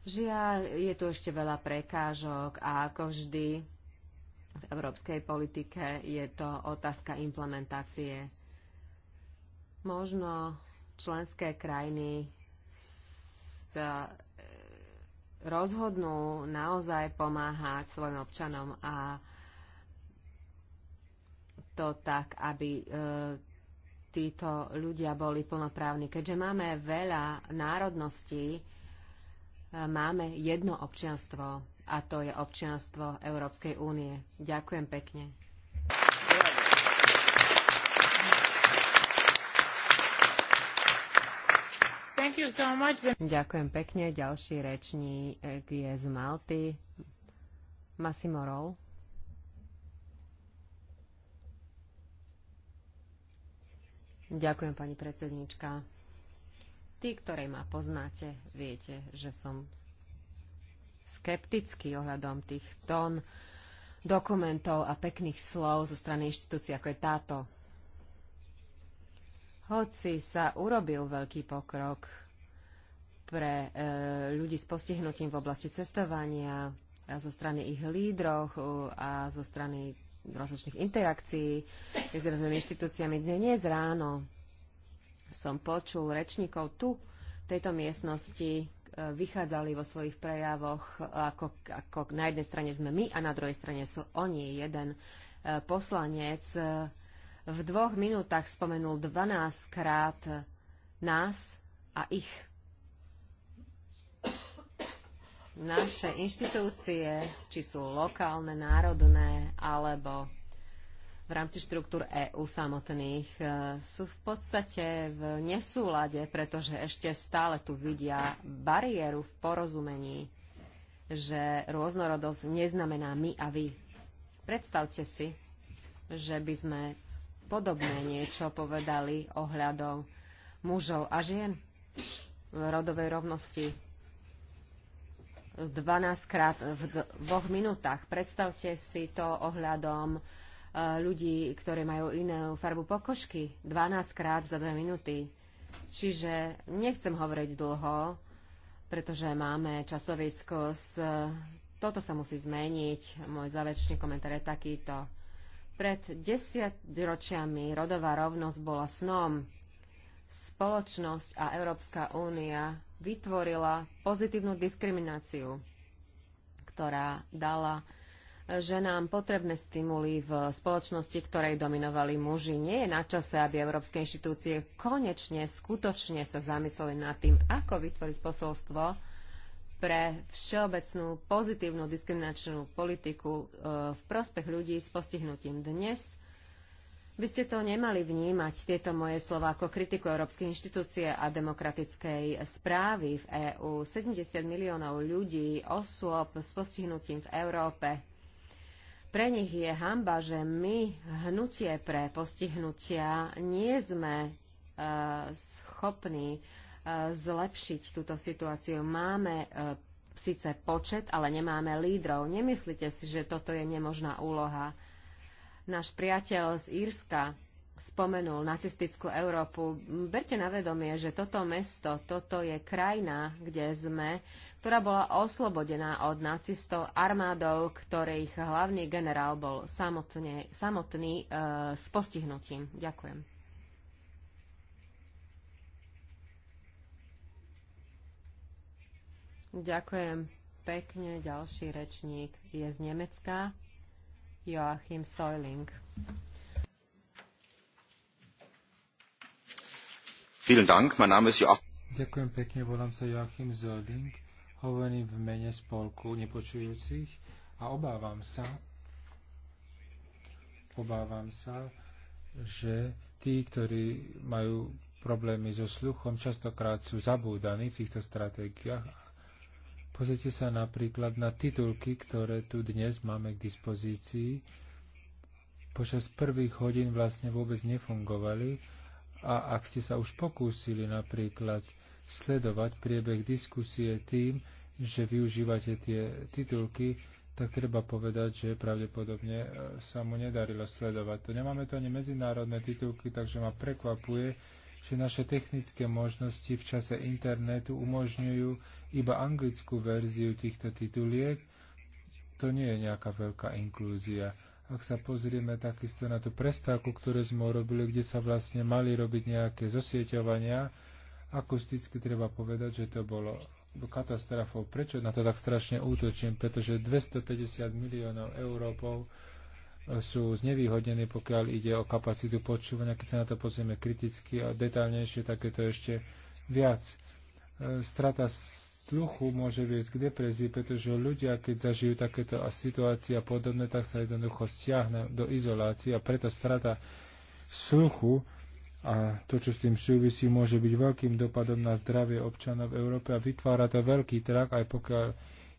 Žiaľ, je tu ešte veľa prekážok a ako vždy v európskej politike je to otázka implementácie. Možno členské krajiny sa e, rozhodnú naozaj pomáhať svojim občanom a to tak, aby e, títo ľudia boli plnoprávni. Keďže máme veľa národností, E, máme jedno občianstvo a to je občianstvo Európskej únie. Ďakujem pekne. Thank you so much. Ďakujem pekne. Ďalší rečník je z Malty. Massimo Roll. Ďakujem, pani predsednička tí, ktorí ma poznáte, viete, že som skeptický ohľadom tých tón dokumentov a pekných slov zo strany inštitúcií, ako je táto. Hoci sa urobil veľký pokrok pre e, ľudí s postihnutím v oblasti cestovania a zo strany ich lídrov e, a zo strany rozličných interakcií s rôznymi inštitúciami dnes ráno, som počul rečníkov tu, v tejto miestnosti, eh, vychádzali vo svojich prejavoch, ako, ako na jednej strane sme my a na druhej strane sú oni. Jeden eh, poslanec eh, v dvoch minútach spomenul 12 krát nás a ich. Naše inštitúcie, či sú lokálne, národné alebo v rámci štruktúr EÚ samotných eh, sú v podstate v nesúlade, pretože ešte stále tu vidia bariéru v porozumení, že rôznorodosť neznamená my a vy. Predstavte si, že by sme podobné niečo povedali ohľadom mužov a žien v rodovej rovnosti. 12 krát v dvoch minútach. Predstavte si to ohľadom uh, ľudí, ktorí majú inú farbu pokožky, 12 krát za 2 minúty. Čiže nechcem hovoriť dlho, pretože máme časový skos. Toto sa musí zmeniť. Môj záverečný komentár je takýto. Pred desaťročiami rodová rovnosť bola snom. Spoločnosť a Európska únia vytvorila pozitívnu diskrimináciu, ktorá dala ženám potrebné stimuly v spoločnosti, ktorej dominovali muži. Nie je na čase, aby európske inštitúcie konečne, skutočne sa zamysleli nad tým, ako vytvoriť posolstvo pre všeobecnú pozitívnu diskriminačnú politiku e, v prospech ľudí s postihnutím dnes. By ste to nemali vnímať, tieto moje slova, ako kritiku Európskej inštitúcie a demokratickej správy v EÚ. 70 miliónov ľudí, osôb s postihnutím v Európe pre nich je hamba, že my, hnutie pre postihnutia, nie sme uh, schopní uh, zlepšiť túto situáciu. Máme uh, síce počet, ale nemáme lídrov. Nemyslíte si, že toto je nemožná úloha. Náš priateľ z Írska spomenul nacistickú Európu. Berte na vedomie, že toto mesto, toto je krajina, kde sme, ktorá bola oslobodená od nacistov armádov, ktorých hlavný generál bol samotne, samotný e, s postihnutím. Ďakujem. Ďakujem pekne. Ďalší rečník je z Nemecka, Joachim Soiling. Vielen Dank, mein Name ist Joachim. Ďakujem pekne, volám sa Joachim Soiling hovorím v mene spolku nepočujúcich a obávam sa, obávam sa, že tí, ktorí majú problémy so sluchom, častokrát sú zabúdaní v týchto stratégiách. Pozrite sa napríklad na titulky, ktoré tu dnes máme k dispozícii. Počas prvých hodín vlastne vôbec nefungovali a ak ste sa už pokúsili napríklad следовать приебег дискусии тем, что вы уживаете эти титулки, так треба сказать, что правдоподобно саму не дарило следовать. То не имеем то ни международные титулки, так что меня преквапует, что наши технические возможности в часе интернету умозняют ибо английскую версию этих титулек, то не есть какая-то большая инклюзия. Ak sa pozrieme takisto na tú prestávku, ktoré sme urobili, kde sa vlastne mali robiť nejaké zosieťovania, akusticky treba povedať, že to bolo katastrofou. Prečo na to tak strašne útočím? Pretože 250 miliónov Európov e, sú znevýhodnení, pokiaľ ide o kapacitu počúvania. Keď sa na to pozrieme kriticky a detaľnejšie, tak je to ešte viac. E, strata sluchu môže viesť k depresii, pretože ľudia, keď zažijú takéto situácie a podobné, tak sa jednoducho stiahne do izolácie a preto strata sluchu A to, čo s tým súvisí, môže byť veľkým dopadom na zdravie občanov Európy a vytvára to veľký trak, aj pokiaľ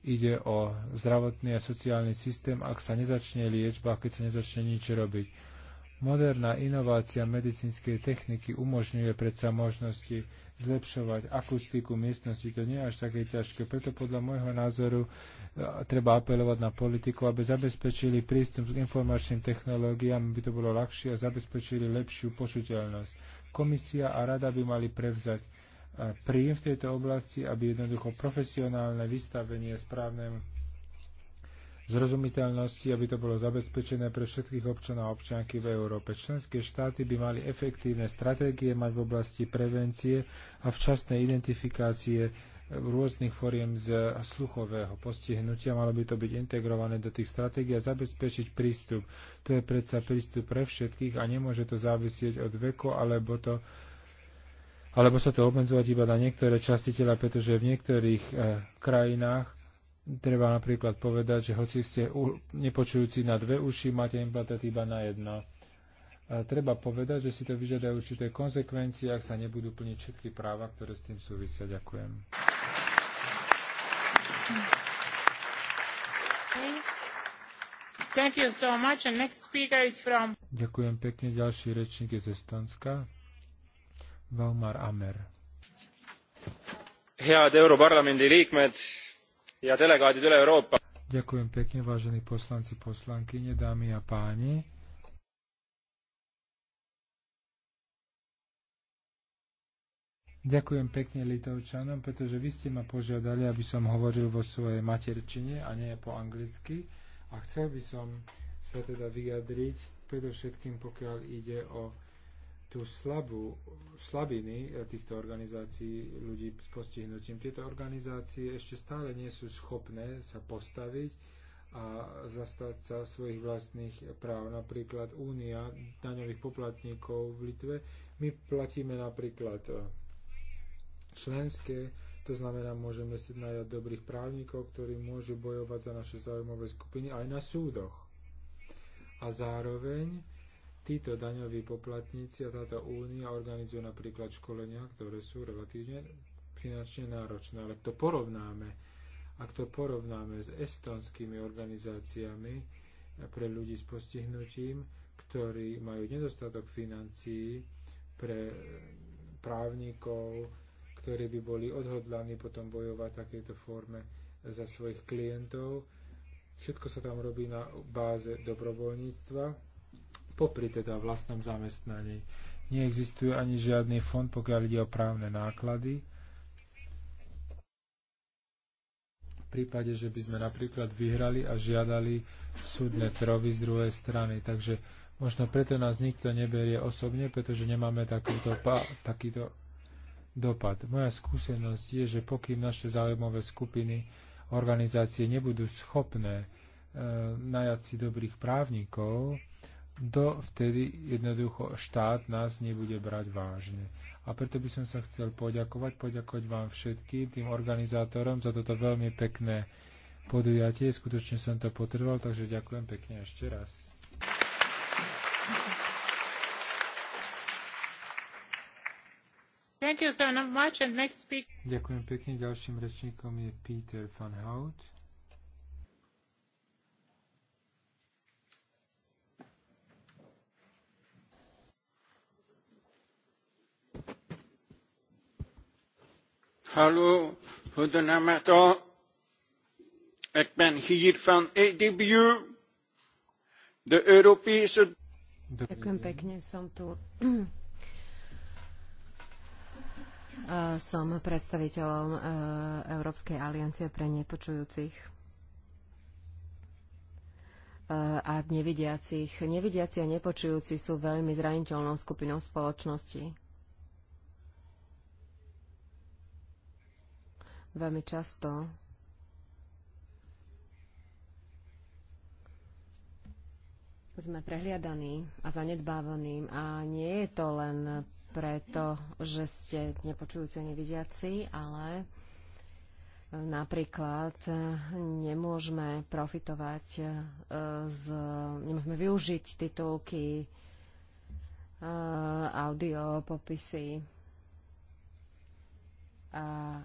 ide o zdravotný a sociálny systém, ak sa nezačne liečba, keď sa nezačne nič robiť. Moderna inovácia medicínskej techniky umožňuje predsa možnosti zlepšovať akustiku miestnosti. To nie je až také ťažké. Preto podľa môjho názoru eh, treba apelovať na politiku, aby zabezpečili prístup k informačným technológiám, aby to bolo ľahšie a zabezpečili lepšiu počuteľnosť. Komisia a rada by mali prevzať eh, príjem v tejto oblasti, aby jednoducho profesionálne vystavenie správnemu zrozumiteľnosti, aby to bolo zabezpečené pre všetkých občanov a občianky v Európe. Členské štáty by mali efektívne stratégie mať v oblasti prevencie a včasnej identifikácie rôznych foriem z sluchového postihnutia. Malo by to byť integrované do tých stratégií a zabezpečiť prístup. To je predsa prístup pre všetkých a nemôže to závisieť od veku alebo to alebo sa to obmedzovať iba na niektoré časti tela, pretože v niektorých e, krajinách treba napríklad povedať, že hoci ste nepočujúci na dve uši, máte implantát iba na jedno. A treba povedať, že si to vyžiadajú určité konsekvencie, ak sa nebudú plniť všetky práva, ktoré s tým súvisia. Ďakujem. Thank you so much. And next speaker is from... Ďakujem pekne. Ďalší rečník je z Estonska. Valmar Amer. Ja, Európarlamentný rýkmet, ja, delegáti z celej Európy. Ďakujem pekne, vážení poslanci, poslankyne, dámy a páni. Ďakujem pekne Litovčanom, pretože vy ste ma požiadali, aby som hovoril vo svojej materčine a nie po anglicky. A chcel by som sa teda vyjadriť predovšetkým, pokiaľ ide o tú slabú, slabiny eh, týchto organizácií ľudí s postihnutím. Tieto organizácie ešte stále nie sú schopné sa postaviť a zastať sa svojich vlastných práv. Napríklad Únia daňových poplatníkov v Litve. My platíme napríklad eh, členské, to znamená, môžeme si najať dobrých právnikov, ktorí môžu bojovať za naše zaujímavé skupiny aj na súdoch. A zároveň Títo daňoví poplatníci a táto únia organizujú napríklad školenia, ktoré sú relatívne finančne náročné. Ale ak to porovnáme, ak to porovnáme s estonskými organizáciami pre ľudí s postihnutím, ktorí majú nedostatok financií pre právnikov, ktorí by boli odhodlaní potom bojovať v takejto forme za svojich klientov. Všetko sa tam robí na báze dobrovoľníctva popri teda vlastnom zamestnaní. Neexistuje ani žiadny fond, pokiaľ ide o právne náklady. V prípade, že by sme napríklad vyhrali a žiadali súdne trovy z druhej strany. Takže možno preto nás nikto neberie osobne, pretože nemáme takýto, pa, takýto dopad. Moja skúsenosť je, že pokým naše záujmové skupiny organizácie nebudú schopné e, najať si dobrých právnikov, do vtedy jednoducho štát nás nebude brať vážne. A preto by som sa chcel poďakovať, poďakovať vám všetkým, tým organizátorom za toto veľmi pekné podujatie. Skutočne som to potrval, takže ďakujem pekne ešte raz. Thank you so much and next speak. Ďakujem pekne. Ďalším rečníkom je Peter van Hout. Hallo, goedenavond. Ik ben hier van EDBU, de Europese. Ik ben pekne, som tu. som predstaviteľom e, Európskej aliancie pre nepočujúcich e, a nevidiacich. Nevidiaci a nepočujúci sú veľmi zraniteľnou skupinou spoločnosti. veľmi často sme prehliadaní a zanedbávaní a nie je to len preto, že ste nepočujúci, nevidiaci, ale napríklad nemôžeme profitovať e, z, nemôžeme využiť titulky e, audio, popisy a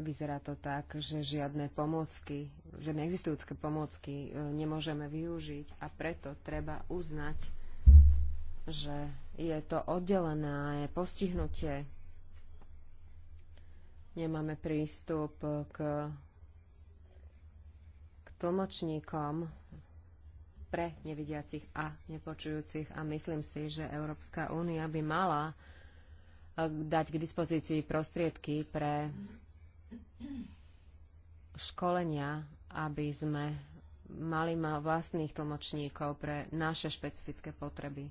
Vyzerá to tak, že žiadne pomocky, že neexistujúce pomocky e, nemôžeme využiť a preto treba uznať, že je to oddelené a je postihnutie. Nemáme prístup k, k tlmočníkom pre nevidiacich a nepočujúcich a myslím si, že Európska únia by mala e, dať k dispozícii prostriedky pre školenia, aby sme mali mal vlastných tlmočníkov pre naše špecifické potreby.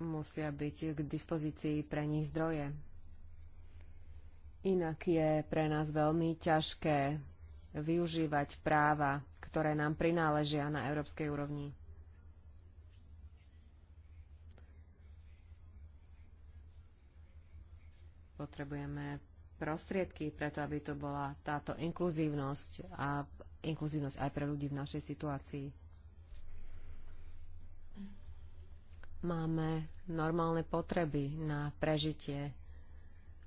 Musia byť k dispozícii pre nich zdroje. Inak je pre nás veľmi ťažké využívať práva, ktoré nám prináležia na európskej úrovni. potrebujeme prostriedky preto, aby to bola táto inkluzívnosť a inkluzívnosť aj pre ľudí v našej situácii. Máme normálne potreby na prežitie,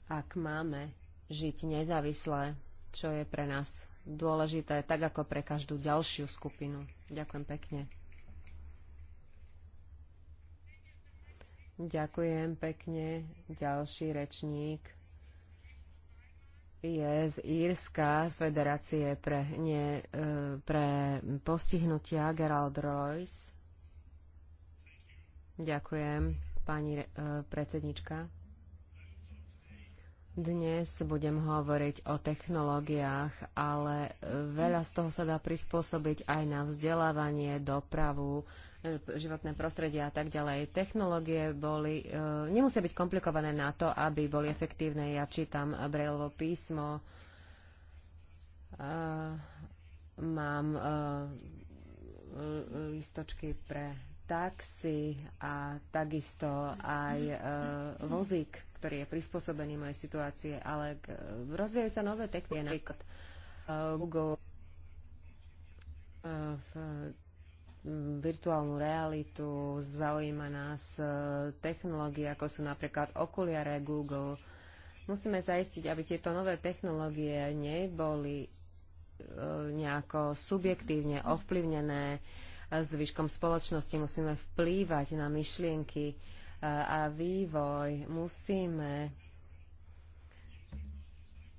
ak máme žiť nezávisle, čo je pre nás dôležité, tak ako pre každú ďalšiu skupinu. Ďakujem pekne. Ďakujem pekne. Ďalší rečník je z Írska, z Federácie pre, nie, e, pre postihnutia Gerald Royce. Ďakujem, pani e, predsednička. Dnes budem hovoriť o technológiách, ale veľa z toho sa dá prispôsobiť aj na vzdelávanie, dopravu, E, životné prostredie a tak ďalej. Technológie boli, e, nemusia byť komplikované na to, aby boli efektívne. Ja čítam Braillevo písmo, e, mám e, e, listočky pre taxi a takisto aj e, vozík, ktorý je prispôsobený mojej situácie, ale k, rozvíjajú sa nové technológie. Napríklad e, Google e, v, virtuálnu realitu, zaujíma nás e, technológie, ako sú napríklad okuliare Google. Musíme zaistiť, aby tieto nové technológie neboli e, nejako subjektívne ovplyvnené e, zvyškom spoločnosti. Musíme vplývať na myšlienky a vývoj. Musíme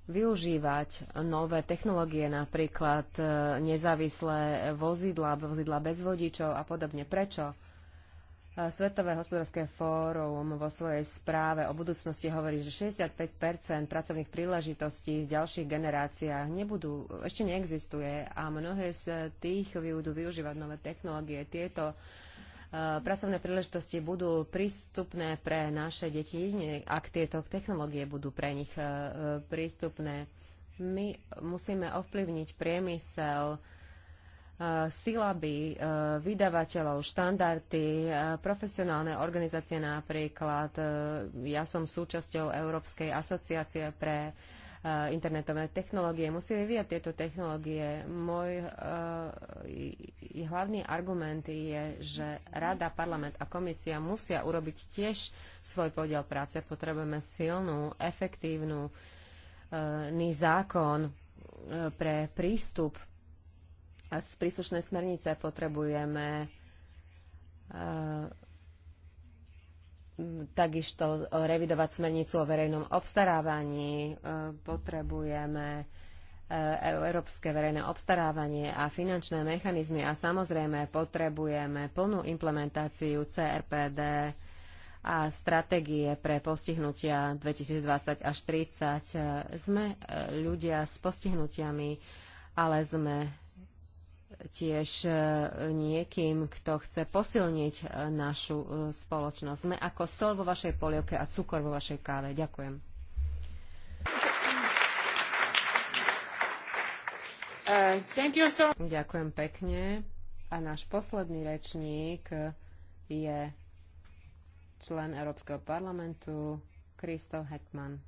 využívať nové technológie, napríklad e, nezávislé vozidla, vozidla bez vodičov a podobne. Prečo? E, Svetové hospodárske fórum vo svojej správe o budúcnosti hovorí, že 65 pracovných príležitostí v ďalších generáciách nebudú, ešte neexistuje a mnohé z tých budú využívať nové technológie. Tieto uh, Eh, pracovné príležitosti budú prístupné pre naše deti, ak tieto technológie budú pre nich eh, prístupné. My musíme ovplyvniť priemysel, eh, silaby vydavateľov, štandardy, profesionálne organizácie napríklad. Ja som súčasťou Európskej asociácie pre Eh, internetové technológie. Musí vyvíjať tieto technológie. Môj uh, hlavný argument je, že Rada, Parlament a Komisia musia urobiť tiež svoj podiel práce. Potrebujeme silnú, efektívnu uh, zákon pre prístup z príslušnej smernice. Potrebujeme uh, takisto revidovať smernicu o verejnom obstarávaní, e, potrebujeme e, európske verejné obstarávanie a finančné mechanizmy a samozrejme potrebujeme plnú implementáciu CRPD a stratégie pre postihnutia 2020 až 2030. E, sme ľudia s postihnutiami, ale sme tiež e, niekým, kto chce posilniť e, našu e, spoločnosť. Sme ako sol vo vašej polievke a cukor vo vašej káve. Ďakujem. Uh, Ďakujem pekne. A náš posledný rečník je člen Európskeho parlamentu Christoph Heckmann.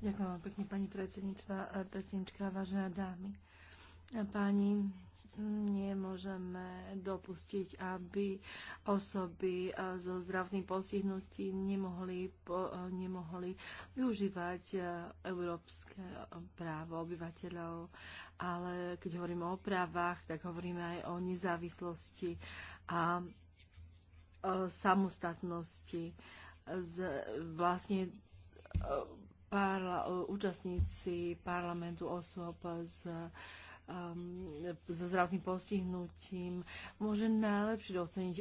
Ďakujem pekne, pani predsednička, vážená dámy. Páni, nemôžeme dopustiť, aby osoby eh, so zdravným postihnutím nemohli, eh, nemohli využívať eh, európske právo obyvateľov. Ale keď hovoríme o právach, tak hovoríme aj o nezávislosti a samostatnosti z vlastne pár, účastníci parlamentu osôb z um, so zdravotným postihnutím môže najlepšie doceniť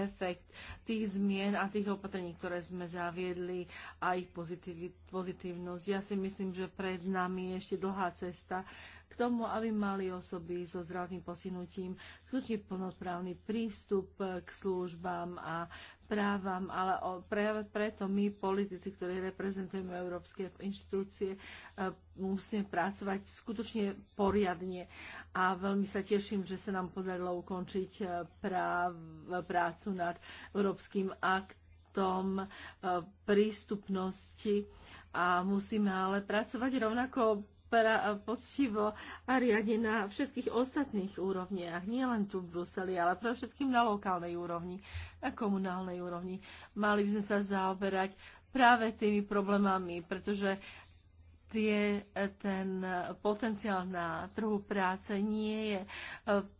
efekt tých zmien a tých opatrení, ktoré sme zaviedli a ich pozitiv- pozitívnosť. Ja si myslím, že pred nami je ešte dlhá cesta k tomu, aby mali osoby so zdravotným postihnutím skutočne plnoprávny prístup k službám a právam, ale o, práve preto my, politici, ktorí reprezentujeme európske inštitúcie, e, musíme pracovať skutočne poriadne. A veľmi sa teším, že sa nám podarilo ukončiť e, práv, prácu nad európskym aktom tom e, prístupnosti a musíme ale pracovať rovnako poctivo a riadne na všetkých ostatných úrovniach, nielen tu v Bruseli, ale pre všetkým na lokálnej úrovni, na komunálnej úrovni. Mali by sme sa zaoberať práve tými problémami, pretože tie, ten potenciál na trhu práce nie je e,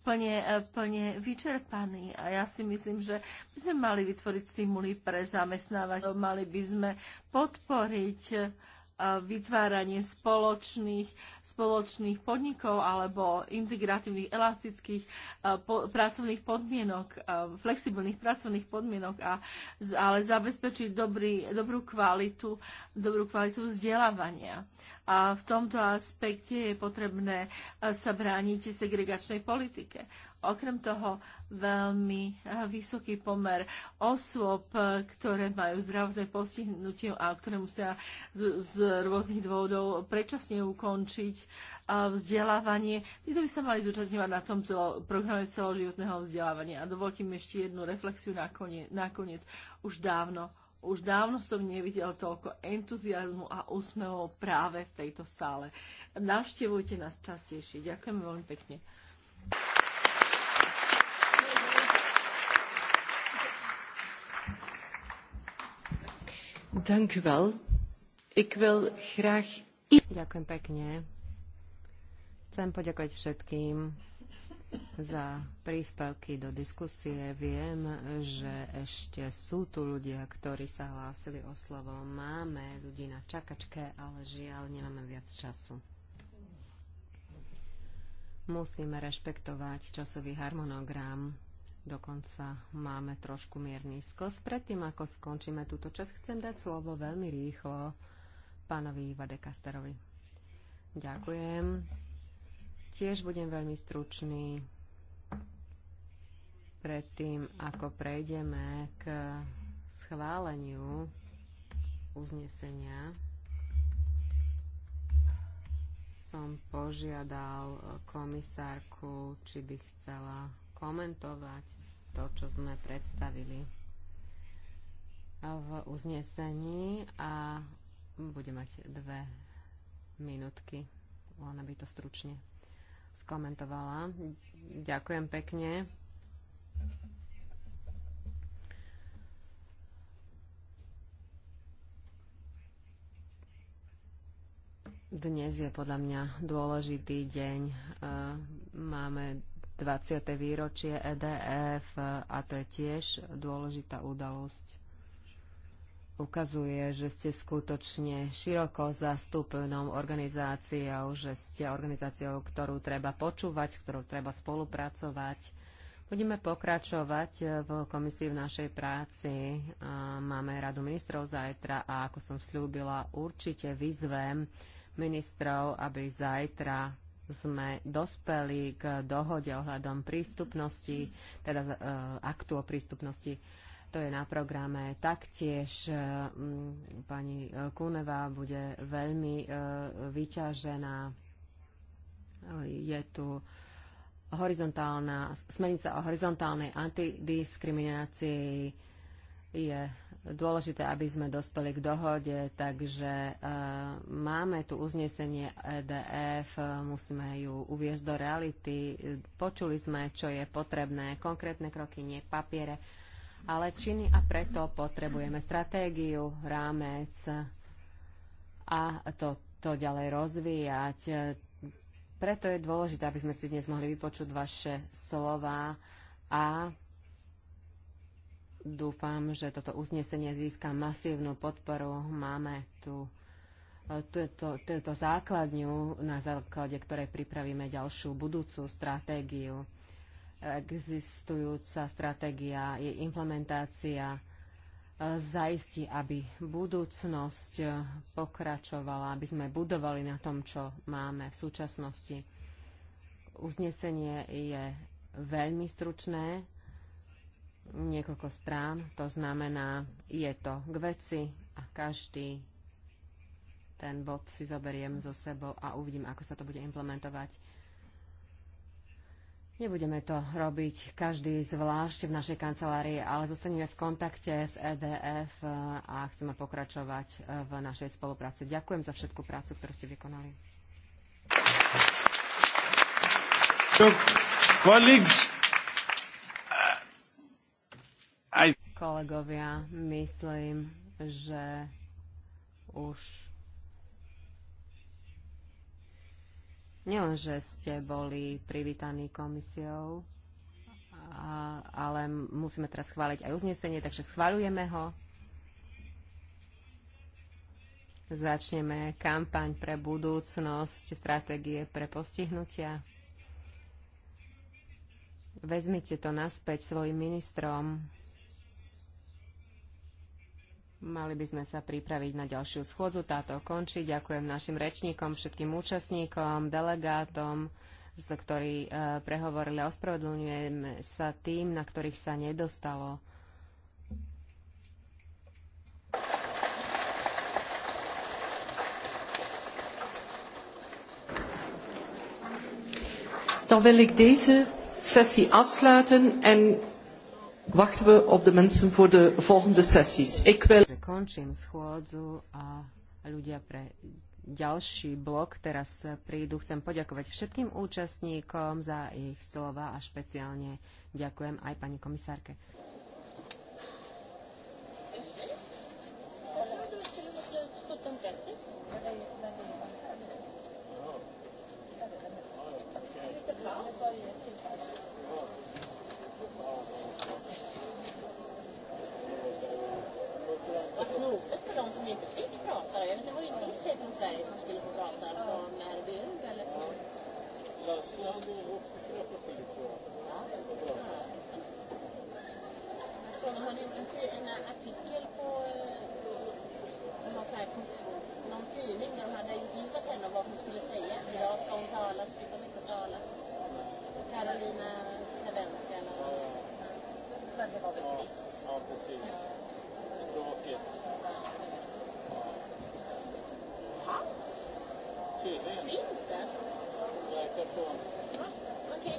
plne, e, plne vyčerpaný. A ja si myslím, že by sme mali vytvoriť stimuly pre zamestnávateľov, mali by sme podporiť vytváranie spoločných, spoločných podnikov alebo integratívnych, elastických po, pracovných podmienok, flexibilných pracovných podmienok, a, ale zabezpečiť dobrý, dobrú, kvalitu, dobrú kvalitu vzdelávania. A v tomto aspekte je potrebné sa brániť segregačnej politike. Okrem toho veľmi eh, vysoký pomer osôb, eh, ktoré majú zdravotné postihnutie a ktoré musia z rôznych dôvodov predčasne ukončiť eh, vzdelávanie. Títo by sa mali zúčastňovať na tom celo, programe celoživotného vzdelávania. A dovolte mi ešte jednu reflexiu nakoniec. Už dávno už dávno som nevidel toľko entuziasmu a úsmevov práve v tejto sále. Navštevujte nás častejšie. Ďakujem veľmi pekne. chcem poďakovať všetkým za príspevky do diskusie. Viem, že ešte sú tu ľudia, ktorí sa hlásili o slovo. Máme ľudí na čakačke, ale žiaľ, nemáme viac času. Musíme rešpektovať časový harmonogram dokonca máme trošku mierný skos. Predtým, ako skončíme túto časť, chcem dať slovo veľmi rýchlo pánovi Vade Kasterovi. Ďakujem. Tiež budem veľmi stručný predtým, ako prejdeme k schváleniu uznesenia. Som požiadal komisárku, či by chcela komentovať to, čo sme predstavili v uznesení a bude mať dve minutky. Ona by to stručne skomentovala. Ďakujem pekne. Dnes je podľa mňa dôležitý deň. E, máme 20. výročie EDF a to je tiež dôležitá udalosť. Ukazuje, že ste skutočne široko zastúpenou organizáciou, že ste organizáciou, ktorú treba počúvať, s ktorou treba spolupracovať. Budeme pokračovať v komisii v našej práci. Máme radu ministrov zajtra a ako som slúbila, určite vyzvem ministrov, aby zajtra sme dospeli k dohode ohľadom prístupnosti, teda e, aktu o prístupnosti. To je na programe. Taktiež e, pani e, Kuneva bude veľmi vyťažená. Je tu horizontálna, smernica o horizontálnej antidiskriminácii je dôležité, aby sme dospeli k dohode, takže e, máme tu uznesenie EDF, musíme ju uviezť do reality. Počuli sme, čo je potrebné, konkrétne kroky, nie papiere, ale činy a preto potrebujeme stratégiu, rámec a to, to ďalej rozvíjať. Preto je dôležité, aby sme si dnes mohli vypočuť vaše slova a Dúfam, že toto uznesenie získa masívnu podporu. Máme tu e, túto základňu, na základe ktorej pripravíme ďalšiu budúcu stratégiu. Existujúca stratégia, jej implementácia e, zaistí, aby budúcnosť pokračovala, aby sme budovali na tom, čo máme v súčasnosti. Uznesenie je veľmi stručné, niekoľko strán, to znamená, je to k veci a každý ten bod si zoberiem zo sebou a uvidím, ako sa to bude implementovať. Nebudeme to robiť každý zvlášť v našej kancelárii, ale zostaneme v kontakte s EDF a chceme pokračovať e, v našej spolupráci. Ďakujem za všetkú prácu, ktorú ste vykonali. Kolegs. So, kolegovia, myslím, že už nielen, že ste boli privítaní komisiou, a, ale musíme teraz chváliť aj uznesenie, takže schváľujeme ho. Začneme kampaň pre budúcnosť, stratégie pre postihnutia. Vezmite to naspäť svojim ministrom, Mali by sme sa pripraviť na ďalšiu schôdzu. Táto končí. Ďakujem našim rečníkom, všetkým účastníkom, delegátom, z ktorí e, prehovorili. Ospravedlňujeme sa tým, na ktorých sa nedostalo. Dan wil ik deze sessie afsluiten en wachten we op de mensen voor de volgende sessies. Ik wil... ďalší blok teraz prídu. Chcem poďakovať všetkým účastníkom za ich slova a špeciálne ďakujem aj pani komisárke. Sverige som skulle få prata från Erbil eller från... Lasse han blir också kreativ tror jag. Ja. Så har ni gjort en artikel på, på eh, någon, så här, någon tidning där de hade intervjuat henne vad hon skulle säga? Idag ja, ska hon tala, ska hon inte tala? Karolina Svenska eller vad? Ja. Men det var väl trist? Ja, ja, precis. Tråkigt. Ja. Thanks. Cheers, Ian. Ian's there. Yeah, good for him. Okay.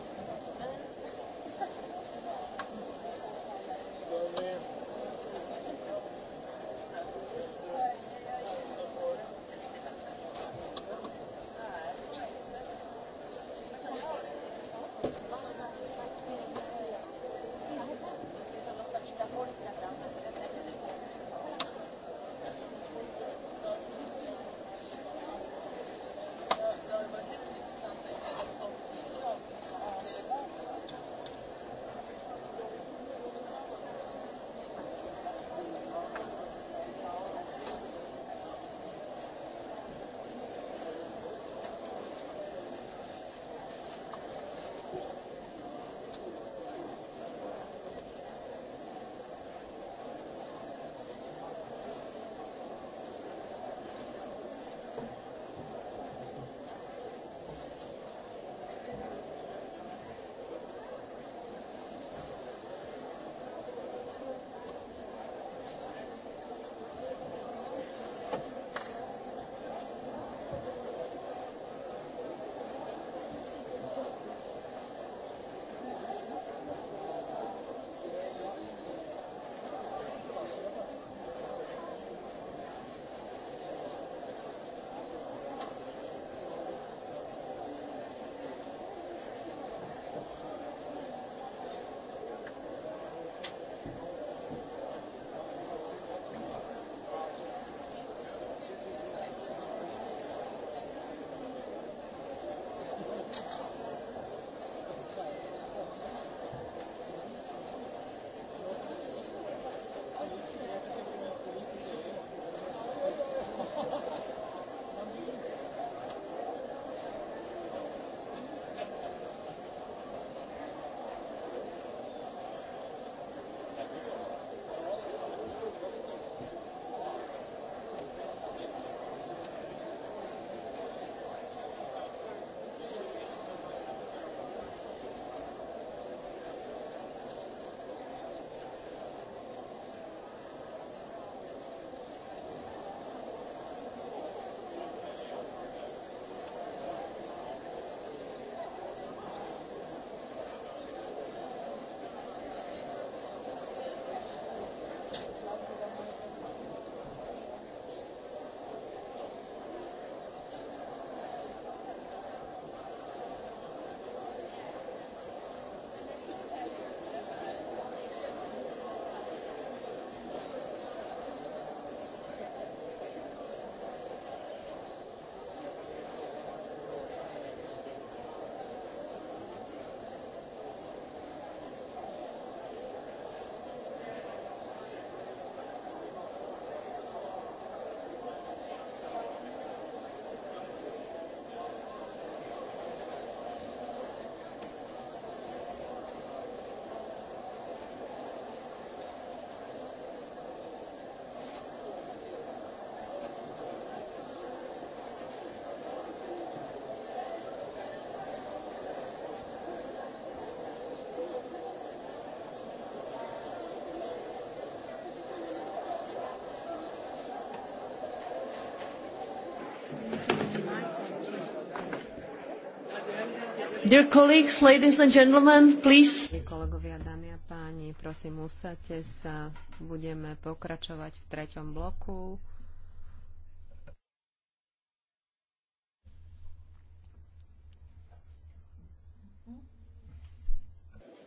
Dear colleagues, ladies and gentlemen, please. Kolegovia, dámy a páni, prosím, usadte sa. Budeme pokračovať v treťom bloku.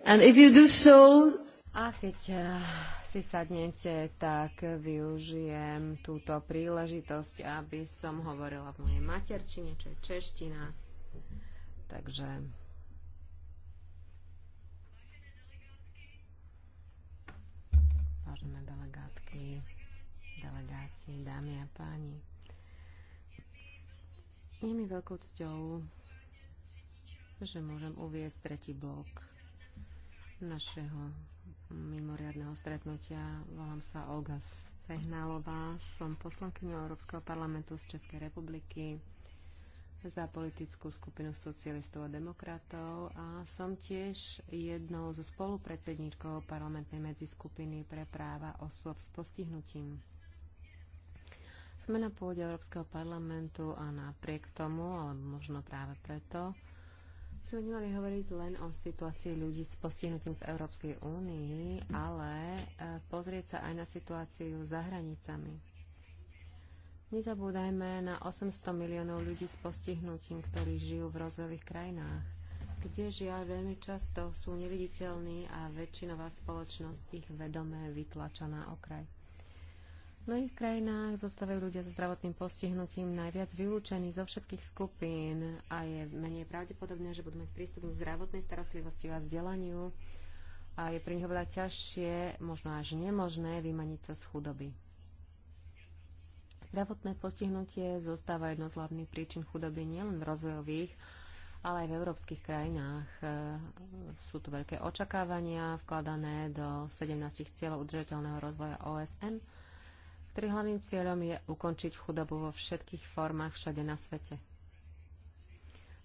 And if you do so, a keď eh, si sadnete, tak využijem túto príležitosť, aby som hovorila v mojej materčine, čo je čeština. Takže... Vážené delegátky, delegáti, dámy a páni, je mi veľkou cťou, že môžem uviezť tretí blok našeho mimoriadného stretnutia. Volám sa Olga Sehnálová, som poslankyňou Európskeho parlamentu z Českej republiky za politickú skupinu socialistov a demokratov a som tiež jednou zo spolupredsedníčkov parlamentnej medziskupiny pre práva osôb s postihnutím. Sme na pôde Európskeho parlamentu a napriek tomu, alebo možno práve preto, sme nemali hovoriť len o situácii ľudí s postihnutím v Európskej únii, ale e, pozrieť sa aj na situáciu za hranicami Nezabúdajme na 800 miliónov ľudí s postihnutím, ktorí žijú v rozvojových krajinách, kde žiaľ veľmi často sú neviditeľní a väčšinová spoločnosť ich vedomé vytlača na okraj. V mnohých krajinách zostávajú ľudia so zdravotným postihnutím najviac vylúčení zo všetkých skupín a je menej pravdepodobné, že budú mať prístup k zdravotnej starostlivosti a vzdelaniu a je pre nich oveľa ťažšie, možno až nemožné, vymaniť sa z chudoby. Zdravotné postihnutie zostáva jedno z hlavných príčin chudoby nielen v rozvojových, ale aj v európskych krajinách. E, sú tu veľké očakávania vkladané do 17 cieľov udržateľného rozvoja OSN, ktorý hlavným cieľom je ukončiť chudobu vo všetkých formách všade na svete.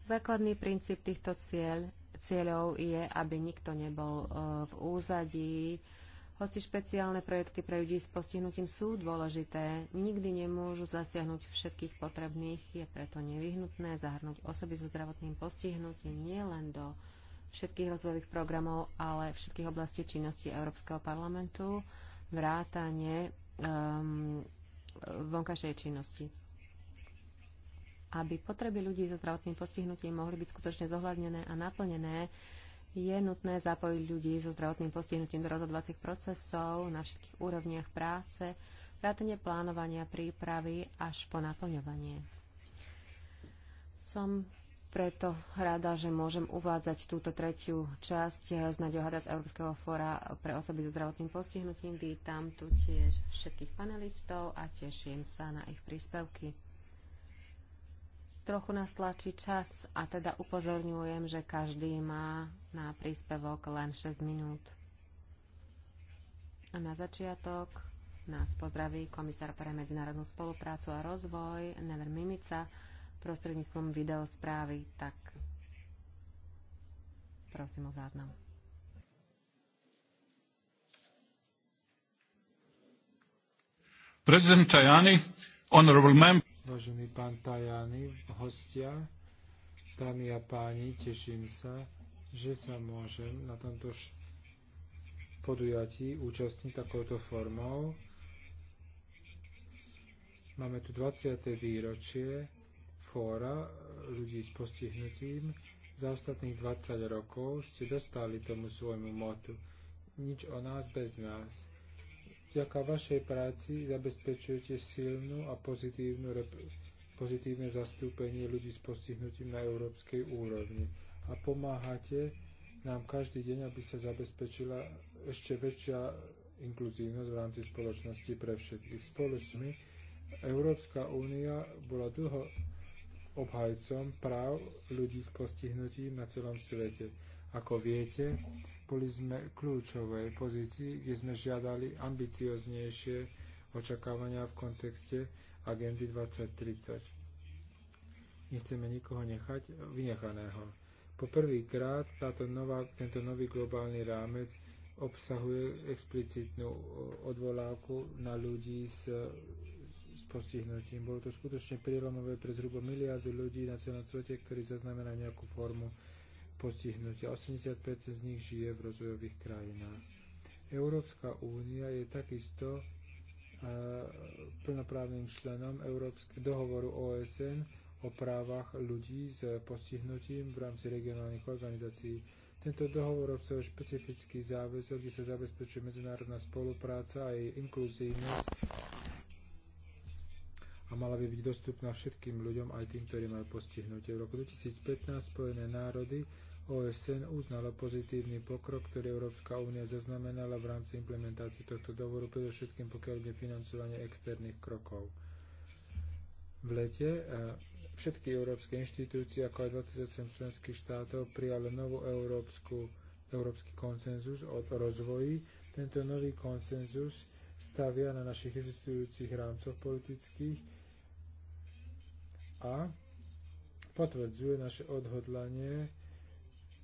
Základný princíp týchto cieľ, cieľov je, aby nikto nebol e, v úzadí, Hoci špeciálne projekty pre ľudí s postihnutím sú dôležité, nikdy nemôžu zasiahnuť všetkých potrebných, je preto nevyhnutné zahrnúť osoby so zdravotným postihnutím nielen do všetkých rozvojových programov, ale všetkých oblastí činnosti Európskeho parlamentu, vrátane um, vonkajšej činnosti. Aby potreby ľudí so zdravotným postihnutím mohli byť skutočne zohľadnené a naplnené, je nutné zapojiť ľudí so zdravotným postihnutím do rozhodovacích procesov na všetkých úrovniach práce, vrátane plánovania, prípravy až po naplňovanie. Som preto rada, že môžem uvádzať túto tretiu časť z Nadiohada z Európskeho fóra pre osoby so zdravotným postihnutím. Vítam tu tiež všetkých panelistov a teším sa na ich príspevky trochu nás tlačí čas a teda upozorňujem, že každý má na príspevok len 6 minút. A na začiatok nás pozdraví komisár pre medzinárodnú spoluprácu a rozvoj Never Mimica prostredníctvom videosprávy. Tak prosím o záznam. Prezident Tajani, honorable member, Vážený pán Tajany, hostia, dámy a páni, teším sa, že sa môžem na tomto podujatí účastniť takouto formou. Máme tu 20. výročie fóra ľudí s postihnutím. Za ostatných 20 rokov ste dostali tomu svojmu motu. Nič o nás bez nás vďaka vašej práci zabezpečujete silnú a pozitívnu rep- pozitívne zastúpenie ľudí s postihnutím na európskej úrovni a pomáhate nám každý deň, aby sa zabezpečila ešte väčšia inkluzívnosť v rámci spoločnosti pre všetkých spoločmi. Európska únia bola dlho obhajcom práv ľudí s postihnutím na celom svete. Ako viete, boli sme v kľúčovej pozícii, kde sme žiadali ambicioznejšie očakávania v kontexte agendy 2030. Nechceme nikoho nechať vynechaného. Po prvýkrát tento nový globálny rámec obsahuje explicitnú e, odvolávku na ľudí s, e, s postihnutím. Bolo to skutočne prielomové pre zhruba miliardy ľudí na celom svete, ktorí zaznamenajú nejakú formu postihnutí. 85% z nich žije v rozvojových krajinách. Európska únia je takisto plnoprávnym členom dohovoru OSN o právach ľudí s postihnutím v rámci regionálnych organizácií. Tento dohovor obsahuje špecifický záväzok, kde sa zabezpečuje medzinárodná spolupráca a jej inkluzívnosť a mala by byť dostupná všetkým ľuďom, aj tým, ktorí majú postihnutie. V roku 2015 Spojené národy OSN uznala pozitívny pokrok, ktorý Európska únia zaznamenala v rámci implementácie tohto dohovoru, predovšetkým pokiaľ ide financovanie externých krokov. V lete eh, všetky európske inštitúcie, ako aj 28 členských štátov, prijali novú európsku, európsky konsenzus o rozvoji. Tento nový konsenzus stavia na našich existujúcich rámcoch politických a potvrdzuje naše odhodlanie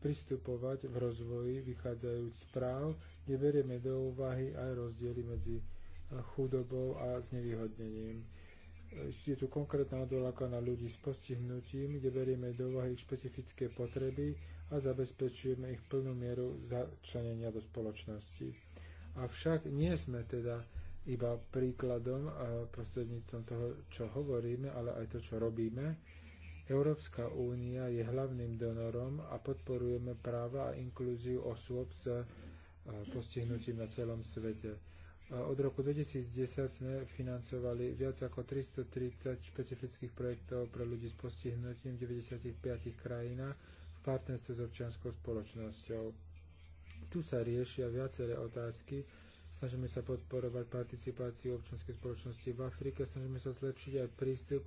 pristupovať v rozvoji, vychádzajúc z práv, neberieme do úvahy aj rozdiely medzi eh, chudobou a znevýhodnením. Je tu konkrétna odolaka na ľudí s postihnutím, kde berieme do úvahy ich špecifické potreby a zabezpečujeme ich plnú mieru začlenenia do spoločnosti. Avšak nie sme teda iba príkladom prostredníctvom toho, čo hovoríme, ale aj to, čo robíme. Európska únia je hlavným donorom a podporujeme práva a inklúziu osôb s postihnutím na celom svete. Od roku 2010 sme financovali viac ako 330 špecifických projektov pre ľudí s postihnutím v 95 krajinách v partnerstve s občianskou spoločnosťou. Tu sa riešia viaceré otázky. Snažíme sa podporovať participáciu občianskej spoločnosti v Afrike, snažíme sa zlepšiť aj prístup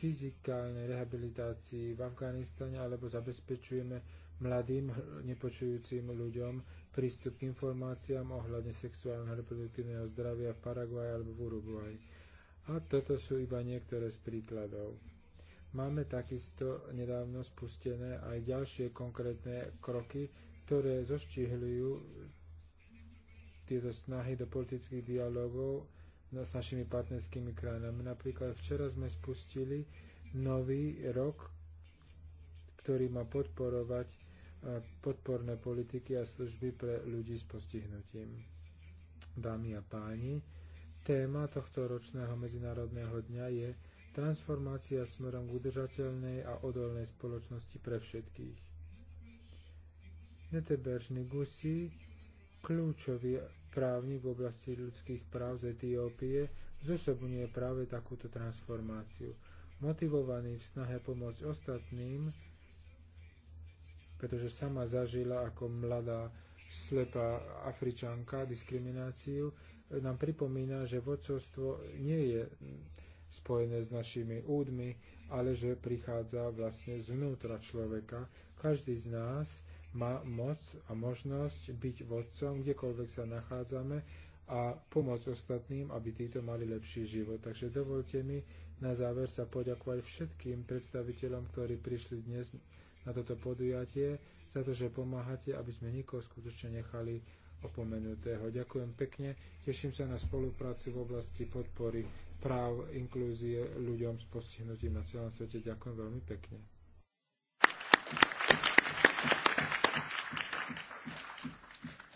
fyzikálnej rehabilitácii v Afganistane alebo zabezpečujeme mladým nepočujúcim ľuďom prístup k informáciám ohľadne sexuálneho reproduktívneho zdravia v Paraguaji alebo v Uruguaji. A toto sú iba niektoré z príkladov. Máme takisto nedávno spustené aj ďalšie konkrétne kroky, ktoré zoštihľujú tieto snahy do politických dialogov с нашими партнерскими крајами. Например, вчера сме спустили нови рок, кој има подпоровать подпорне политики и служби пре луѓи с постигнутим. Дами и пани, тема тогто рочного международного дня е трансформација смером к удержателнеј и одолнеј сполочности пре всетких. Нетебежни гуси, клучови právnik v oblasti ľudských práv z Etiópie zosobňuje práve takúto transformáciu. Motivovaný v snahe pomôcť ostatným, pretože sama zažila ako mladá slepá Afričanka diskrimináciu, nám pripomína, že vodcovstvo nie je spojené s našimi údmi, ale že prichádza vlastne znútra človeka. Každý z nás ma moc a možnosť byť vodcom, kdekoľvek sa nachádzame a pomôcť ostatným, aby títo mali lepší život. Takže dovolte mi na záver sa poďakovať všetkým predstaviteľom, ktorí prišli dnes na toto podujatie, za to, že pomáhate, aby sme nikoho skutočne nechali opomenutého. Ďakujem pekne, teším sa na spoluprácu v oblasti podpory práv inklúzie ľuďom s postihnutím na celom svete. Ďakujem veľmi pekne.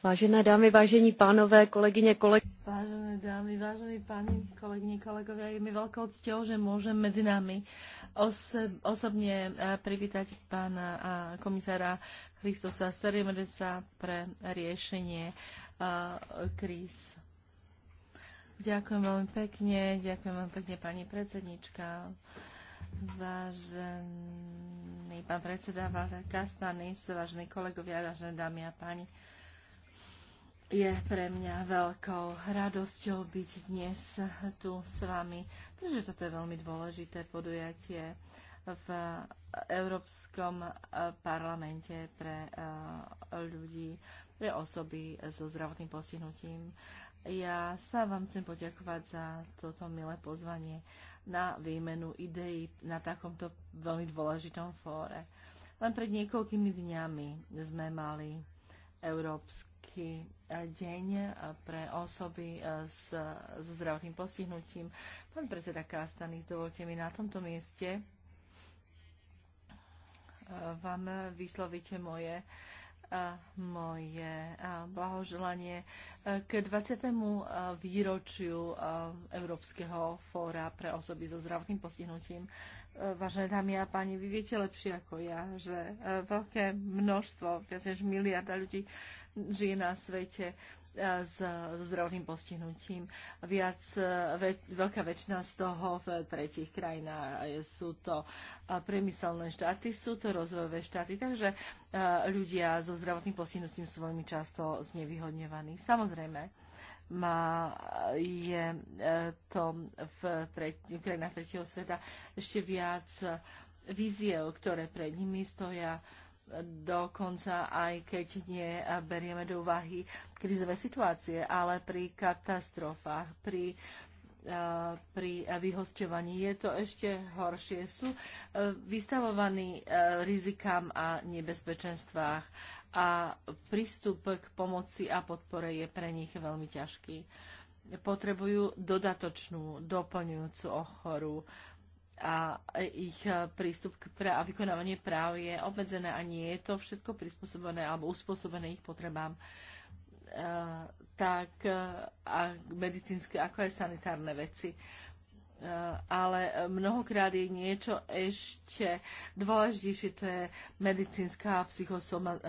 Vážené dámy, vážení pánové, kolegyne, kolegovia. Vážené dámy, vážení páni, kolegyne, kolegovia, je mi veľkou cťou, že môžem medzi nami osobne eh, privítať pána eh, komisára Christosa Sterimedesa pre riešenie eh, kríz. Ďakujem veľmi pekne, ďakujem veľmi pekne pani predsednička, vážený pán predseda Valter Kastanis, vážení kolegovia, vážené dámy a páni. Je pre mňa veľkou radosťou byť dnes tu s vami, pretože toto je veľmi dôležité podujatie v Európskom eh, parlamente pre eh, ľudí, pre osoby so zdravotným postihnutím. Ja sa vám chcem poďakovať za toto milé pozvanie na výmenu ideí na takomto veľmi dôležitom fóre. Len pred niekoľkými dňami sme mali Európsky eh, deň eh, pre osoby eh, s, so zdravotným postihnutím. Pán predseda Kastanis, dovolte mi na tomto mieste vám vysloviť moje uh, moje blahoželanie e, k 20. E, výročiu e, Európskeho fóra pre osoby so zdravotným postihnutím. Vážené dámy a páni, vy viete lepšie ako ja, že veľké množstvo, viac než miliarda ľudí žije na svete, s zdravotným postihnutím. Viac, veľ, veľká väčšina z toho v tretich krajinách sú to priemyselné štáty, sú to rozvojové štáty, takže ľudia so zdravotným postihnutím sú veľmi často znevýhodňovaní. Samozrejme, má, je e, to v, tret, v krajinách tretieho sveta ešte viac e, víziev, ktoré pred nimi stoja dokonca aj keď nie berieme do úvahy krizové situácie, ale pri katastrofách, pri, pri vyhosťovaní je to ešte horšie. Sú e, vystavovaní e, rizikám a nebezpečenstvách a prístup k pomoci a podpore je pre nich veľmi ťažký. Potrebujú dodatočnú, doplňujúcu ochoru, a ich eh, prístup k pra- a vykonávanie práv je obmedzené a nie je to všetko prispôsobené alebo uspôsobené ich potrebám, a, eh, tak eh, a medicínske, ako aj sanitárne veci. Ale mnohokrát je niečo ešte dôležitejšie, to je medicínska a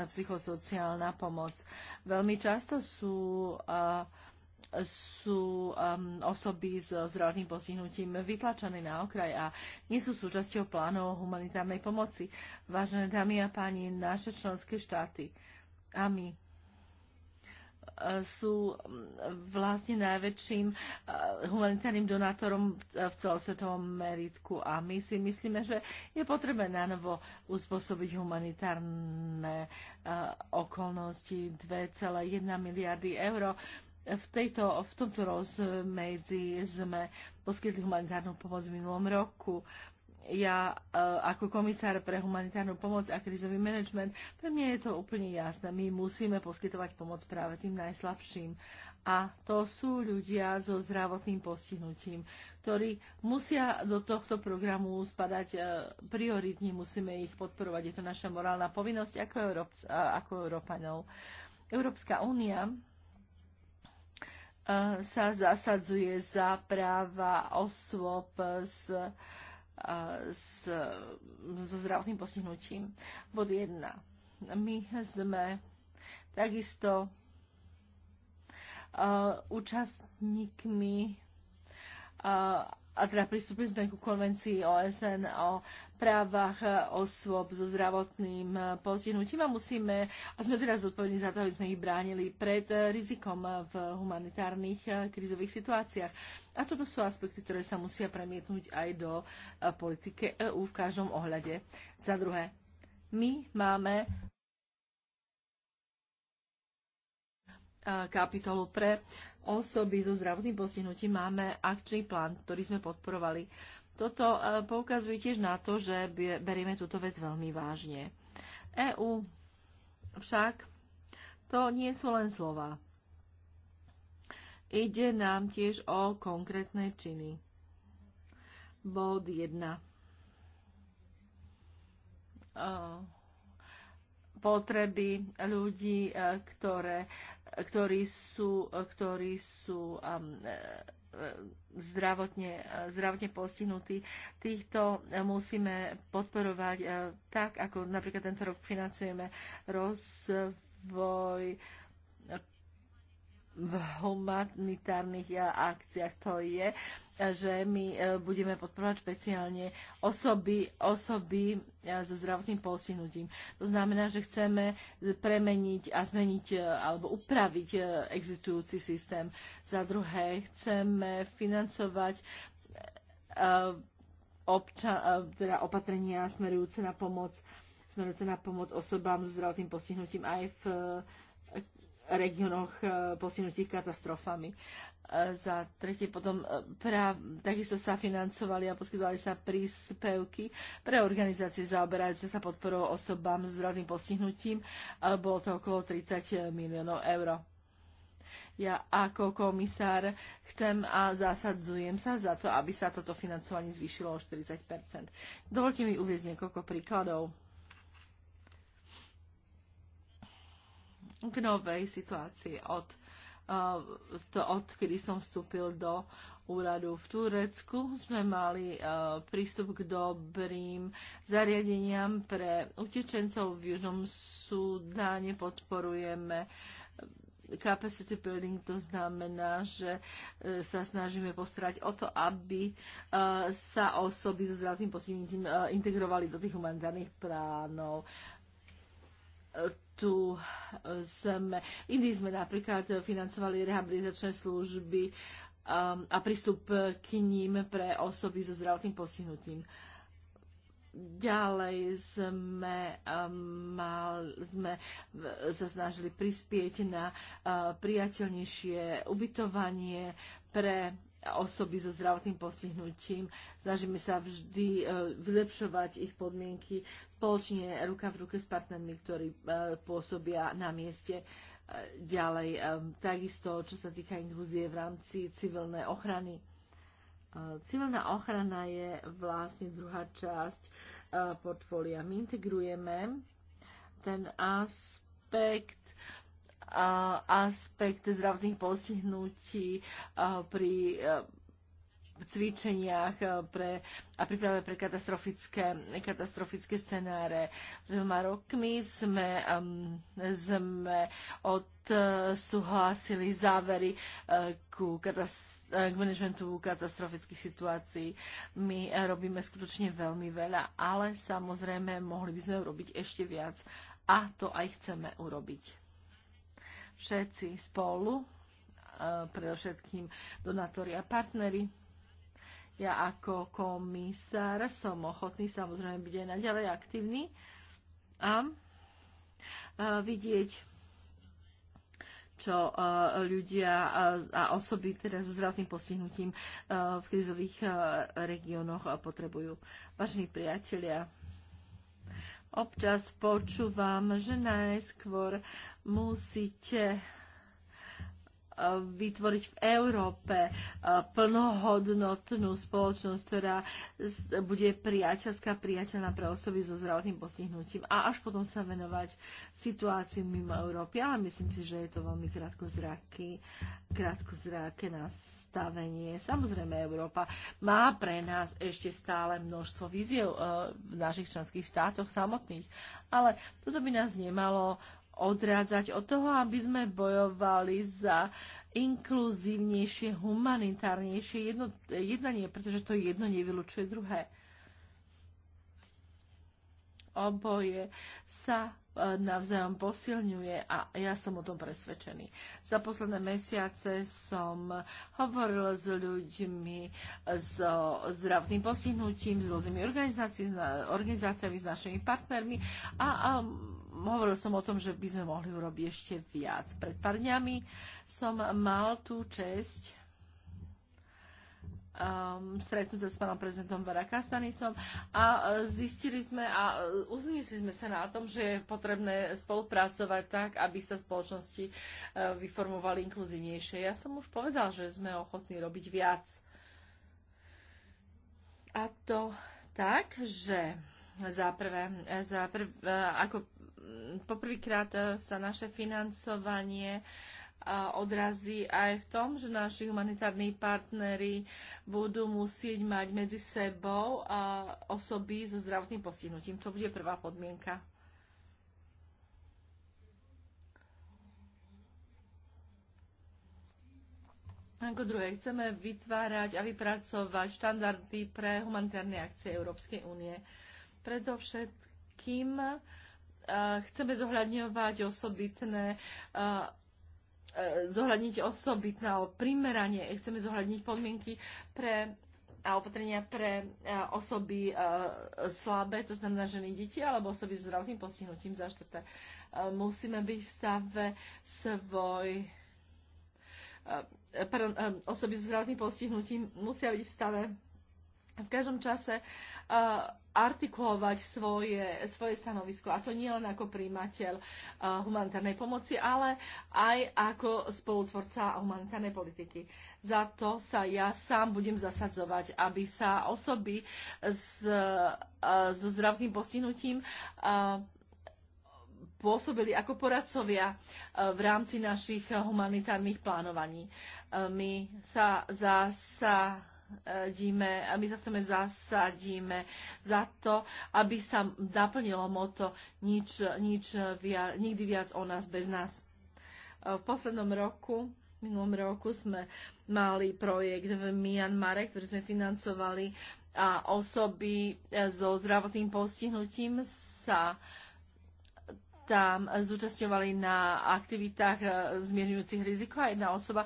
psychosociálna pomoc. Veľmi často sú uh, sú um, osoby s zdravotným postihnutím vytlačené na okraj a nie sú súčasťou plánov humanitárnej pomoci. Vážené dámy a páni, naše členské štáty a my uh, sú um, vlastne najväčším uh, humanitárnym donátorom v celosvetovom meritku a my si myslíme, že je potrebné na novo uspôsobiť humanitárne uh, okolnosti 2,1 miliardy eur v, tejto, v tomto rozmedzi sme poskytli humanitárnu pomoc v minulom roku. Ja e, ako komisár pre humanitárnu pomoc a krizový manažment, pre mňa je to úplne jasné. My musíme poskytovať pomoc práve tým najslabším. A to sú ľudia so zdravotným postihnutím, ktorí musia do tohto programu spadať e, prioritne. Musíme ich podporovať. Je to naša morálna povinnosť ako, Európs- ako Európanov. Európska únia Eh, sa zasadzuje za práva osôb s, eh, s, so zdravotným postihnutím. Bod 1. My sme takisto eh, účastníkmi a teda pristúpili ku konvencii OSN o právach osôb so zdravotným postihnutím a musíme, a sme teraz zodpovední za to, aby sme ich bránili pred rizikom v humanitárnych krizových situáciách. A toto sú aspekty, ktoré sa musia premietnúť aj do politiky EÚ v každom ohľade. Za druhé, my máme kapitolu pre osoby so zdravotným postihnutím máme akčný plán, ktorý sme podporovali. Toto e, poukazuje tiež na to, že berieme túto vec veľmi vážne. EU však to nie sú len slova. Ide nám tiež o konkrétne činy. Bod 1. E, potreby ľudí, e, ktoré ktorí sú, ktorí sú um, eh, zdravotne, zdravotne postihnutí. Týchto musíme podporovať uh, tak, ako napríklad tento rok financujeme rozvoj uh, v humanitárnych akciách to je, že my e, budeme podporovať špeciálne osoby, osoby e, so zdravotným posinutím. To znamená, že chceme premeniť a zmeniť e, alebo upraviť existujúci systém. Za druhé, chceme financovať obča, teda opatrenia smerujúce na pomoc smerujúce na pomoc osobám so zdravotným postihnutím aj v uh, regiónoch eh, postihnutých katastrofami. Eh, za tretie potom eh, pra, takisto sa financovali a poskytovali sa príspevky pre organizácie zaoberajúce sa podporou osobám s zdravým postihnutím. Bolo to okolo 30 miliónov eur. Ja ako komisár chcem a zasadzujem sa za to, aby sa toto financovanie zvýšilo o 40 Dovolte mi uvieť niekoľko príkladov. k novej situácii od, eh, to, odkedy som vstúpil do úradu v Turecku. Sme mali eh, prístup k dobrým zariadeniam pre utečencov v Južnom Sudáne. Podporujeme capacity building, to znamená, že eh, sa snažíme postarať o to, aby sa osoby so zdravotným postihnutím integrovali do tých humanitárnych plánov tu eh, sme. Indii sme napríklad financovali rehabilitačné služby ehm, a prístup k ním pre osoby so zdravotným postihnutím. Ďalej sme, ehm, mal, sme sa snažili prispieť na eh, priateľnejšie ubytovanie pre osoby so zdravotným postihnutím. Snažíme sa vždy e, vylepšovať ich podmienky spoločne ruka v ruke s partnermi, ktorí e, pôsobia na mieste e, ďalej. Takisto, čo sa týka inklúzie v rámci civilnej ochrany. Civilná ochrana je vlastne druhá časť portfólia. My integrujeme ten aspekt aspekt zdravotných postihnutí pri cvičeniach pre, a príprave pre katastrofické, katastrofické scenáre. Pred dvoma rokmi sme, um, sme odsúhlasili závery e, ku katastrofickým e, k manažmentu katastrofických situácií. My e, robíme skutočne veľmi veľa, ale samozrejme mohli by sme urobiť ešte viac a to aj chceme urobiť všetci spolu, eh, predovšetkým donátori a partneri. Ja ako komisár som ochotný samozrejme byť aj naďalej aktívny a eh, vidieť, čo eh, ľudia a osoby teraz s zdravotným postihnutím v krizových regiónoch potrebujú. Vážení priatelia, občas počúvam, že najskôr musíte vytvoriť v Európe eh, plnohodnotnú spoločnosť, ktorá bude priateľská, priateľná pre osoby so zdravotným postihnutím a až potom sa venovať situácii mimo Európy. Ale myslím si, že je to veľmi krátkozraké, krátkozraké nastavenie. Samozrejme, Európa má pre nás ešte stále množstvo víziev eh, v našich členských štátoch samotných, ale toto by nás nemalo odrádzať od toho, aby sme bojovali za inkluzívnejšie, humanitárnejšie jedno, jednanie, pretože to jedno nevylučuje druhé. Oboje sa e, navzájom posilňuje a ja som o tom presvedčený. Za posledné mesiace som hovoril s ľuďmi e, s so zdravotným postihnutím, s rôznymi organizáciami, s našimi partnermi a, a hovoril som o tom, že by sme mohli urobiť ešte viac. Pred pár dňami som mal tú čest um, stretnúť sa s pánom prezidentom Barakastanisom a zistili sme a uznesli sme sa na tom, že je potrebné spolupracovať tak, aby sa spoločnosti uh, vyformovali inkluzívnejšie. Ja som už povedal, že sme ochotní robiť viac. A to tak, že za prvé, za prvé, ako poprvýkrát eh, sa naše financovanie eh, odrazí aj v tom, že naši humanitárni partnery budú musieť mať medzi sebou eh, osoby so zdravotným postihnutím. To bude prvá podmienka. Ako druhé, chceme vytvárať a vypracovať štandardy pre humanitárne akcie Európskej únie. Predovšetkým uh, chceme zohľadňovať osobitné zohľadniť osobitné alebo primeranie, chceme zohľadniť podmienky pre a opatrenia pre osoby slabé, to znamená ženy deti alebo osoby s zdravotným postihnutím za štete. Musíme byť v stave svoj pardon, osoby s zdravotným postihnutím musia byť v stave v každom čase artikulovať svoje, svoje stanovisko. A to nie len ako príjimateľ humanitárnej pomoci, ale aj ako spolutvorca humanitárnej politiky. Za to sa ja sám budem zasadzovať, aby sa osoby s, so zdravotným postihnutím pôsobili ako poradcovia v rámci našich humanitárnych plánovaní. My sa zasa zasadíme, a my sa chceme zasadíme za to, aby sa naplnilo moto nič, nič via, nikdy viac o nás bez nás. V poslednom roku, v minulom roku sme mali projekt v Myanmare, ktorý sme financovali a osoby so zdravotným postihnutím sa uh, tam zúčastňovali na aktivitách e, zmierňujúcich riziko a jedna osoba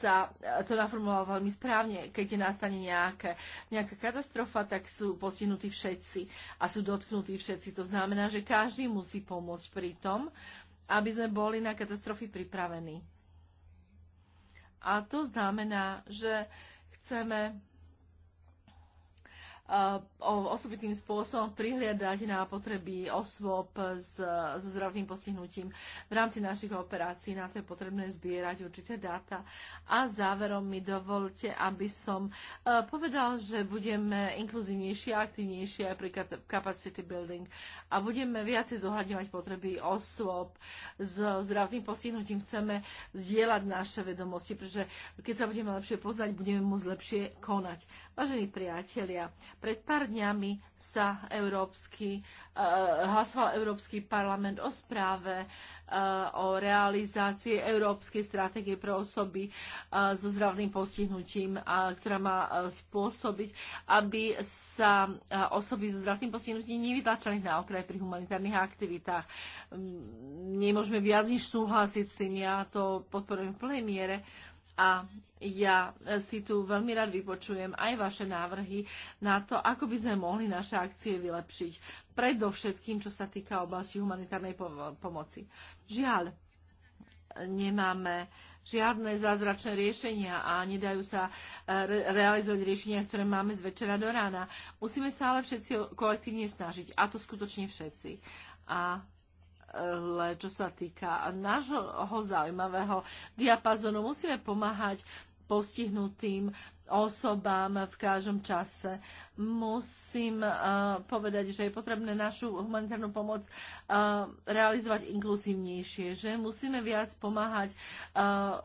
sa e, to naformulovala veľmi správne. Keď je nastane nejaké, nejaká katastrofa, tak sú postihnutí všetci a sú dotknutí všetci. To znamená, že každý musí pomôcť pri tom, aby sme boli na katastrofy pripravení. A to znamená, že chceme Eh, osobitným spôsobom prihliadať na potreby osôb s, so zdravotným postihnutím v rámci našich operácií. Na to je potrebné zbierať určité dáta. A záverom mi dovolte, aby som eh, povedal, že budeme inkluzívnejšie a aktivnejšie pri capacity building a budeme viacej zohľadňovať potreby osôb s zdravotným postihnutím. Chceme zdieľať naše vedomosti, pretože keď sa budeme lepšie poznať, budeme môcť lepšie konať. Vážení priatelia, Pred pár dňami sa Európsky, uh, hlasoval Európsky parlament o správe uh, o realizácii Európskej stratégie pre osoby uh, so zdravným postihnutím, uh, ktorá má uh, spôsobiť, aby sa uh, osoby so zdravným postihnutím nevytlačali na okraj pri humanitárnych aktivitách. Um, nemôžeme viac než súhlasiť s tým, ja to podporujem v plnej miere. Uh, a ja e, si tu veľmi rád vypočujem aj vaše návrhy na to, ako by sme mohli naše akcie vylepšiť, predovšetkým, čo sa týka oblasti humanitárnej pomoci. Žiaľ, nemáme žiadne zázračné riešenia a nedajú sa e, re- realizovať riešenia, ktoré máme z večera do rána. Musíme sa ale všetci kolektívne snažiť, a to skutočne všetci. A ale čo sa týka nášho zaujímavého diapazonu, musíme pomáhať postihnutým osobám v každom čase. Musím uh, povedať, že je potrebné našu humanitárnu pomoc uh, realizovať inkluzívnejšie, že musíme viac pomáhať uh,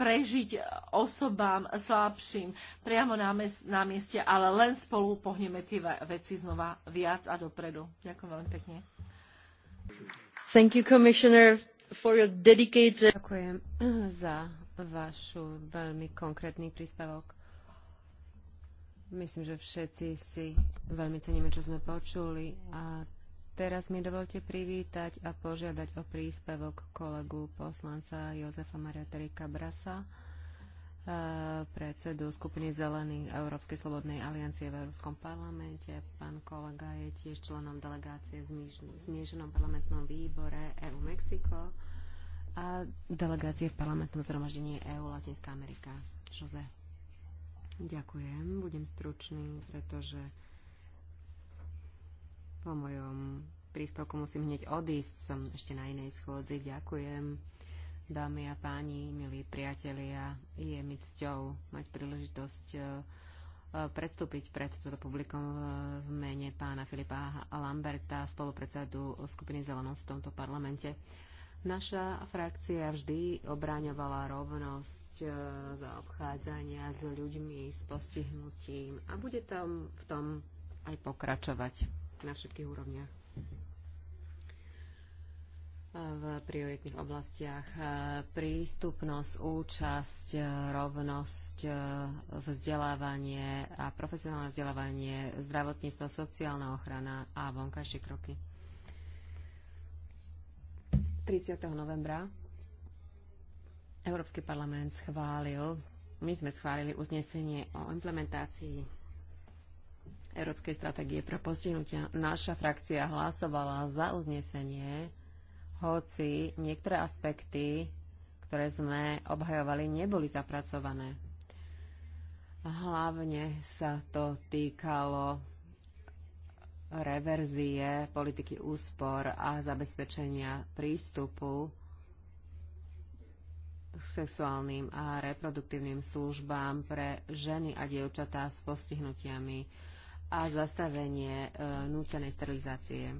prežiť osobám slabším priamo na, mes- na mieste, ale len spolu pohneme tie veci znova viac a dopredu. Ďakujem veľmi pekne thank you commissioner for your dedicated váš veľmi konkrétny príspevok. Myslím, že všetci si veľmi ceníme, čo sme počuli. A teraz mi dovolte privítať a požiadať o príspevok kolegu poslanca Jozefa Maria Terika Brasa. Prosím, pán poslanec. Eh, predsedu skupiny zelených Európskej slobodnej aliancie v Európskom parlamente. Pán kolega je tiež členom delegácie v Zmieženom parlamentnom výbore EU Mexiko a delegácie v parlamentnom zhromaždení EU Latinská Amerika. Jose. Ďakujem, budem stručný, pretože po mojom príspevku musím hneď odísť, som ešte na inej schôdzi. Ďakujem. Dámy a páni, milí priatelia, je mi cťou mať príležitosť e, predstúpiť pred toto publikom e, v mene pána Filipa Lamberta, spolupredsedu skupiny Zelenom v tomto parlamente. Naša frakcia vždy obráňovala rovnosť e, za obchádzania s ľuďmi, s postihnutím a bude tam v tom aj pokračovať na všetkých úrovniach v prioritných oblastiach e, prístupnosť, účasť, e, rovnosť, e, vzdelávanie a profesionálne vzdelávanie, zdravotníctvo, sociálna ochrana a vonkajšie kroky. 30. novembra Európsky parlament schválil, my sme schválili uznesenie o implementácii Európskej stratégie pre postihnutia. Naša frakcia hlasovala za uznesenie hoci niektoré aspekty, ktoré sme obhajovali, neboli zapracované. Hlavne sa to týkalo reverzie politiky úspor a zabezpečenia prístupu k sexuálnym a reproduktívnym službám pre ženy a dievčatá s postihnutiami a zastavenie e, nútenej sterilizácie.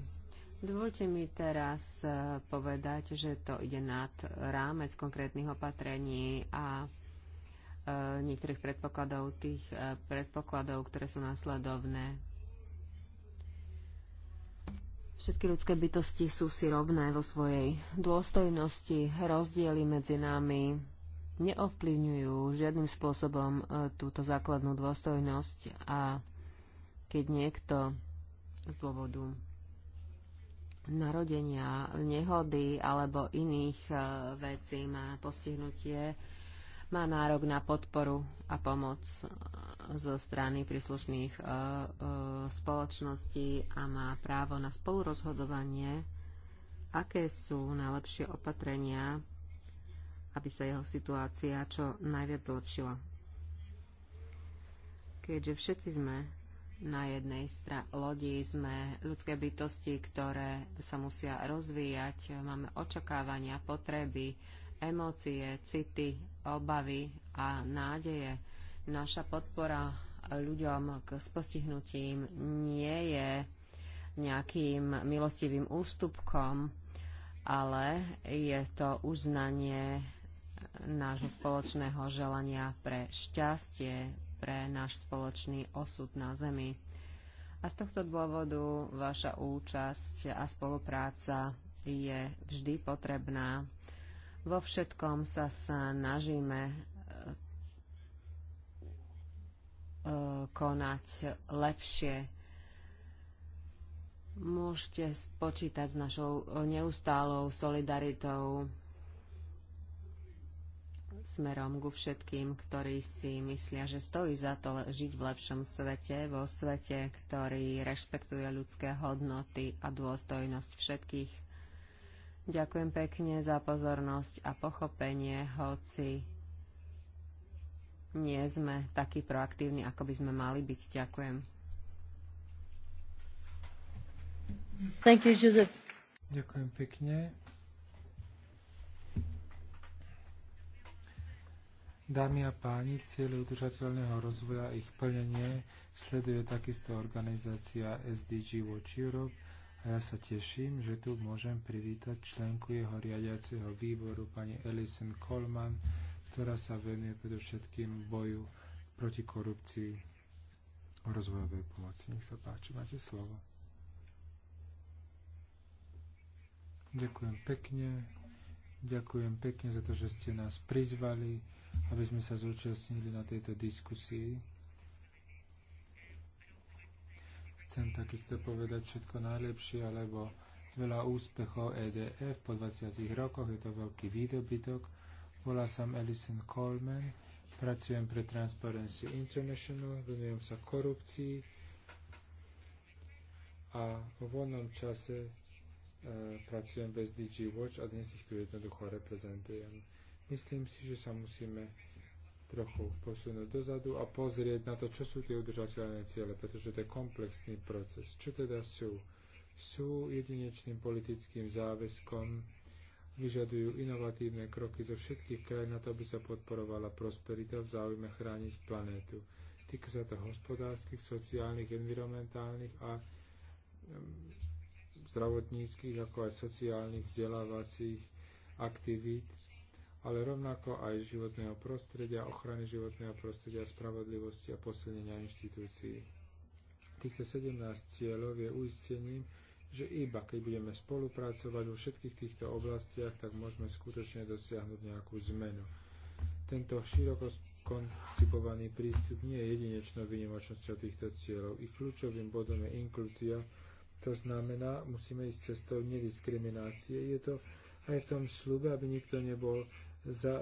Dovolte mi teraz eh, povedať, že to ide nad rámec konkrétnych opatrení a eh, niektorých predpokladov, tých eh, predpokladov, ktoré sú následovné. Všetky ľudské bytosti sú si rovné vo svojej dôstojnosti, rozdiely medzi nami neovplyvňujú žiadnym spôsobom túto základnú dôstojnosť a keď niekto z dôvodu narodenia, nehody alebo iných e, vecí má postihnutie, má nárok na podporu a pomoc e, zo strany príslušných e, spoločností a má právo na spolurozhodovanie, aké sú najlepšie opatrenia, aby sa jeho situácia čo najviac zlepšila. Keďže všetci sme Na jednej stra- lodi sme ľudské bytosti, ktoré sa musia rozvíjať. Máme očakávania, potreby, emócie, city, obavy a nádeje. Naša podpora ľuďom k spostihnutím nie je nejakým milostivým ústupkom, ale je to uznanie nášho spoločného želania pre šťastie, pre náš spoločný osud na Zemi. A z tohto dôvodu vaša účasť a spolupráca je vždy potrebná. Vo všetkom sa snažíme e, e, konať lepšie. Môžete spočítať s našou neustálou solidaritou smerom ku všetkým, ktorí si myslia, že stojí za to žiť v lepšom svete, vo svete, ktorý rešpektuje ľudské hodnoty a dôstojnosť všetkých. Ďakujem pekne za pozornosť a pochopenie, hoci nie sme takí proaktívni, ako by sme mali byť. Ďakujem. Thank you, Joseph. Ďakujem pekne. Dámy a páni, cieľe udržateľného rozvoja a ich plnenie sleduje takisto organizácia SDG Watch Europe a ja sa teším, že tu môžem privítať členku jeho riadiaceho výboru, pani Alison Coleman, ktorá sa venuje predovšetkým boju proti korupcii o rozvojovej pomoci. Nech sa páči, máte slovo. Ďakujem pekne. Ďakujem pekne za to, že ste nás prizvali aby sme sa zúčastnili na tejto diskusii. Chcem takisto povedať všetko najlepšie, alebo veľa úspechov EDF po 20 rokoch, je to veľký výdobytok. Volá sa Alison Coleman, pracujem pre Transparency International, venujem sa korupcii a v voľnom čase e, pracujem bez DG Watch a dnes ich tu jednoducho reprezentujem myslím si, že sa musíme trochu posunúť dozadu a pozrieť na to, čo sú tie udržateľné ciele, pretože to je komplexný proces. Čo teda sú? Sú jedinečným politickým záväzkom, vyžadujú inovatívne kroky zo všetkých krajín na to, aby sa podporovala prosperita v záujme chrániť planétu. Týka sa to hospodárskych, sociálnych, environmentálnych a zdravotníckých, ako aj sociálnych, vzdelávacích aktivít ale rovnako aj životného prostredia, ochrany životného prostredia, spravodlivosti a posilnenia inštitúcií. Týchto 17 cieľov je uistením, že iba keď budeme spolupracovať vo všetkých týchto oblastiach, tak môžeme skutočne dosiahnuť nejakú zmenu. Tento široko koncipovaný prístup nie je jedinečnou výnimočnosťou týchto cieľov. Ich kľúčovým bodom je inklúzia, to znamená, musíme ísť cestou nediskriminácie. Je to aj v tom slube, aby nikto nebol za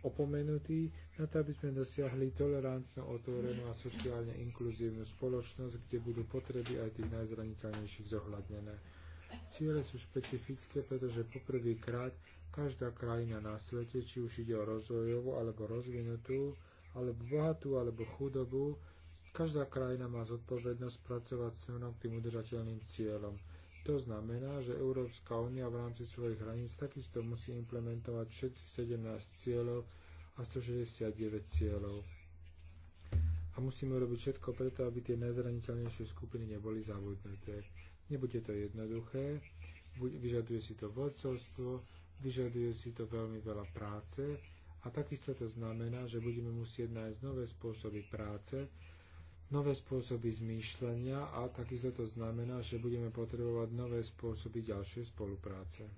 opomenutý na to, aby sme dosiahli tolerantnú, otvorenú a sociálne inkluzívnu spoločnosť, kde budú potreby aj tých najzraniteľnejších zohľadnené. Ciele sú špecifické, pretože poprvýkrát každá krajina na svete, či už ide o rozvojovú alebo rozvinutú, alebo bohatú alebo chudobu, každá krajina má zodpovednosť pracovať s k tým udržateľným cieľom. To znamená, že Európska únia v rámci svojich hraníc takisto musí implementovať všetkých 17 cieľov a 169 cieľov. A musíme robiť všetko preto, aby tie najzraniteľnejšie skupiny neboli zabudnuté. Nebude to jednoduché, vyžaduje si to vodcovstvo, vyžaduje si to veľmi veľa práce a takisto to znamená, že budeme musieť nájsť nové spôsoby práce, nové spôsoby zmýšľania a takisto to znamená, že budeme potrebovať nové spôsoby ďalšej spolupráce.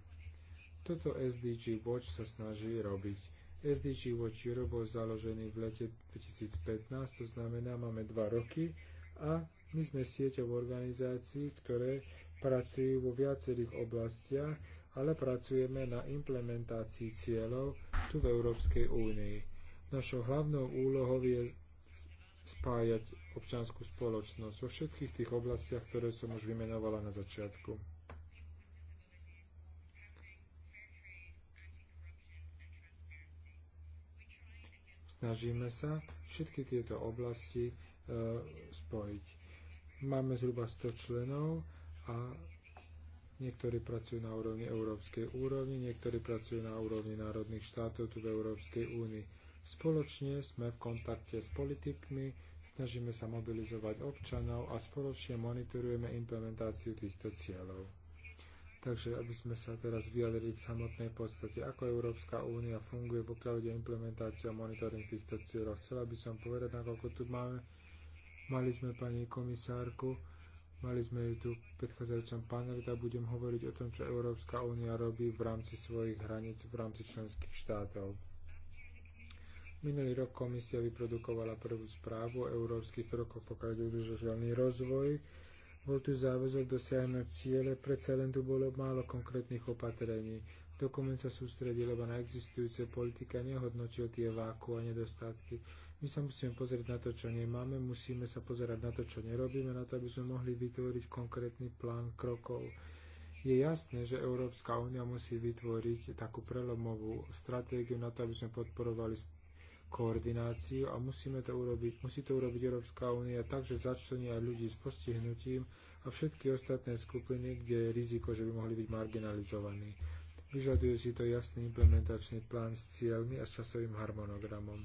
Toto SDG Watch sa snaží robiť. SDG Watch Euro bol založený v lete 2015, to znamená, máme dva roky a my sme sieťou organizácií, ktoré pracujú vo viacerých oblastiach, ale pracujeme na implementácii cieľov tu v Európskej únii. Našou hlavnou úlohou je spájať občanskú spoločnosť vo všetkých tých oblastiach, ktoré som už vymenovala na začiatku. Snažíme sa všetky tieto oblasti e, spojiť. Máme zhruba 100 členov a niektorí pracujú na úrovni Európskej úrovni, niektorí pracujú na úrovni národných štátov tu v Európskej únii. Spoločne sme v kontakte s politikmi, snažíme sa mobilizovať občanov a spoločne monitorujeme implementáciu týchto cieľov. Takže aby sme sa teraz vyjadrili k samotnej podstate, ako Európska únia funguje, pokiaľ ide o implementáciu a monitoring týchto cieľov. Chcela by som povedať, nakoľko tu máme. Mali sme pani komisárku, mali sme ju tu v predchádzajúcom paneli, tak budem hovoriť o tom, čo Európska únia robí v rámci svojich hraníc, v rámci členských štátov. Minulý rok komisia vyprodukovala prvú správu o európskych rokoch pokračujú udržateľný rozvoj. Bol tu záväzok dosiahnuť ciele, predsa len tu bolo málo konkrétnych opatrení. Dokument sa sústredil iba na existujúce politiky a nehodnotil tie váku a nedostatky. My sa musíme pozrieť na to, čo nemáme, musíme sa pozerať na to, čo nerobíme, na to, aby sme mohli vytvoriť konkrétny plán krokov. Je jasné, že Európska únia musí vytvoriť takú prelomovú stratégiu na to, aby sme podporovali koordináciu a musíme to urobiť, musí to urobiť Európska únia tak, že začlenia ľudí s postihnutím a všetky ostatné skupiny, kde je riziko, že by mohli byť marginalizovaní. Vyžaduje si to jasný implementačný plán s cieľmi a s časovým harmonogramom.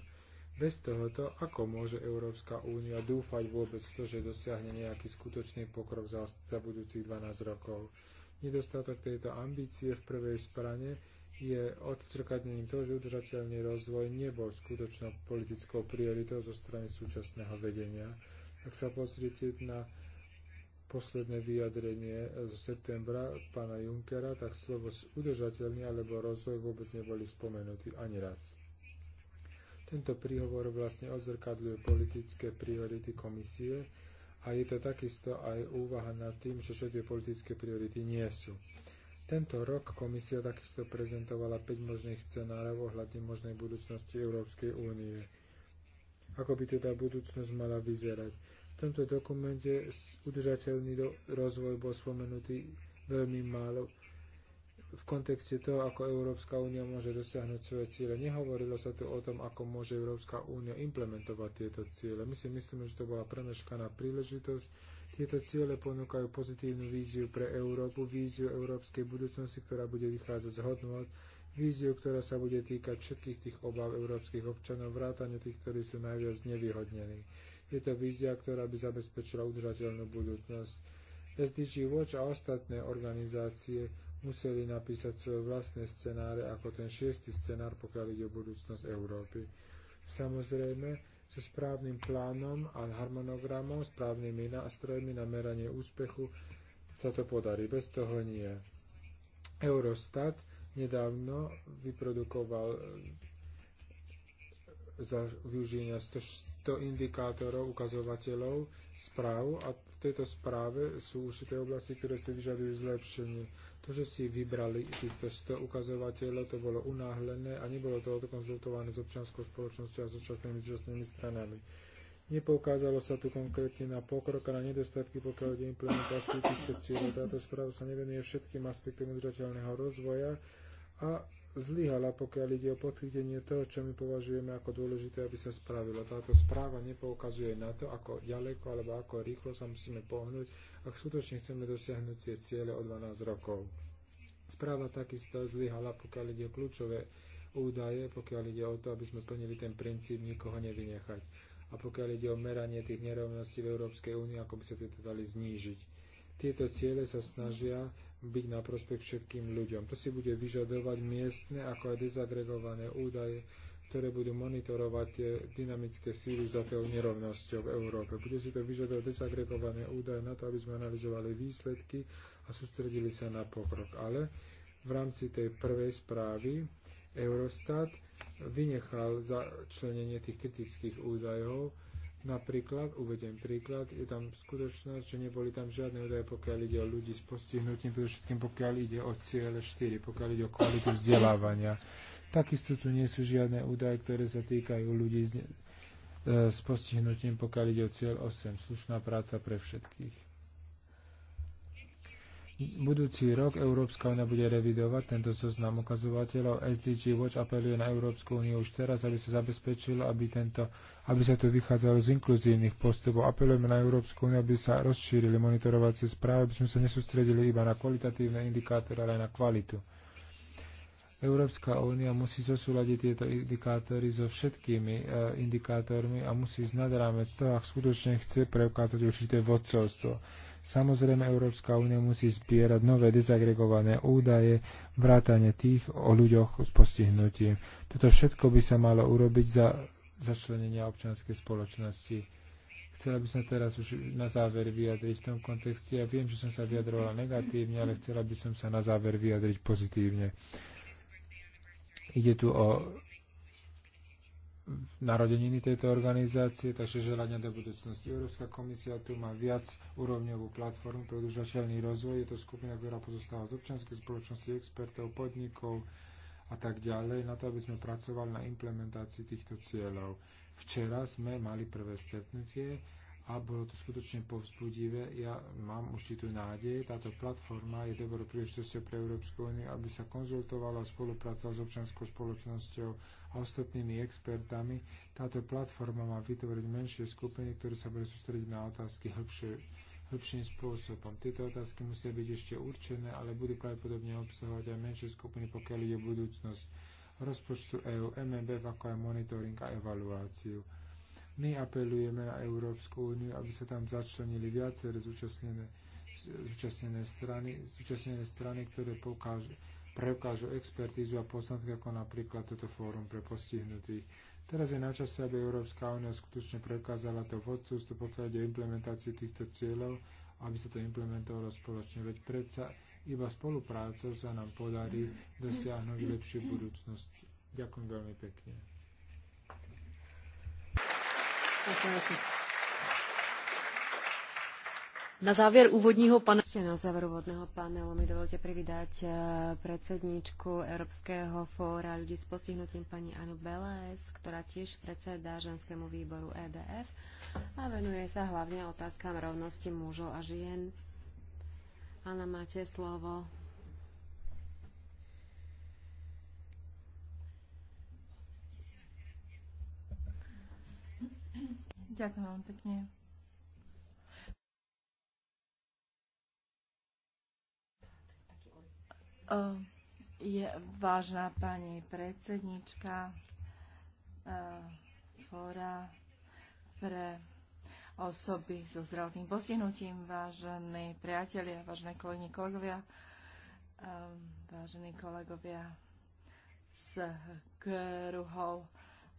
Bez tohoto, ako môže Európska únia dúfať vôbec v to, že dosiahne nejaký skutočný pokrok za, za budúcich 12 rokov? Nedostatok tejto ambície v prvej sprane je odstrkadnením toho, že udržateľný rozvoj nebol skutočnou politickou prioritou zo strany súčasného vedenia. Ak sa pozriete na posledné vyjadrenie z septembra pána Junckera, tak slovo udržateľný alebo rozvoj vôbec neboli spomenutí ani raz. Tento príhovor vlastne odzrkadľuje politické priority komisie a je to takisto aj úvaha nad tým, že čo tie politické priority nie sú. Tento rok komisia takisto prezentovala 5 možných scenárov ohľadne možnej budúcnosti Európskej únie. Ako by teda budúcnosť mala vyzerať? V tomto dokumente udržateľný do rozvoj bol spomenutý veľmi málo v kontexte toho, ako Európska únia môže dosiahnuť svoje ciele. Nehovorilo sa tu o tom, ako môže Európska únia implementovať tieto ciele. My si myslíme, že to bola premeškaná príležitosť. Tieto ciele ponúkajú pozitívnu víziu pre Európu, víziu európskej budúcnosti, ktorá bude vychádzať z hodnot, víziu, ktorá sa bude týkať všetkých tých obav európskych občanov, vrátane tých, ktorí sú najviac nevyhodnení. Je to vízia, ktorá by zabezpečila udržateľnú budúcnosť. SDG Watch a ostatné organizácie museli napísať svoje vlastné scenáre ako ten šiestý scenár, pokiaľ ide o budúcnosť Európy. Samozrejme, so správnym plánom a harmonogramom, správnymi nástrojmi na meranie úspechu sa to podarí. Bez toho nie. Eurostat nedávno vyprodukoval e, za využívania 100, 100 indikátorov, ukazovateľov správ a tejto správe sú určité oblasti, ktoré si vyžadujú zlepšenie. To, že si vybrali týchto 100 ukazovateľov, to bolo unáhlené a nebolo to odkonzultované s občianskou spoločnosťou a súčasnými zúčastnenými stranami. Nepoukázalo sa tu konkrétne na pokrok a na nedostatky, pokiaľ ide implementáciu týchto cieľov. Táto správa sa nevenuje všetkým aspektom udržateľného rozvoja a zlyhala, pokiaľ ide o podchytenie toho, čo my považujeme ako dôležité, aby sa spravilo. Táto správa nepoukazuje na to, ako ďaleko alebo ako rýchlo sa musíme pohnúť, ak skutočne chceme dosiahnuť tie ciele o 12 rokov. Správa takisto zlyhala, pokiaľ ide o kľúčové údaje, pokiaľ ide o to, aby sme plnili ten princíp nikoho nevynechať a pokiaľ ide o meranie tých nerovností v Európskej únii, ako by sa tieto dali znížiť. Tieto ciele sa snažia byť na prospech všetkým ľuďom. To si bude vyžadovať miestne ako aj dezagregované údaje, ktoré budú monitorovať tie dynamické síly za tou nerovnosťou v Európe. Bude si to vyžadovať dezagregované údaje na to, aby sme analyzovali výsledky a sústredili sa na pokrok. Ale v rámci tej prvej správy Eurostat vynechal začlenenie tých kritických údajov, Napríklad, uvediem príklad, je tam skutočnosť, že neboli tam žiadne údaje, pokiaľ ide o ľudí s postihnutím, pretože všetkým, pokiaľ ide o ciele 4, pokiaľ ide o kvalitu vzdelávania. Takisto tu nie sú žiadne údaje, ktoré sa týkajú ľudí s, e, s postihnutím, pokiaľ ide o cieľ 8, slušná práca pre všetkých. Budúci rok Európska únia bude revidovať tento zoznam ukazovateľov. SDG Watch apeluje na Európsku úniu už teraz, aby sa zabezpečilo, aby, tento, aby sa to vychádzalo z inkluzívnych postupov. Apelujeme na Európsku úniu, aby sa rozšírili monitorovacie správy, aby sme sa nesústredili iba na kvalitatívne indikátory, ale aj na kvalitu. Európska únia musí zosúľadiť tieto indikátory so všetkými e, indikátormi a musí z nadrámec toho, ak skutočne chce preukázať určité vodcovstvo. Samozrejme, Európska únia musí zbierať nové dezagregované údaje, vrátane tých o ľuďoch s postihnutím. Toto všetko by sa malo urobiť za začlenenia občianskej spoločnosti. Chcela by som teraz už na záver vyjadriť v tom kontexte. Ja viem, že som sa vyjadrovala negatívne, ale chcela by som sa na záver vyjadriť pozitívne. Ide tu o narodeniny tejto organizácie, takže želania do budúcnosti. Európska komisia tu má viac úrovňovú platformu pre udržateľný rozvoj. Je to skupina, ktorá pozostáva z občianskej spoločnosti, expertov, podnikov a tak ďalej, na to, aby sme pracovali na implementácii týchto cieľov. Včera sme mali prvé stretnutie, alebo to skutočne povzbudivé. Ja mám určitú nádej, táto platforma je dobrou príležitosťou pre Európsku úniu, aby sa konzultovala a spolupracovala s občanskou spoločnosťou a ostatnými expertami. Táto platforma má vytvoriť menšie skupiny, ktoré sa budú sústrediť na otázky hĺbšie hĺbším spôsobom. Tieto otázky musia byť ešte určené, ale budú pravdepodobne obsahovať aj menšie skupiny, pokiaľ ide budúcnosť rozpočtu EU, MNB, e ako aj monitoring a evaluáciu. My apelujeme na Európsku úniu, aby sa tam začlenili viaceré zúčastnené, zúčastnené, strany, zúčastnené strany, ktoré pokážu, preukážu expertízu a poznatky, ako napríklad toto fórum pre postihnutých. Teraz je na čase, aby Európska únia skutočne preukázala to vodcovstvo, pokiaľ ide o implementáciu týchto cieľov, aby sa to implementovalo spoločne. Veď predsa iba spolupráca sa nám podarí dosiahnuť lepšiu budúcnosť. Ďakujem veľmi pekne. Na záver úvodního panelu... Na záver úvodného panelu mi dovolte privítať eh, predsedničku Európskeho fóra ľudí s postihnutím pani Anu Beles, ktorá tiež predseda ženskému výboru EDF a venuje sa hlavne otázkam rovnosti mužov a žien. Anna, máte slovo. Ďakujem vám pekne. Eh, je vážna pani predsednička eh, fóra pre osoby so zdravotným postihnutím, vážení priatelia, vážené kolegyne, kolegovia, eh, vážení kolegovia z kruhov,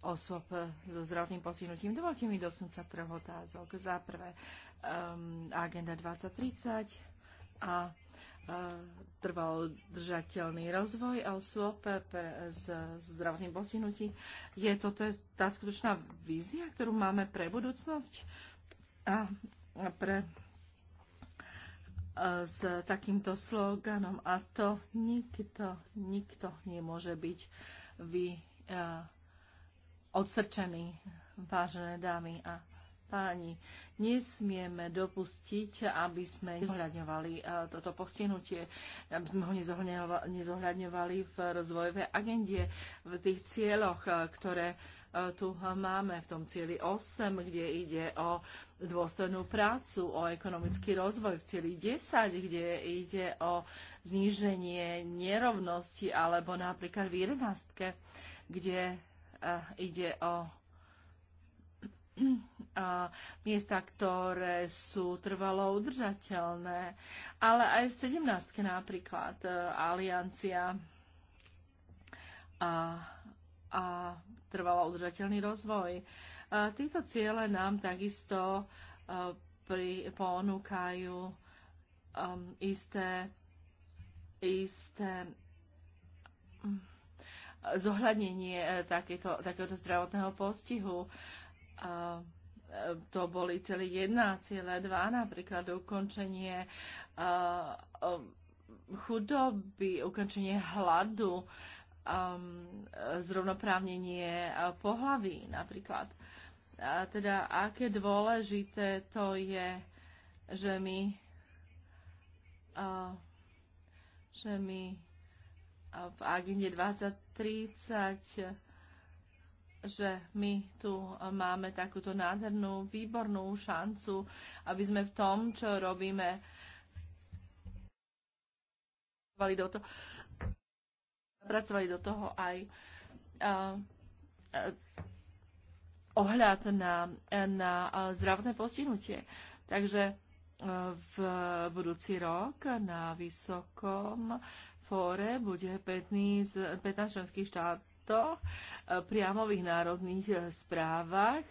osob e, so zdravotným postihnutím. Dovolte mi dosunúť sa troch otázok. Za prvé, um, agenda 2030 a uh, trvalodržateľný rozvoj osôb e, s zdravotným postihnutím. Je toto je tá skutočná vízia, ktorú máme pre budúcnosť a pre s takýmto sloganom a to nikto, nikto nemôže byť vy, uh, odsrčení, vážené dámy a páni. Nesmieme dopustiť, aby sme nezohľadňovali eh, toto postihnutie, aby sme ho nezohľadňovali v rozvojovej agendie, v tých cieľoch, eh, ktoré eh, tu máme v tom cieli 8, kde ide o dôstojnú prácu, o ekonomický rozvoj, v cieli 10, kde ide o zníženie nerovnosti, alebo napríklad v 11, kde Eh, ide o eh, miesta, ktoré sú trvalo udržateľné. Ale aj v 17. napríklad eh, Aliancia a, a trvalo udržateľný rozvoj. Tieto ciele nám takisto pri, ponúkajú um, isté, isté um, zohľadnenie eh, takéto, takéhoto zdravotného postihu. A eh, to boli celé 1,2 napríklad ukončenie a, eh, a, chudoby, ukončenie hladu, a, ehm, zrovnoprávnenie pohlaví napríklad. A teda aké dôležité to je, že my, a, že my a v agende 20 30, že mi tu imamo eh, tako to nadarno, výborno šanco, da bi smo v tom, čo robime, pracovali do toho, pracovali do toho aj eh, eh, ohľad na, na zdravotné postihnutie. Takže v budúci rok na vysokom fóre bude 15, 15 členských štátoch eh, priamo v ich národných eh, správach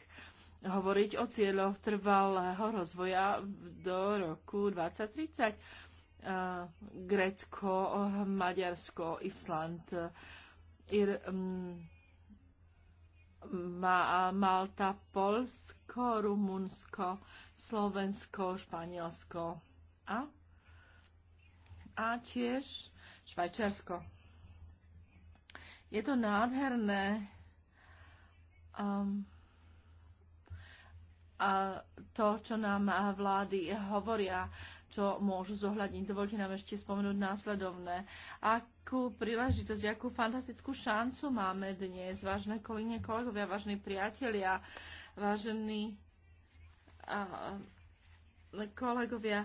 hovoriť o cieľoch trvalého rozvoja do roku 2030. Eh, Grécko, Maďarsko, Island, Ir, mm, Ma, Malta, Polsko, Rumunsko, Slovensko, Španielsko a, a tiež Švajčarsko. Je to nádherné. Um, a to, čo nám vlády hovoria, čo môžu zohľadniť, dovolte nám ešte spomenúť následovné. Akú príležitosť, akú fantastickú šancu máme dnes, vážne kolegyne, kolegovia, vážení priatelia, vážení uh, kolegovia,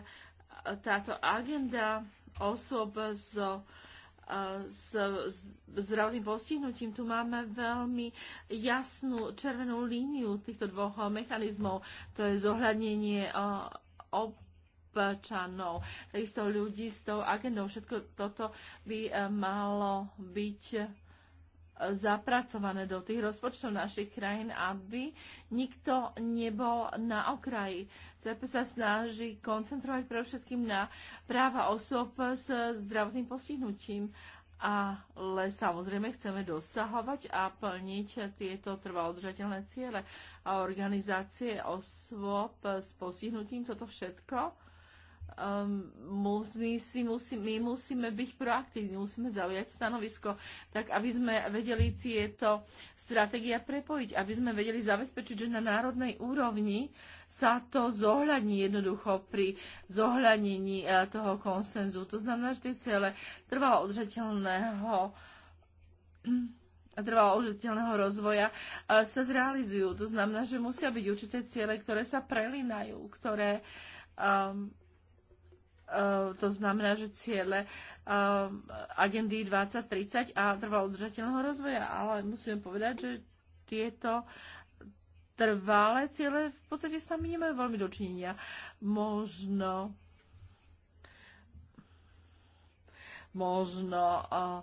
táto agenda osob z, eh, z zdravým postihnutím. Tu máme veľmi jasnú červenú líniu týchto dvoch mechanizmov. To je zohľadnenie eh, občanov, takisto ľudí s tou agendou. Všetko toto by eh, malo byť zapracované do tých rozpočtov našich krajín, aby nikto nebol na okraji. CEP sa snaží koncentrovať pre všetkým na práva osob s zdravotným postihnutím, ale samozrejme chceme dosahovať a plniť tieto trvalodržateľné ciele a organizácie osôb s postihnutím toto všetko um, my, si musí, my musíme byť proaktívni, musíme zaujať stanovisko, tak aby sme vedeli tieto stratégia prepojiť, aby sme vedeli zabezpečiť, že na národnej úrovni sa to zohľadní jednoducho pri zohľadnení eh, toho konsenzu. To znamená, že tie cele trvalo odřateľného a trvalo užiteľného rozvoja eh, sa zrealizujú. To znamená, že musia byť určité ciele, ktoré sa prelinajú, ktoré um, Eh, to znamená, že ciele eh, agendy 2030 a trvalo udržateľného rozvoja. Ale musím povedať, že tieto trvalé ciele v podstate s nami nemajú veľmi dočinenia. Možno možno eh,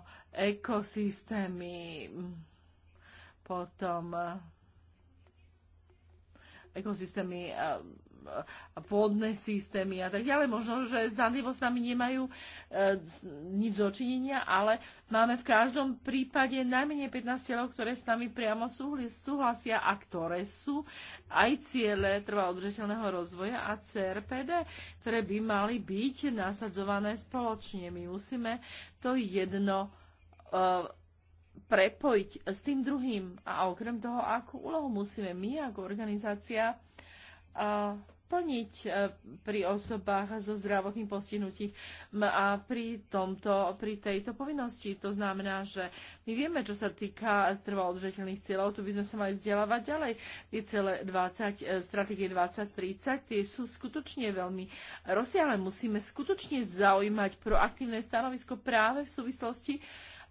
ekosystémy potom ekosystémy pôdne systémy a tak ďalej. Možno, že zdanlivo s nami nemajú e, nič dočinenia, ale máme v každom prípade najmenej 15 telov, ktoré s nami priamo súhlasia a ktoré sú aj ciele trvalodržateľného rozvoja a CRPD, ktoré by mali byť nasadzované spoločne. My musíme to jedno e, prepojiť s tým druhým a okrem toho, akú úlohu musíme my ako organizácia plniť e, pri osobách so zdravotným postihnutím a pri, tomto, pri tejto povinnosti. To znamená, že my vieme, čo sa týka trvalodržateľných cieľov, tu by sme sa mali vzdelávať ďalej. Tie cele 20, e, stratégie 2030, tie sú skutočne veľmi rozsiahle. Musíme skutočne zaujímať proaktívne stanovisko práve v súvislosti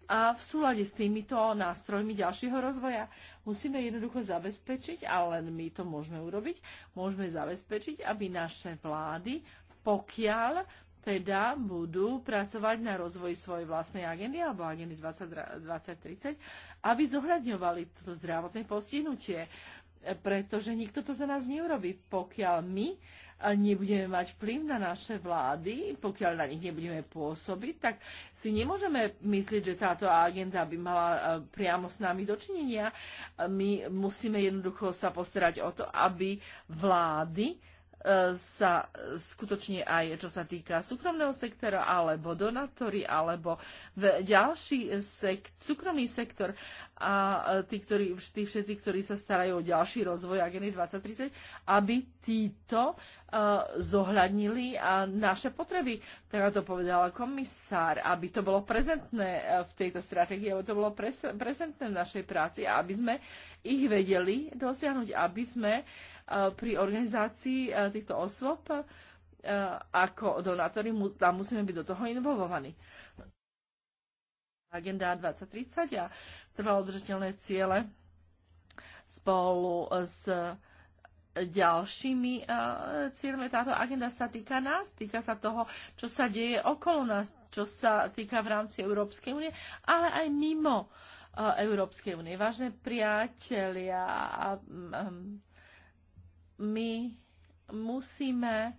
A v súlade s týmito nástrojmi ďalšieho rozvoja musíme jednoducho zabezpečiť, a len my to môžeme urobiť, môžeme zabezpečiť, aby naše vlády, pokiaľ teda budú pracovať na rozvoji svojej vlastnej agendy alebo agendy 2030, aby zohľadňovali toto zdravotné postihnutie, pretože nikto to za nás neurobi, pokiaľ my nebudeme mať vplyv na naše vlády, pokiaľ na nich nebudeme pôsobiť, tak si nemôžeme myslieť, že táto agenda by mala e, priamo s nami dočinenia. My musíme jednoducho sa postarať o to, aby vlády E, sa skutočne aj čo sa týka súkromného sektora alebo donátory alebo v ďalší sek- súkromný sektor a e, tí, ktorí, tí všetci, ktorí sa starajú o ďalší rozvoj Agendy 2030, aby títo uh, zohľadnili a naše potreby, teda to povedala komisár, aby to bolo prezentné v tejto stratégii, aby to bolo pres- prezentné v našej práci a aby sme ich vedeli dosiahnuť, aby sme uh, pri organizácii týchto osôb ako donátori, tam musíme byť do toho involvovaní. Agenda 2030 a trvalo držateľné ciele spolu s ďalšími uh, cieľmi. Táto agenda sa týka nás, týka sa toho, čo sa deje okolo nás, čo sa týka v rámci Európskej únie, ale aj mimo uh, Európskej únie. Vážne priatelia, um, my musíme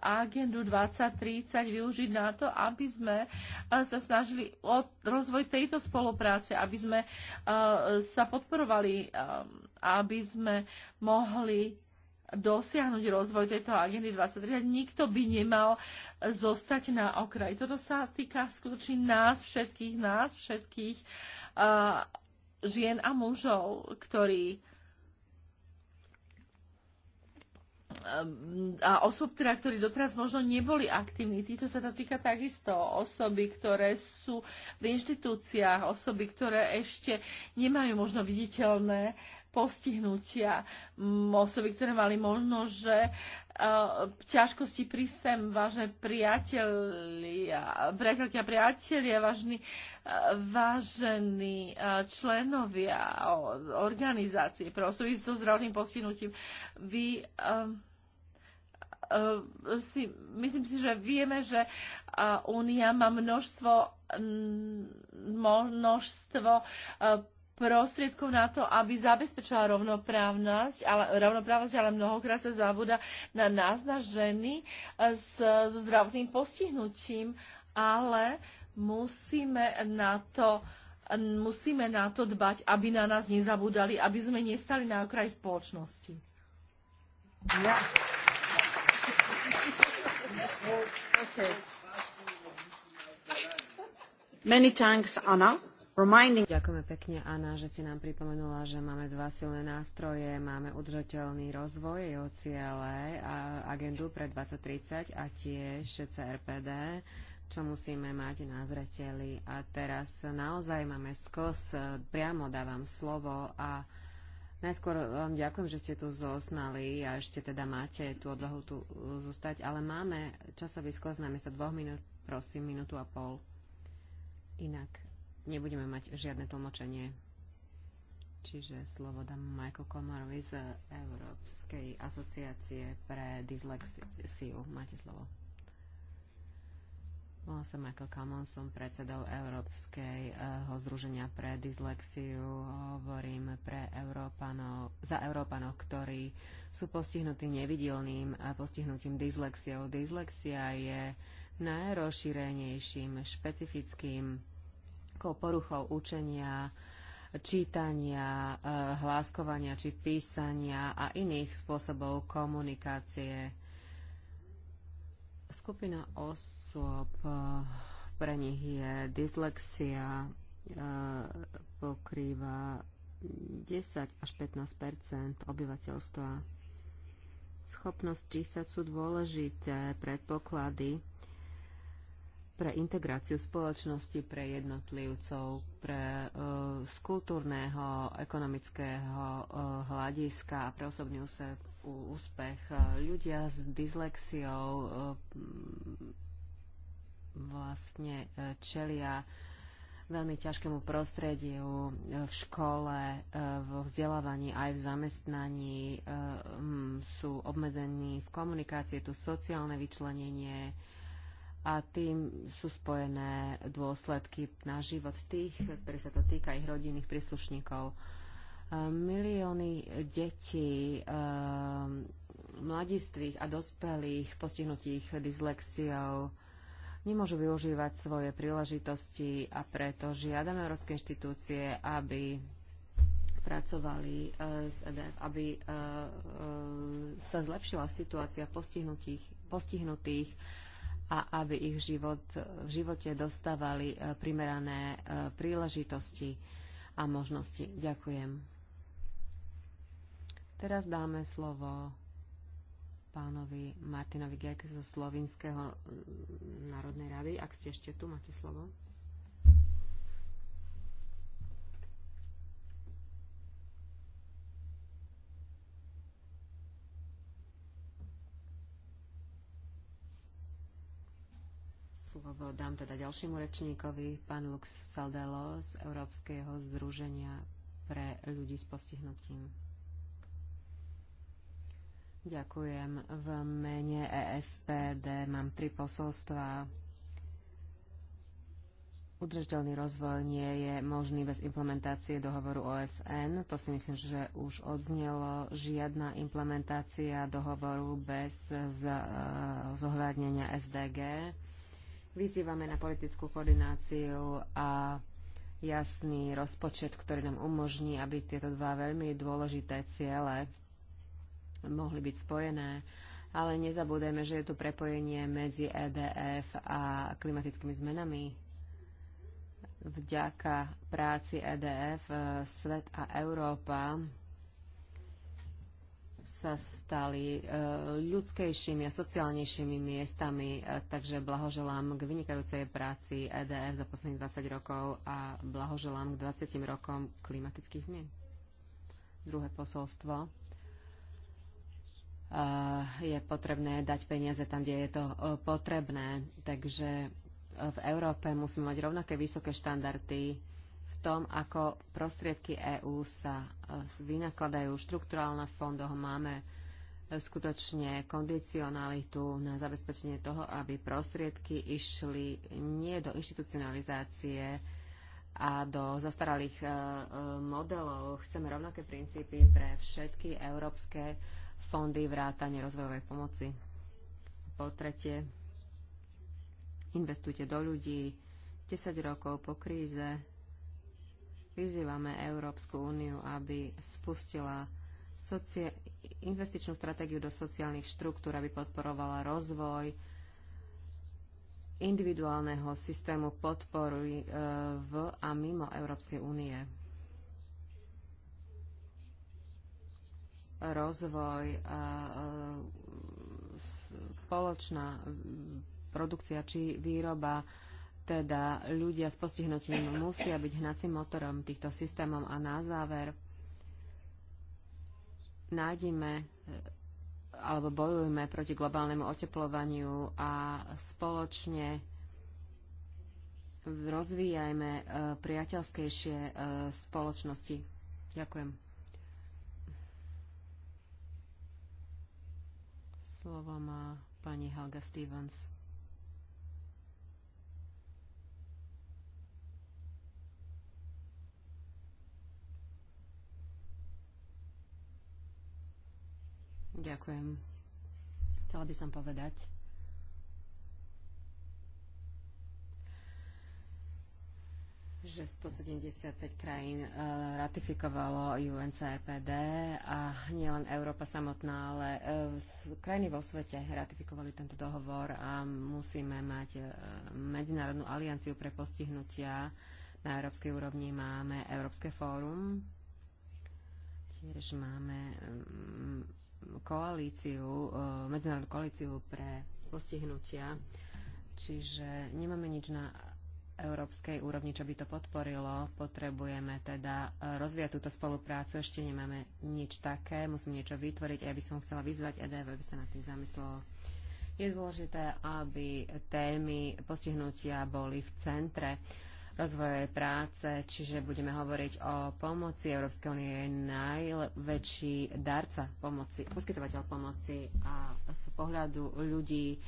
agendu 2030 využiť na to, aby sme e, sa snažili o rozvoj tejto spolupráce, aby sme e, sa podporovali, e, aby sme mohli dosiahnuť rozvoj tejto agendy 2030. Nikto by nemal zostať na okraji. Toto sa týka skutočne nás všetkých, nás všetkých žien a mužov, ktorí uh, osob, teda, ktorí doteraz možno neboli aktívni. Týto sa to týka takisto. Osoby, ktoré sú v inštitúciách, osoby, ktoré ešte nemajú možno viditeľné postihnutia, osoby, ktoré mali možno, že e, ťažkosti pri sem, vážne priatelia, priateľky a priatelia, vážni, e, vážení e, členovia organizácie pre osoby so zdravotným postihnutím. Vy um, Eh, si, myslím si, že vieme, že eh, Únia má množstvo, množstvo eh, prostriedkov na to, aby zabezpečila rovnoprávnosť, ale, rovnoprávnosť, ale mnohokrát sa zabúda na nás, na ženy s, so zdravotným postihnutím, ale musíme na to musíme na to dbať, aby na nás nezabúdali, aby sme nestali na okraj spoločnosti. Yeah. Ja. Many thanks, Anna. Reminding... Ďakujeme pekne, Anna, že si nám pripomenula, že máme dva silné nástroje. Máme udržateľný rozvoj, jeho ciele a agendu pre 2030 a tiež CRPD, čo musíme mať na zreteli. A teraz naozaj máme sklz. Priamo dávam slovo a Najskôr vám um, ďakujem, že ste tu zosnali a ešte teda máte tú odvahu tu uh, zostať, ale máme časový sklas na sa dvoch minút, prosím, minútu a pol. Inak nebudeme mať žiadne tlmočenie. Čiže slovo dám Michael Komarovi z Európskej asociácie pre dyslexiu. Máte slovo. Volám sa Michael Kamon, som predsedou Európskeho združenia pre dyslexiu. Hovorím pre Európanov, za Európanov, ktorí sú postihnutí nevidelným postihnutím dyslexiou. Dyslexia je najrozšírenejším špecifickým poruchou učenia, čítania, eh, hláskovania či písania a iných spôsobov komunikácie. Skupina osob, eh, pre njih je dislexia, eh, pokrýva 10 až 15 obyvateľstva. Schopnosť čísať sú dôležité predpoklady pre integráciu spoločnosti, pre jednotlivcov, pre, uh, z kultúrneho, ekonomického uh, hľadiska a pre osobný úsek úspech. Ľudia s dyslexiou e, vlastne e, čelia veľmi ťažkému prostrediu e, v škole, vo vzdelávaní, aj v zamestnaní. Sú obmedzení v komunikácii, tu sociálne vyčlenenie a tým sú spojené dôsledky na život tých, ktorí sa to týka ich rodinných príslušníkov milióny detí, mladistvých a dospelých postihnutých dyslexiou nemôžu využívať svoje príležitosti a preto žiadame európske inštitúcie, aby pracovali s EDF, aby sa zlepšila situácia postihnutých, postihnutých a aby ich život, v živote dostávali primerané príležitosti a možnosti. Ďakujem. Teraz dáme slovo pánovi Martinovi Gejke zo Slovinského mm, národnej rady. Ak ste ešte tu, máte slovo. Slovo dám teda ďalšiemu rečníkovi, pán Lux Saldelo z Európskeho združenia pre ľudí s postihnutím. Ďakujem. V mene ESPD mám tri posolstva. Udržateľný rozvoj nie je možný bez implementácie dohovoru OSN. To si myslím, že už odznelo. Žiadna implementácia dohovoru bez e, zohľadnenia SDG. Vyzývame na politickú koordináciu a jasný rozpočet, ktorý nám umožní, aby tieto dva veľmi dôležité ciele, mohli byť spojené. Ale nezabúdajme, že je to prepojenie medzi EDF a klimatickými zmenami. Vďaka práci EDF e, svet a Európa sa stali e, ľudskejšími a sociálnejšími miestami, e, takže blahoželám k vynikajúcej práci EDF za posledných 20 rokov a blahoželám k 20 rokom klimatických zmien. Druhé posolstvo. Eh, je potrebné dať peniaze tam, kde je to eh, potrebné. Takže eh, v Európe musíme mať rovnaké vysoké štandardy v tom, ako prostriedky EÚ sa vynakladajú štrukturálne fondoch. Máme skutočne kondicionalitu na zabezpečenie toho, aby prostriedky išli nie do institucionalizácie a do zastaralých modelov. Chceme rovnaké princípy pre všetky európske uh, fondy vrátane rozvojovej pomoci. Po tretie, investujte do ľudí. 10 rokov po kríze vyzývame Európsku úniu, aby spustila socia- investičnú stratégiu do sociálnych štruktúr, aby podporovala rozvoj individuálneho systému podpory e, v a mimo Európskej únie. rozvoj, spoločná produkcia či výroba, teda ľudia s postihnutím musia byť hnacím motorom týchto systémov a na záver nájdime e, alebo bojujme proti globálnemu oteplovaniu a spoločne rozvíjajme e, priateľskejšie e, spoločnosti. Ďakujem. Slovo má pani Helga Stevens. Ďakujem. Chcela by som povedať, že 175 krajín eh, ratifikovalo UNCRPD a nielen Európa samotná, ale eh, krajiny vo svete ratifikovali tento dohovor a musíme mať eh, medzinárodnú alianciu pre postihnutia. Na európskej úrovni máme Európske fórum, tiež máme mm, koalíciu, medzinárodnú koalíciu pre postihnutia. Čiže nemáme nič na európskej úrovni, čo by to podporilo, potrebujeme teda e, rozvíjať túto spoluprácu. Ešte nemáme nič také, musím niečo vytvoriť a ja by som chcela vyzvať EDF, aby sa nad tým zamyslelo. Je dôležité, aby témy postihnutia boli v centre rozvojovej práce, čiže budeme hovoriť o pomoci. Európskej únie je najväčší darca pomoci, poskytovateľ pomoci a z pohľadu ľudí,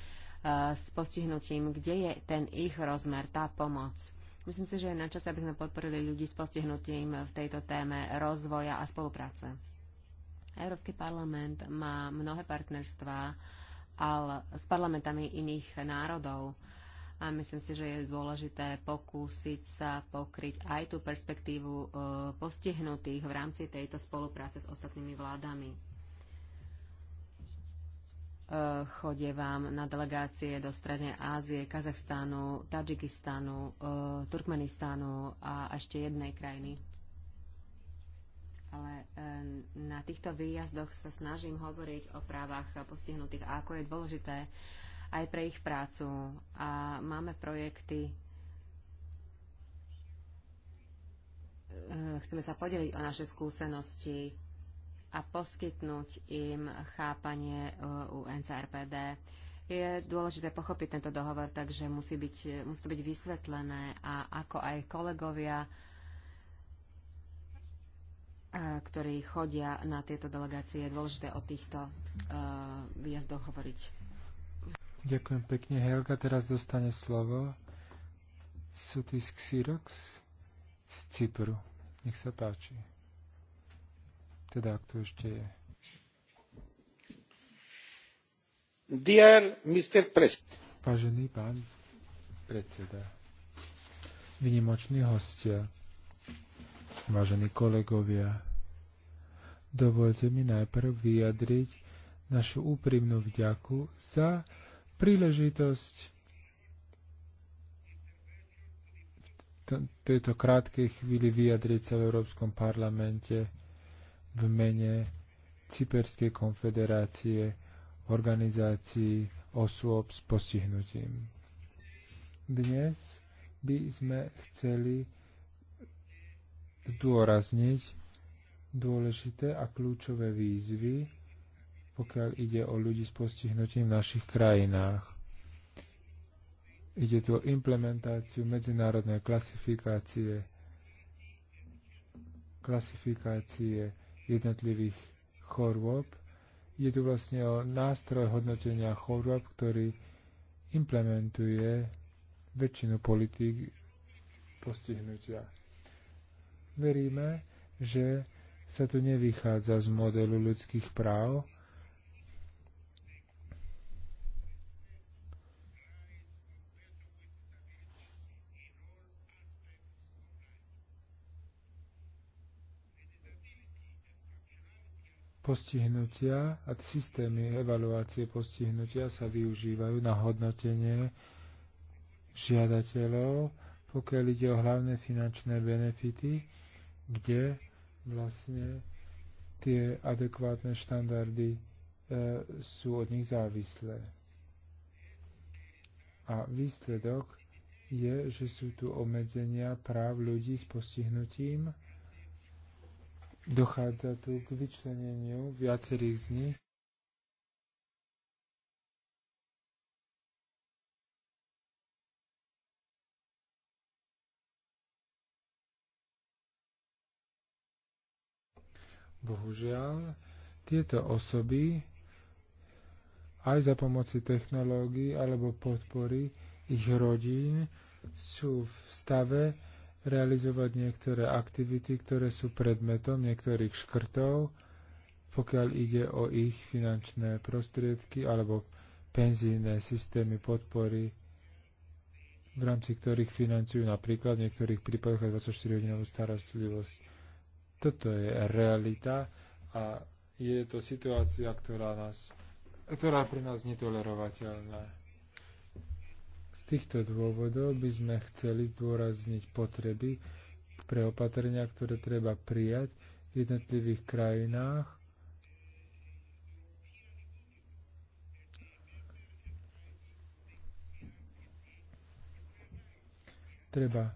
Eh, s postihnutím, kde je ten ich rozmer, tá pomoc. Myslím si, že je na čase, aby sme podporili ľudí s postihnutím v tejto téme rozvoja a spolupráce. Európsky parlament má mnohé partnerstva ale s parlamentami iných národov a myslím si, že je dôležité pokúsiť sa pokryť aj tú perspektívu eh, postihnutých v rámci tejto spolupráce s ostatnými vládami. Eh, chodie vám na delegácie do Strednej Ázie, Kazachstánu, Tadžikistánu, eh, Turkmenistánu a ešte jednej krajiny. Ale eh, na týchto výjazdoch sa snažím hovoriť o právach postihnutých a ako je dôležité aj pre ich prácu. A máme projekty, chceme sa podeliť o naše skúsenosti a poskytnúť im chápanie e, UNCRPD. Je dôležité pochopiť tento dohovor, takže musí, byť, musí to byť vysvetlené a ako aj kolegovia, e, ktorí chodia na tieto delegácie, je dôležité o týchto e, výjazdoch hovoriť. Ďakujem pekne. Helga teraz dostane slovo. Sutis Xirox z Cypru. Nech sa páči teda kto ešte je. Dear Mr. President. Vážený pán predseda, vynimoční hostia, vážení kolegovia, dovolte mi najprv vyjadriť našu úprimnú vďaku za príležitosť tejto krátkej chvíli vyjadriť sa v Európskom parlamente v mene Cyperskej konfederácie organizácií osôb s postihnutím. Dnes by sme chceli zdôrazniť dôležité a kľúčové výzvy, pokiaľ ide o ľudí s postihnutím v našich krajinách. Ide tu o implementáciu medzinárodnej klasifikácie, klasifikácie jednotlivých chorôb. Je tu vlastne o nástroj hodnotenia chorôb, ktorý implementuje väčšinu politík postihnutia. Veríme, že sa tu nevychádza z modelu ľudských práv, postihnutia a systémy evaluácie postihnutia sa využívajú na hodnotenie žiadateľov, pokiaľ ide o hlavné finančné benefity, kde vlastne tie adekvátne štandardy e, sú od nich závislé. A výsledok je, že sú tu obmedzenia práv ľudí s postihnutím Dochádza tu k vyčleneniu viacerých z nich. Bohužiaľ, tieto osoby aj za pomoci technológií alebo podpory ich rodín sú v stave, realizovať niektoré aktivity, ktoré sú predmetom niektorých škrtov, pokiaľ ide o ich finančné prostriedky alebo penzíne systémy podpory, v rámci ktorých financujú napríklad v niektorých prípadoch 24-hodinovú starostlivosť. Toto je realita a je to situácia, ktorá, nás, ktorá pre nás netolerovateľná týchto dôvodov by sme chceli zdôrazniť potreby pre opatrenia, ktoré treba prijať v jednotlivých krajinách treba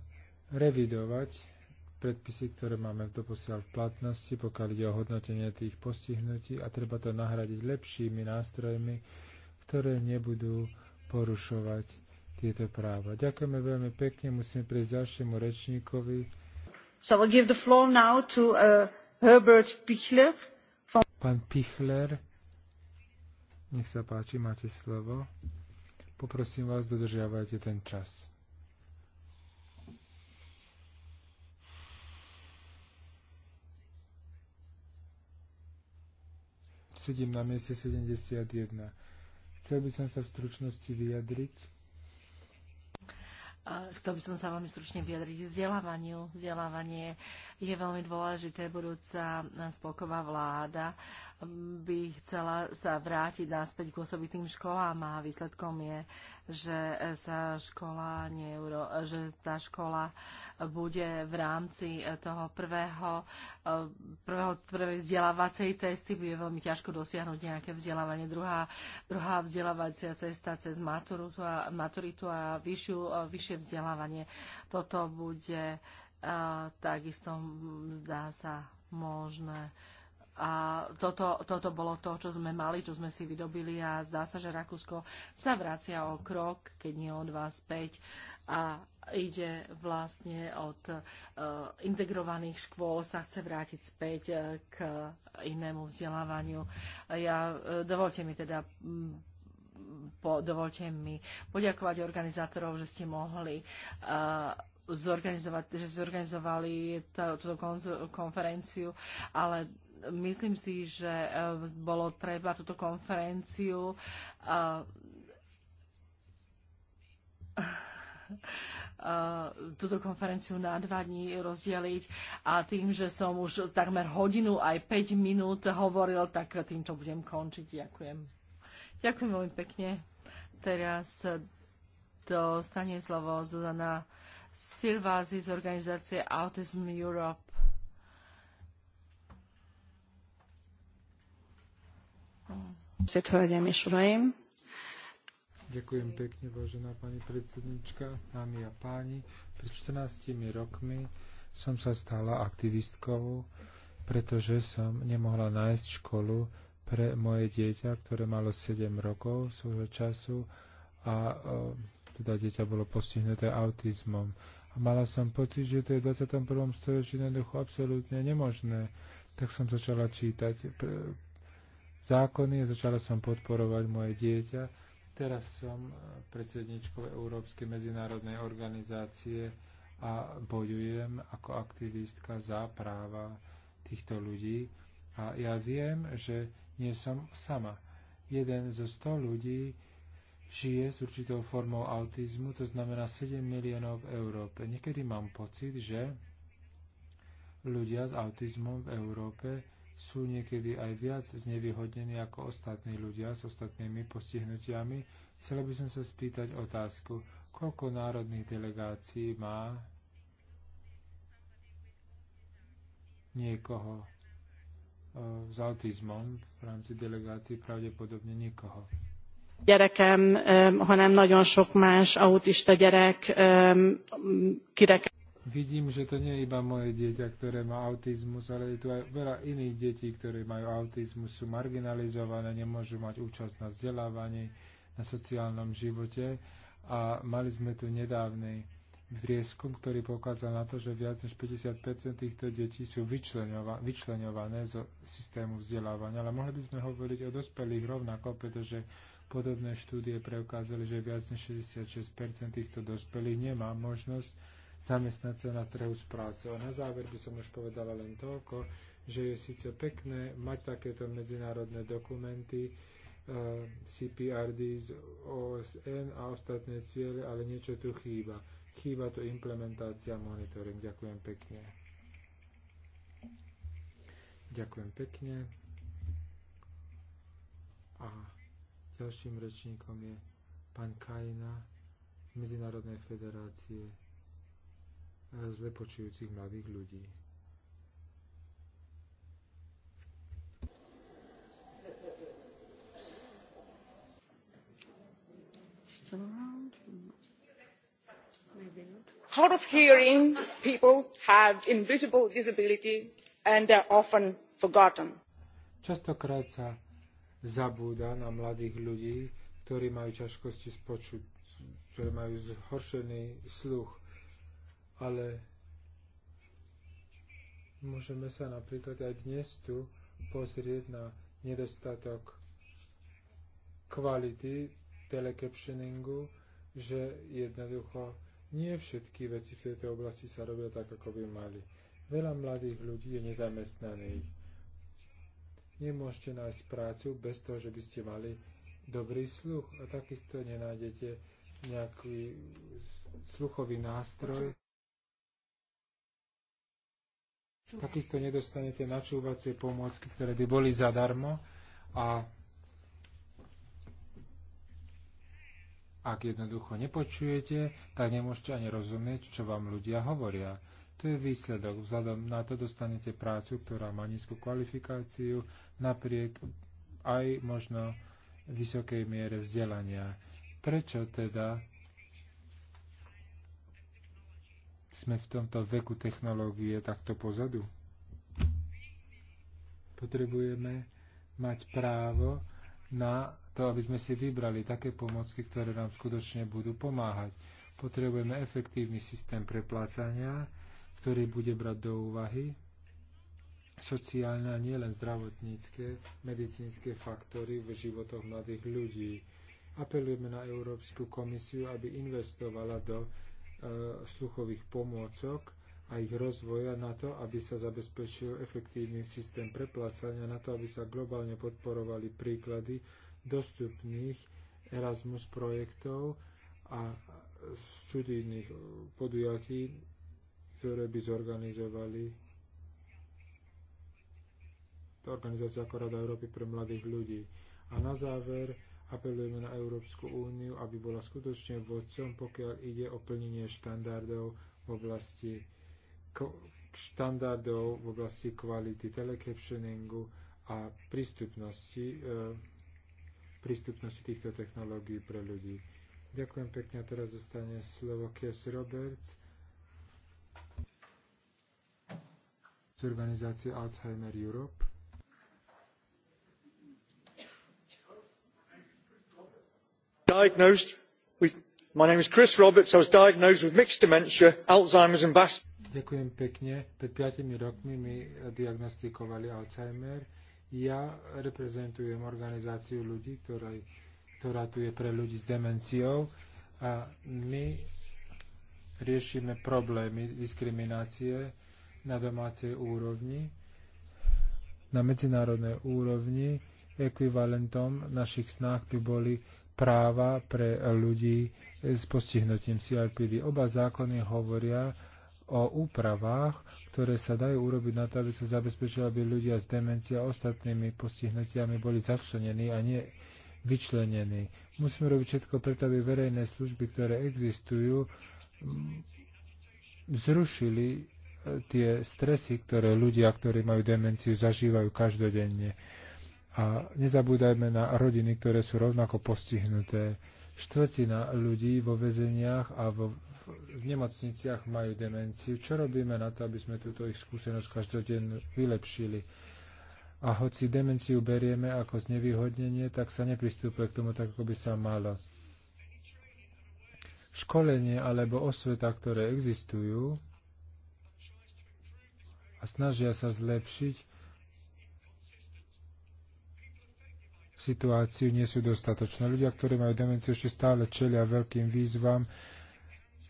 revidovať predpisy, ktoré máme doposiaľ v platnosti, pokiaľ ide o hodnotenie tých postihnutí a treba to nahradiť lepšími nástrojmi, ktoré nebudú porušovať tieto práva. Ďakujeme veľmi pekne, musíme prejsť ďalšiemu rečníkovi. So I'll give the floor now to uh, Herbert Pichler. From... Pán Pichler, nech sa páči, máte slovo. Poprosím vás, dodržiavajte ten čas. Sedím na mieste 71. Chcel by som sa v stručnosti vyjadriť. A chcel by som sa veľmi stručne vyjadriť vzdelávaniu. Vzdelávanie je veľmi dôležité. Budúca spolková vláda by chcela sa vrátiť naspäť k osobitým školám a výsledkom je uh, že sa škola neuro, že tá škola bude v rámci eh, toho prvého, eh, prvého prvej vzdelávacej cesty, bude veľmi ťažko dosiahnuť nejaké vzdelávanie. Druhá, druhá vzdelávacia cesta cez maturitu a, maturitu a vyššiu, eh, vyššie vzdelávanie. Toto bude uh, takisto, mm, zdá sa, možné. Uh, a toto, toto bolo to, čo sme mali, čo sme si vydobili a zdá sa, že Rakúsko sa vracia o krok, keď nie o dva späť a ide vlastne od uh, integrovaných škôl, sa chce vrátiť späť uh, k inému vzdelávaniu. Ja, uh, dovolte mi teda um, po, dovolte mi poďakovať organizátorov, že ste mohli uh, zorganizovať, že zorganizovali túto konferenciu, ale myslím si, že eh, bolo treba túto konferenciu eh, eh, túto konferenciu na dva dní rozdeliť a tým, že som už takmer hodinu aj 5 minút hovoril, tak týmto budem končiť. Ďakujem. Ďakujem veľmi pekne. Teraz dostane slovo Zuzana Silvázy z organizácie Autism Europe. Tisztelt Hölgyeim és Uraim! Ďakujem pekne, vážená pani predsednička, dámy a páni. Pred 14 rokmi som sa stala aktivistkou, pretože som nemohla nájsť školu pre moje dieťa, ktoré malo 7 rokov svojho času a teda dieťa bolo postihnuté autizmom. A mala som pocit, že to je v 21. storočí jednoducho absolútne nemožné. Tak som začala čítať pre, zákony, začala som podporovať moje dieťa. Teraz som eh, predsedničkou Európskej medzinárodnej organizácie a bojujem ako aktivistka za práva týchto ľudí. A ja viem, že nie som sama. Jeden zo 100 ľudí žije s určitou formou autizmu, to znamená 7 miliónov v Európe. Niekedy mám pocit, že ľudia s autizmom v Európe sú niekedy aj viac znevýhodnení ako ostatní ľudia s ostatnými postihnutiami, chcel by som sa spýtať otázku, koľko národných delegácií má niekoho e, s autizmom v rámci delegácií pravdepodobne niekoho. Gyerekem, hanem nagyon sok más autista gyerek kirekem vidím, že to nie je iba moje dieťa, ktoré má autizmus, ale je tu aj veľa iných detí, ktoré majú autizmus, sú marginalizované, nemôžu mať účasť na vzdelávaní, na sociálnom živote. A mali sme tu nedávny prieskum, ktorý pokázal na to, že viac než 50% týchto detí sú vyčleňova- vyčleňované zo systému vzdelávania. Ale mohli by sme hovoriť o dospelých rovnako, pretože podobné štúdie preukázali, že viac než 66% týchto dospelých nemá možnosť zamestnancev na trhu s pracov. Na záver by som už povedala len toľko, že je síce pekné mať takéto medzinárodné dokumenty, eh, CPRD z OSN a ostatné ciele, ale niečo tu chýba. Chýba to implementácia monitoring. Ďakujem pekne. Ďakujem pekne. A ďalším rečníkom je pán Kajina z Medzinárodnej federácie zlepočujúcich mladých ľudí. Hard of hearing people have invisible disability and they're often forgotten. Častokrát sa zabúda na mladých ľudí, ktorí majú ťažkosti s počuť, ktorí majú zhoršený sluch ale môžeme sa napríklad aj dnes tu pozrieť na nedostatok kvality telecaptioningu, že jednoducho nie všetky veci v tejto oblasti sa robia tak, ako by mali. Veľa mladých ľudí je nezamestnaných. Nemôžete nájsť prácu bez toho, že by ste mali dobrý sluch a takisto nenájdete nejaký sluchový nástroj takisto nedostanete načúvacie pomôcky, ktoré by boli zadarmo a ak jednoducho nepočujete, tak nemôžete ani rozumieť, čo vám ľudia hovoria. To je výsledok. Vzhľadom na to dostanete prácu, ktorá má nízku kvalifikáciu, napriek aj možno vysokej miere vzdelania. Prečo teda sme v tomto veku technológie takto pozadu. Potrebujeme mať právo na to, aby sme si vybrali také pomocky, ktoré nám skutočne budú pomáhať. Potrebujeme efektívny systém preplácania, ktorý bude brať do úvahy sociálne a nielen zdravotnícke, medicínske faktory v životoch mladých ľudí. Apelujeme na Európsku komisiu, aby investovala do Eh, sluchových pomôcok a ich rozvoja na to, aby sa zabezpečil efektívny systém preplácania, na to, aby sa globálne podporovali príklady dostupných Erasmus projektov a študijných podujatí, ktoré by zorganizovali organizácia ako Rada Európy pre mladých ľudí. A na záver, apelujeme na Európsku úniu, aby bola skutočne vodcom, pokiaľ ide o plnenie štandardov v oblasti štandardov v oblasti kvality telecaptioningu a prístupnosti, e, prístupnosti týchto technológií pre ľudí. Ďakujem pekne a teraz zostane slovo Kies Roberts z organizácie Alzheimer Europe. diagnosed with my name is Chris Roberts. I was diagnosed with mixed dementia, Alzheimer's and vas. Ďakujem pekne. Pred 5 rokmi mi diagnostikovali Alzheimer. Ja reprezentujem organizáciu ľudí, ktorá, ktorá tu je pre ľudí s demenciou a my riešime problémy diskriminácie na domácej úrovni, na medzinárodnej úrovni. Ekvivalentom našich snách by boli práva pre ľudí s postihnutím CRPD. Oba zákony hovoria o úpravách, ktoré sa dajú urobiť na to, aby sa zabezpečilo, aby ľudia s demenciou a ostatnými postihnutiami boli začlenení a nie vyčlenení. Musíme robiť všetko preto, aby verejné služby, ktoré existujú, mm, zrušili e, tie stresy, ktoré ľudia, ktorí majú demenciu, zažívajú každodenne. A nezabúdajme na rodiny, ktoré sú rovnako postihnuté. Štvrtina ľudí vo väzeniach a vo, v, v nemocniciach majú demenciu. Čo robíme na to, aby sme túto ich skúsenosť každodennú vylepšili? A hoci demenciu berieme ako znevýhodnenie, tak sa nepristúpe k tomu tak, ako by sa malo. Školenie alebo osveta, ktoré existujú a snažia sa zlepšiť, situaciju nije su dostatočna. Ljudja koji imaju demenciju još stale čelja velikim vizvam,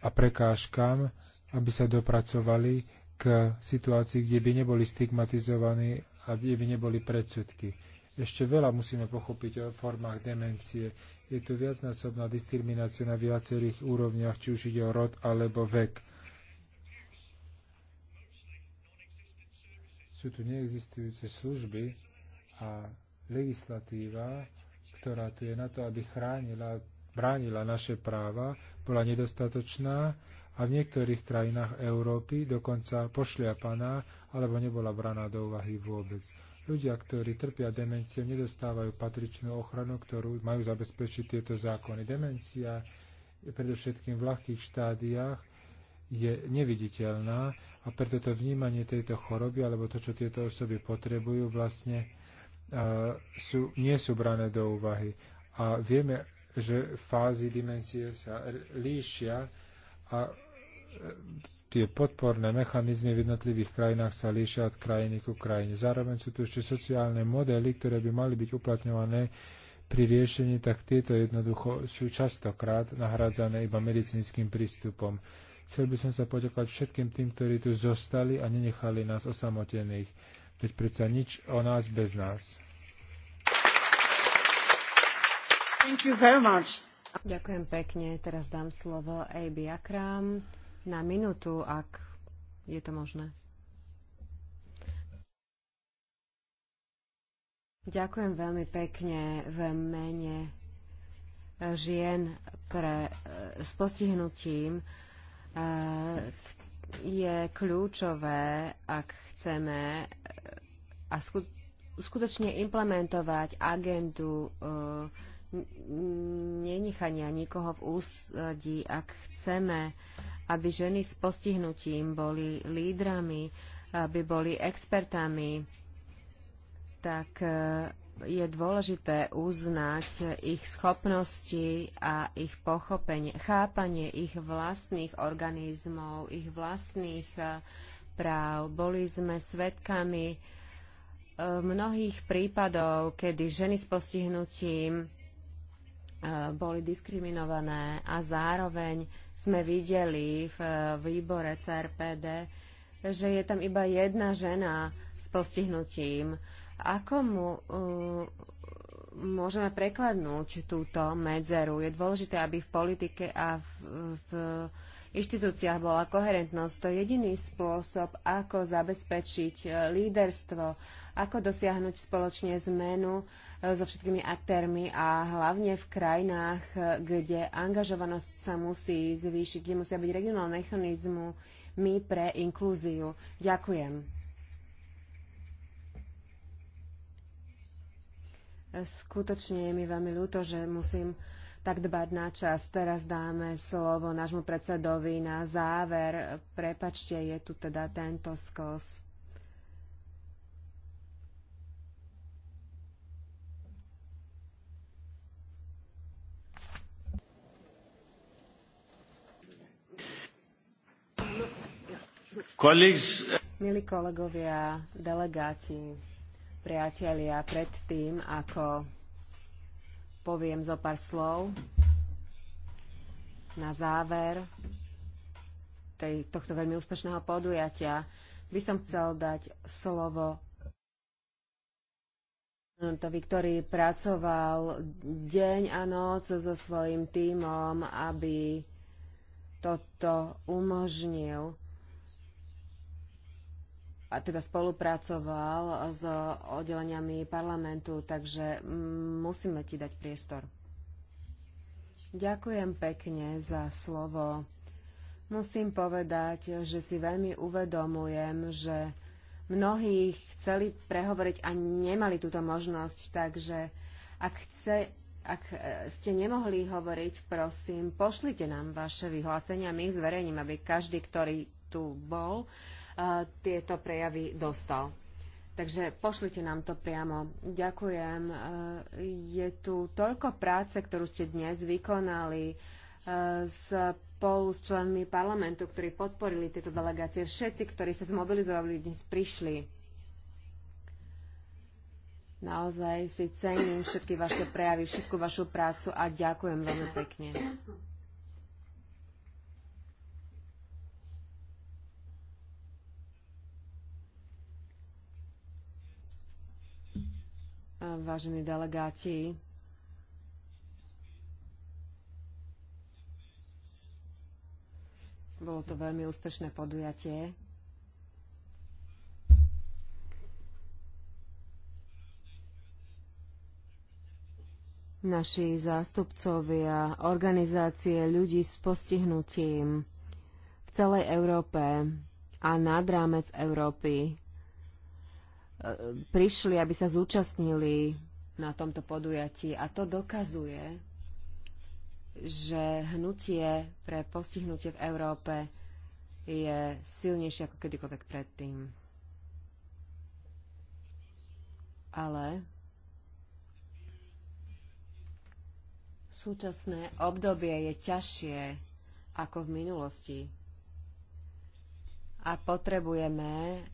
a prekaškam, aby se dopracovali k situaciji, gdje bi ne boli stigmatizovani, a gdje bi ne boli predsudki. Ešte veľa musíme pochopiť o formách demencie. Je tu viacnásobná diskriminácia na viacerých úrovniach, či už ide o rod alebo vek. Sú tu neexistujúce služby a legislativa, ktorá tu je na to, aby chránila, bránila naše práva, bola nedostatočná a v niektorých krajinách Európy dokonca pošliapaná alebo nebola braná do úvahy vôbec. Ľudia, ktorí trpia demenciou, nedostávajú patričnú ochranu, ktorú majú zabezpečiť tieto zákony. Demencia je predovšetkým v ľahkých štádiách je neviditeľná a preto to vnímanie tejto choroby alebo to, čo tieto osoby potrebujú, vlastne sú, nie sú brané do úvahy. A vieme, že fázy dimenzie sa líšia a e, tie podporné mechanizmy v jednotlivých krajinách sa líšia od krajiny ku krajine. Zároveň sú tu ešte sociálne modely, ktoré by mali byť uplatňované pri riešení, tak tieto jednoducho sú častokrát nahradzané iba medicínskym prístupom. Chcel by som sa poďakovať všetkým tým, ktorí tu zostali a nenechali nás osamotených veď predsa nič o nás bez nás. Thank you very much. Ďakujem pekne. Teraz dám slovo AB Akram na minútu, ak je to možné. Ďakujem veľmi pekne v mene žien pre, eh, s postihnutím. Eh, je kľúčové, ak chceme eh, a skutočne implementovať agendu eh, nenechania nikoho v úsadí, ak chceme, aby ženy s postihnutím boli lídrami, aby boli expertami, tak eh, je dôležité uznať ich schopnosti a ich pochopenie, chápanie ich vlastných organizmov, ich vlastných uh, správ. Boli sme svedkami eh, mnohých prípadov, kedy ženy s postihnutím eh, boli diskriminované a zároveň sme videli v eh, výbore CRPD, že je tam iba jedna žena s postihnutím. Ako mu môžeme prekladnúť túto medzeru? Je dôležité, aby v politike a v, v inštitúciách bola koherentnosť to jediný spôsob, ako zabezpečiť e, líderstvo, ako dosiahnuť spoločne zmenu e, so všetkými aktérmi a hlavne v krajinách, e, kde angažovanosť sa musí zvýšiť, kde musia byť regionálne mechanizmu my pre inklúziu. Ďakujem. Skutočne je mi veľmi ľúto, že musím uh, tak dbať na čas. Teraz dáme slovo nášmu predsedovi na záver. Prepačte, je tu teda tento sklos. Kolež... Milí kolegovia, delegáti, priatelia, predtým ako poviem zo pár slov na záver tej, tohto veľmi úspešného podujatia by som chcel dať slovo Tovi, ktorý pracoval deň a noc so svojím tímom, aby toto umožnil a teda spolupracoval s oddeleniami parlamentu, takže musíme ti dať priestor. Ďakujem pekne za slovo. Musím povedať, že si veľmi uvedomujem, že mnohí chceli prehovoriť a nemali túto možnosť, takže ak, chce, ak e, ste nemohli hovoriť, prosím, pošlite nám vaše vyhlásenia, my ich zverejním, aby každý, ktorý tu bol, tieto prejavy dostal. Takže pošlite nám to priamo. Ďakujem. Je tu toľko práce, ktorú ste dnes vykonali spolu s členmi parlamentu, ktorí podporili tieto delegácie. Všetci, ktorí sa zmobilizovali, dnes prišli. Naozaj si cením všetky vaše prejavy, všetku vašu prácu a ďakujem veľmi pekne. važenoj delegaciji. Bolo to veľmi úspešné podujatie. Naši zástupcovia, organizácie ľudí s postihnutím v celej Európe a nad rámec Európy prišli, aby sa zúčastnili na tomto podujatí. A to dokazuje, že hnutie pre postihnutie v Európe je silnejšie ako kedykoľvek predtým. Ale súčasné obdobie je ťažšie ako v minulosti. A potrebujeme,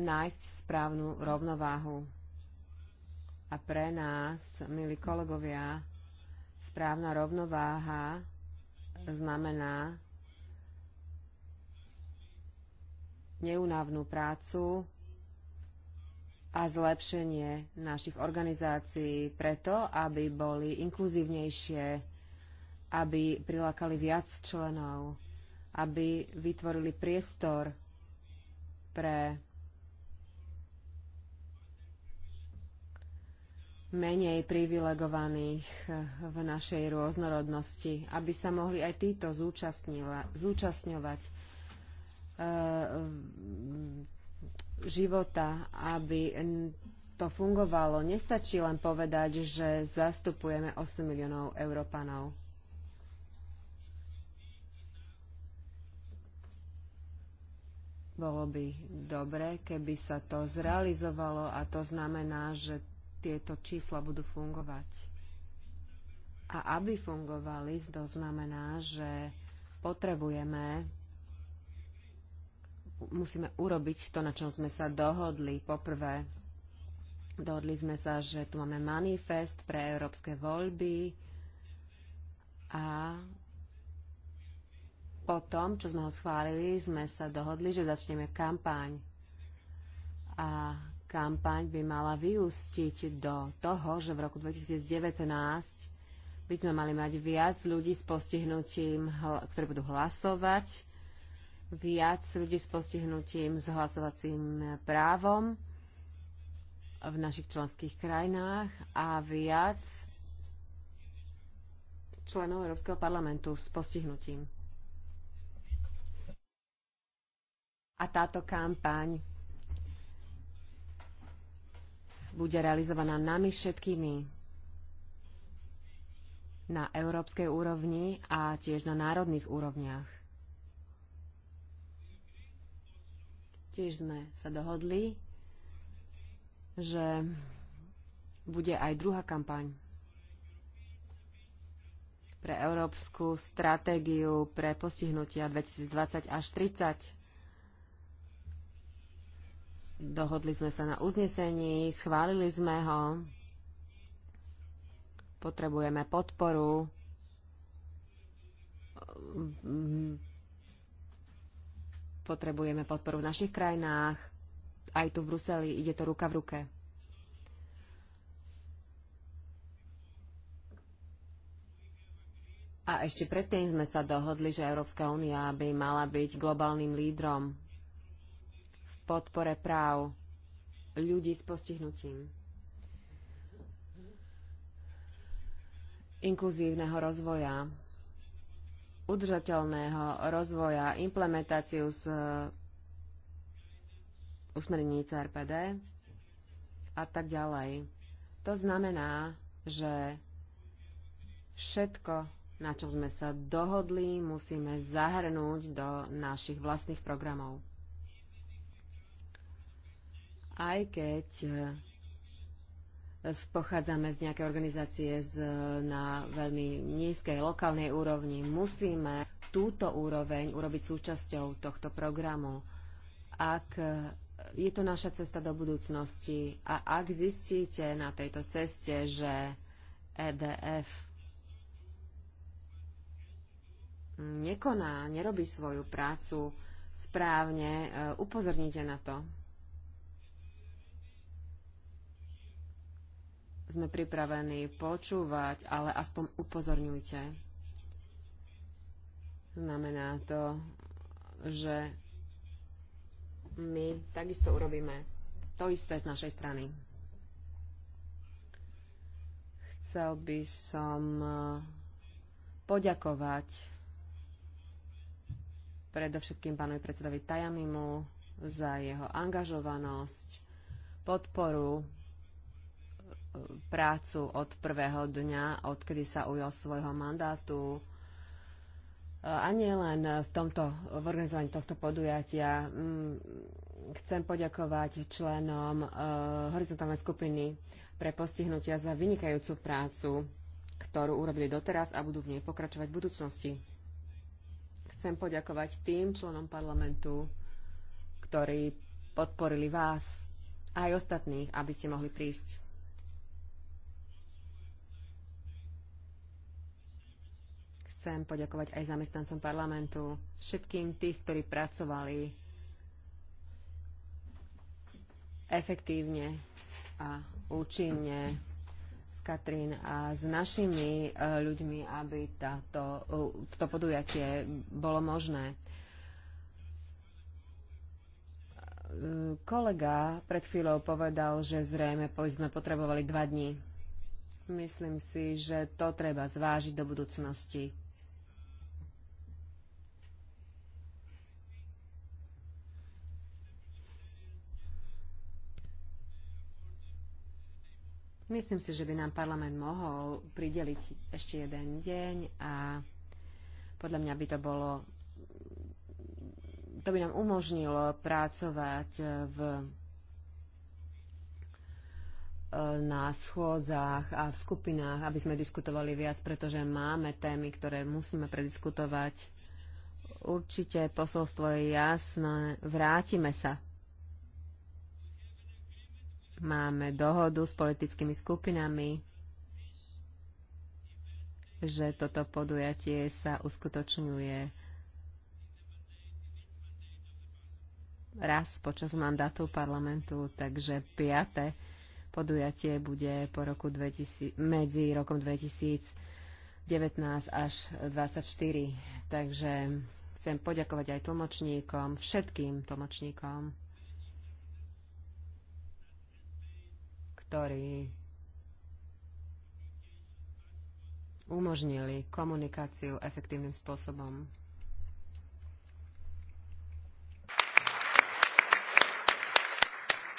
nájsť správnu rovnováhu. A pre nás, milí kolegovia, správna rovnováha znamená neunávnu prácu a zlepšenie našich organizácií preto, aby boli inkluzívnejšie, aby prilákali viac členov, aby vytvorili priestor pre menej privilegovaných eh, v našej rôznorodnosti, aby sa mohli aj títo zúčastňovať e, života, aby to fungovalo. Nestačí len povedať, že zastupujeme 8 miliónov Európanov. Bolo by dobre, keby sa to zrealizovalo a to znamená, že tieto čísla budú fungovať. A aby fungovali, to znamená, že potrebujeme, musíme urobiť to, na čom sme sa dohodli poprvé. Dohodli sme sa, že tu máme manifest pre európske voľby a po tom, čo sme ho schválili, sme sa dohodli, že začneme kampaň. A kampaň by mala vyústiť do toho, že v roku 2019 by sme mali mať viac ľudí s postihnutím, ktorí budú hlasovať, viac ľudí s postihnutím s hlasovacím právom v našich členských krajinách a viac členov Európskeho parlamentu s postihnutím. A táto kampaň bude realizovaná nami všetkými na európskej úrovni a tiež na národných úrovniach. Tiež sme sa dohodli, že bude aj druhá kampaň pre európsku stratégiu pre postihnutia 2020 až 2030. Dohodli sme sa na uznesení, schválili sme ho. Potrebujeme podporu. Potrebujeme podporu v našich krajinách. Aj tu v Bruseli ide to ruka v ruke. A ešte predtým sme sa dohodli, že Európska únia by mala byť globálnym lídrom podpore práv ľudí s postihnutím. Inkluzívneho rozvoja, udržateľného rozvoja, implementáciu z usmernení CRPD a tak ďalej. To znamená, že všetko, na čo sme sa dohodli, musíme zahrnúť do našich vlastných programov aj keď e, pochádzame z nejakej organizácie z, na veľmi nízkej lokálnej úrovni, musíme túto úroveň urobiť súčasťou tohto programu. Ak e, je to naša cesta do budúcnosti a ak zistíte na tejto ceste, že EDF nekoná, nerobí svoju prácu správne, e, upozorníte na to. sme pripravení počúvať, ale aspoň upozorňujte. Znamená to, že my takisto urobíme to isté z našej strany. Chcel by som eh, poďakovať predovšetkým pánovi predsedovi Tajanimu za jeho angažovanosť, podporu prácu od prvého dňa, odkedy sa ujal svojho mandátu. A nie len v, tomto, v organizovaní tohto podujatia. Mm, chcem poďakovať členom eh, horizontálnej skupiny pre postihnutia za vynikajúcu prácu, ktorú urobili doteraz a budú v nej pokračovať v budúcnosti. Chcem poďakovať tým členom parlamentu, ktorí podporili vás aj ostatných, aby ste mohli prísť. chcem poďakovať aj zamestnancom parlamentu, všetkým tých, ktorí pracovali efektívne a účinne s Katrín a s našimi e, ľuďmi, aby táto, e, toto podujatie bolo možné. E, kolega pred chvíľou povedal, že zrejme sme potrebovali dva dní. Myslím si, že to treba zvážiť do budúcnosti. Myslím si, že by nám parlament mohol prideliť ešte jeden deň a podľa mňa by to bolo to by nám umožnilo pracovať e, v, e, na schôdzach a v skupinách, aby sme diskutovali viac, pretože máme témy, ktoré musíme prediskutovať. Určite posolstvo je jasné. Vrátime sa máme dohodu s politickými skupinami, že toto podujatie sa uskutočňuje raz počas mandátu parlamentu, takže piaté podujatie bude po roku 2000, medzi rokom 2019 až 2024. Takže chcem poďakovať aj tlmočníkom, všetkým tlmočníkom. ktorí umožnili komunikáciu efektívnym spôsobom.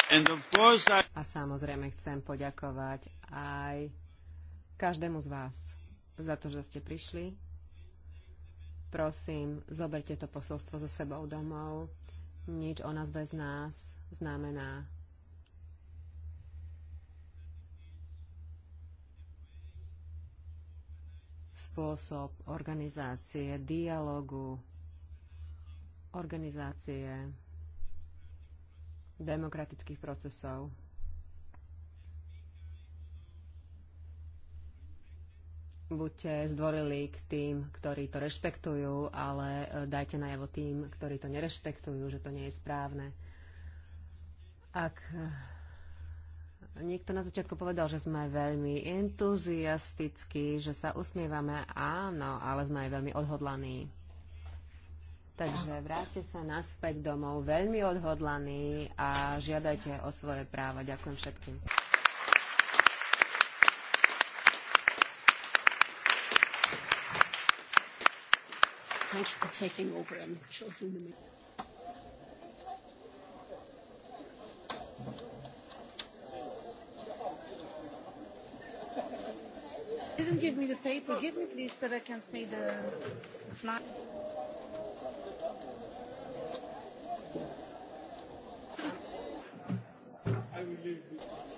And of course I... A samozrejme chcem poďakovať aj každému z vás za to, že ste prišli. Prosím, zoberte to posolstvo so sebou domov. Nič o nás bez nás znamená spôsob organizácie, dialogu, organizácie demokratických procesov. Buďte zdvorili k tým, ktorí to rešpektujú, ale e, dajte najavo tým, ktorí to nerešpektujú, že to nie je správne. Ak e, Niekto na začiatku povedal, že sme veľmi entuziastickí, že sa usmievame, áno, ale sme aj veľmi odhodlaní. Takže vráťte sa naspäť domov veľmi odhodlaní a žiadajte o svoje práva. Ďakujem všetkým. Thanks for taking over and um, she'll see the the paper. Give me, please, that I can see the flag. I will leave this.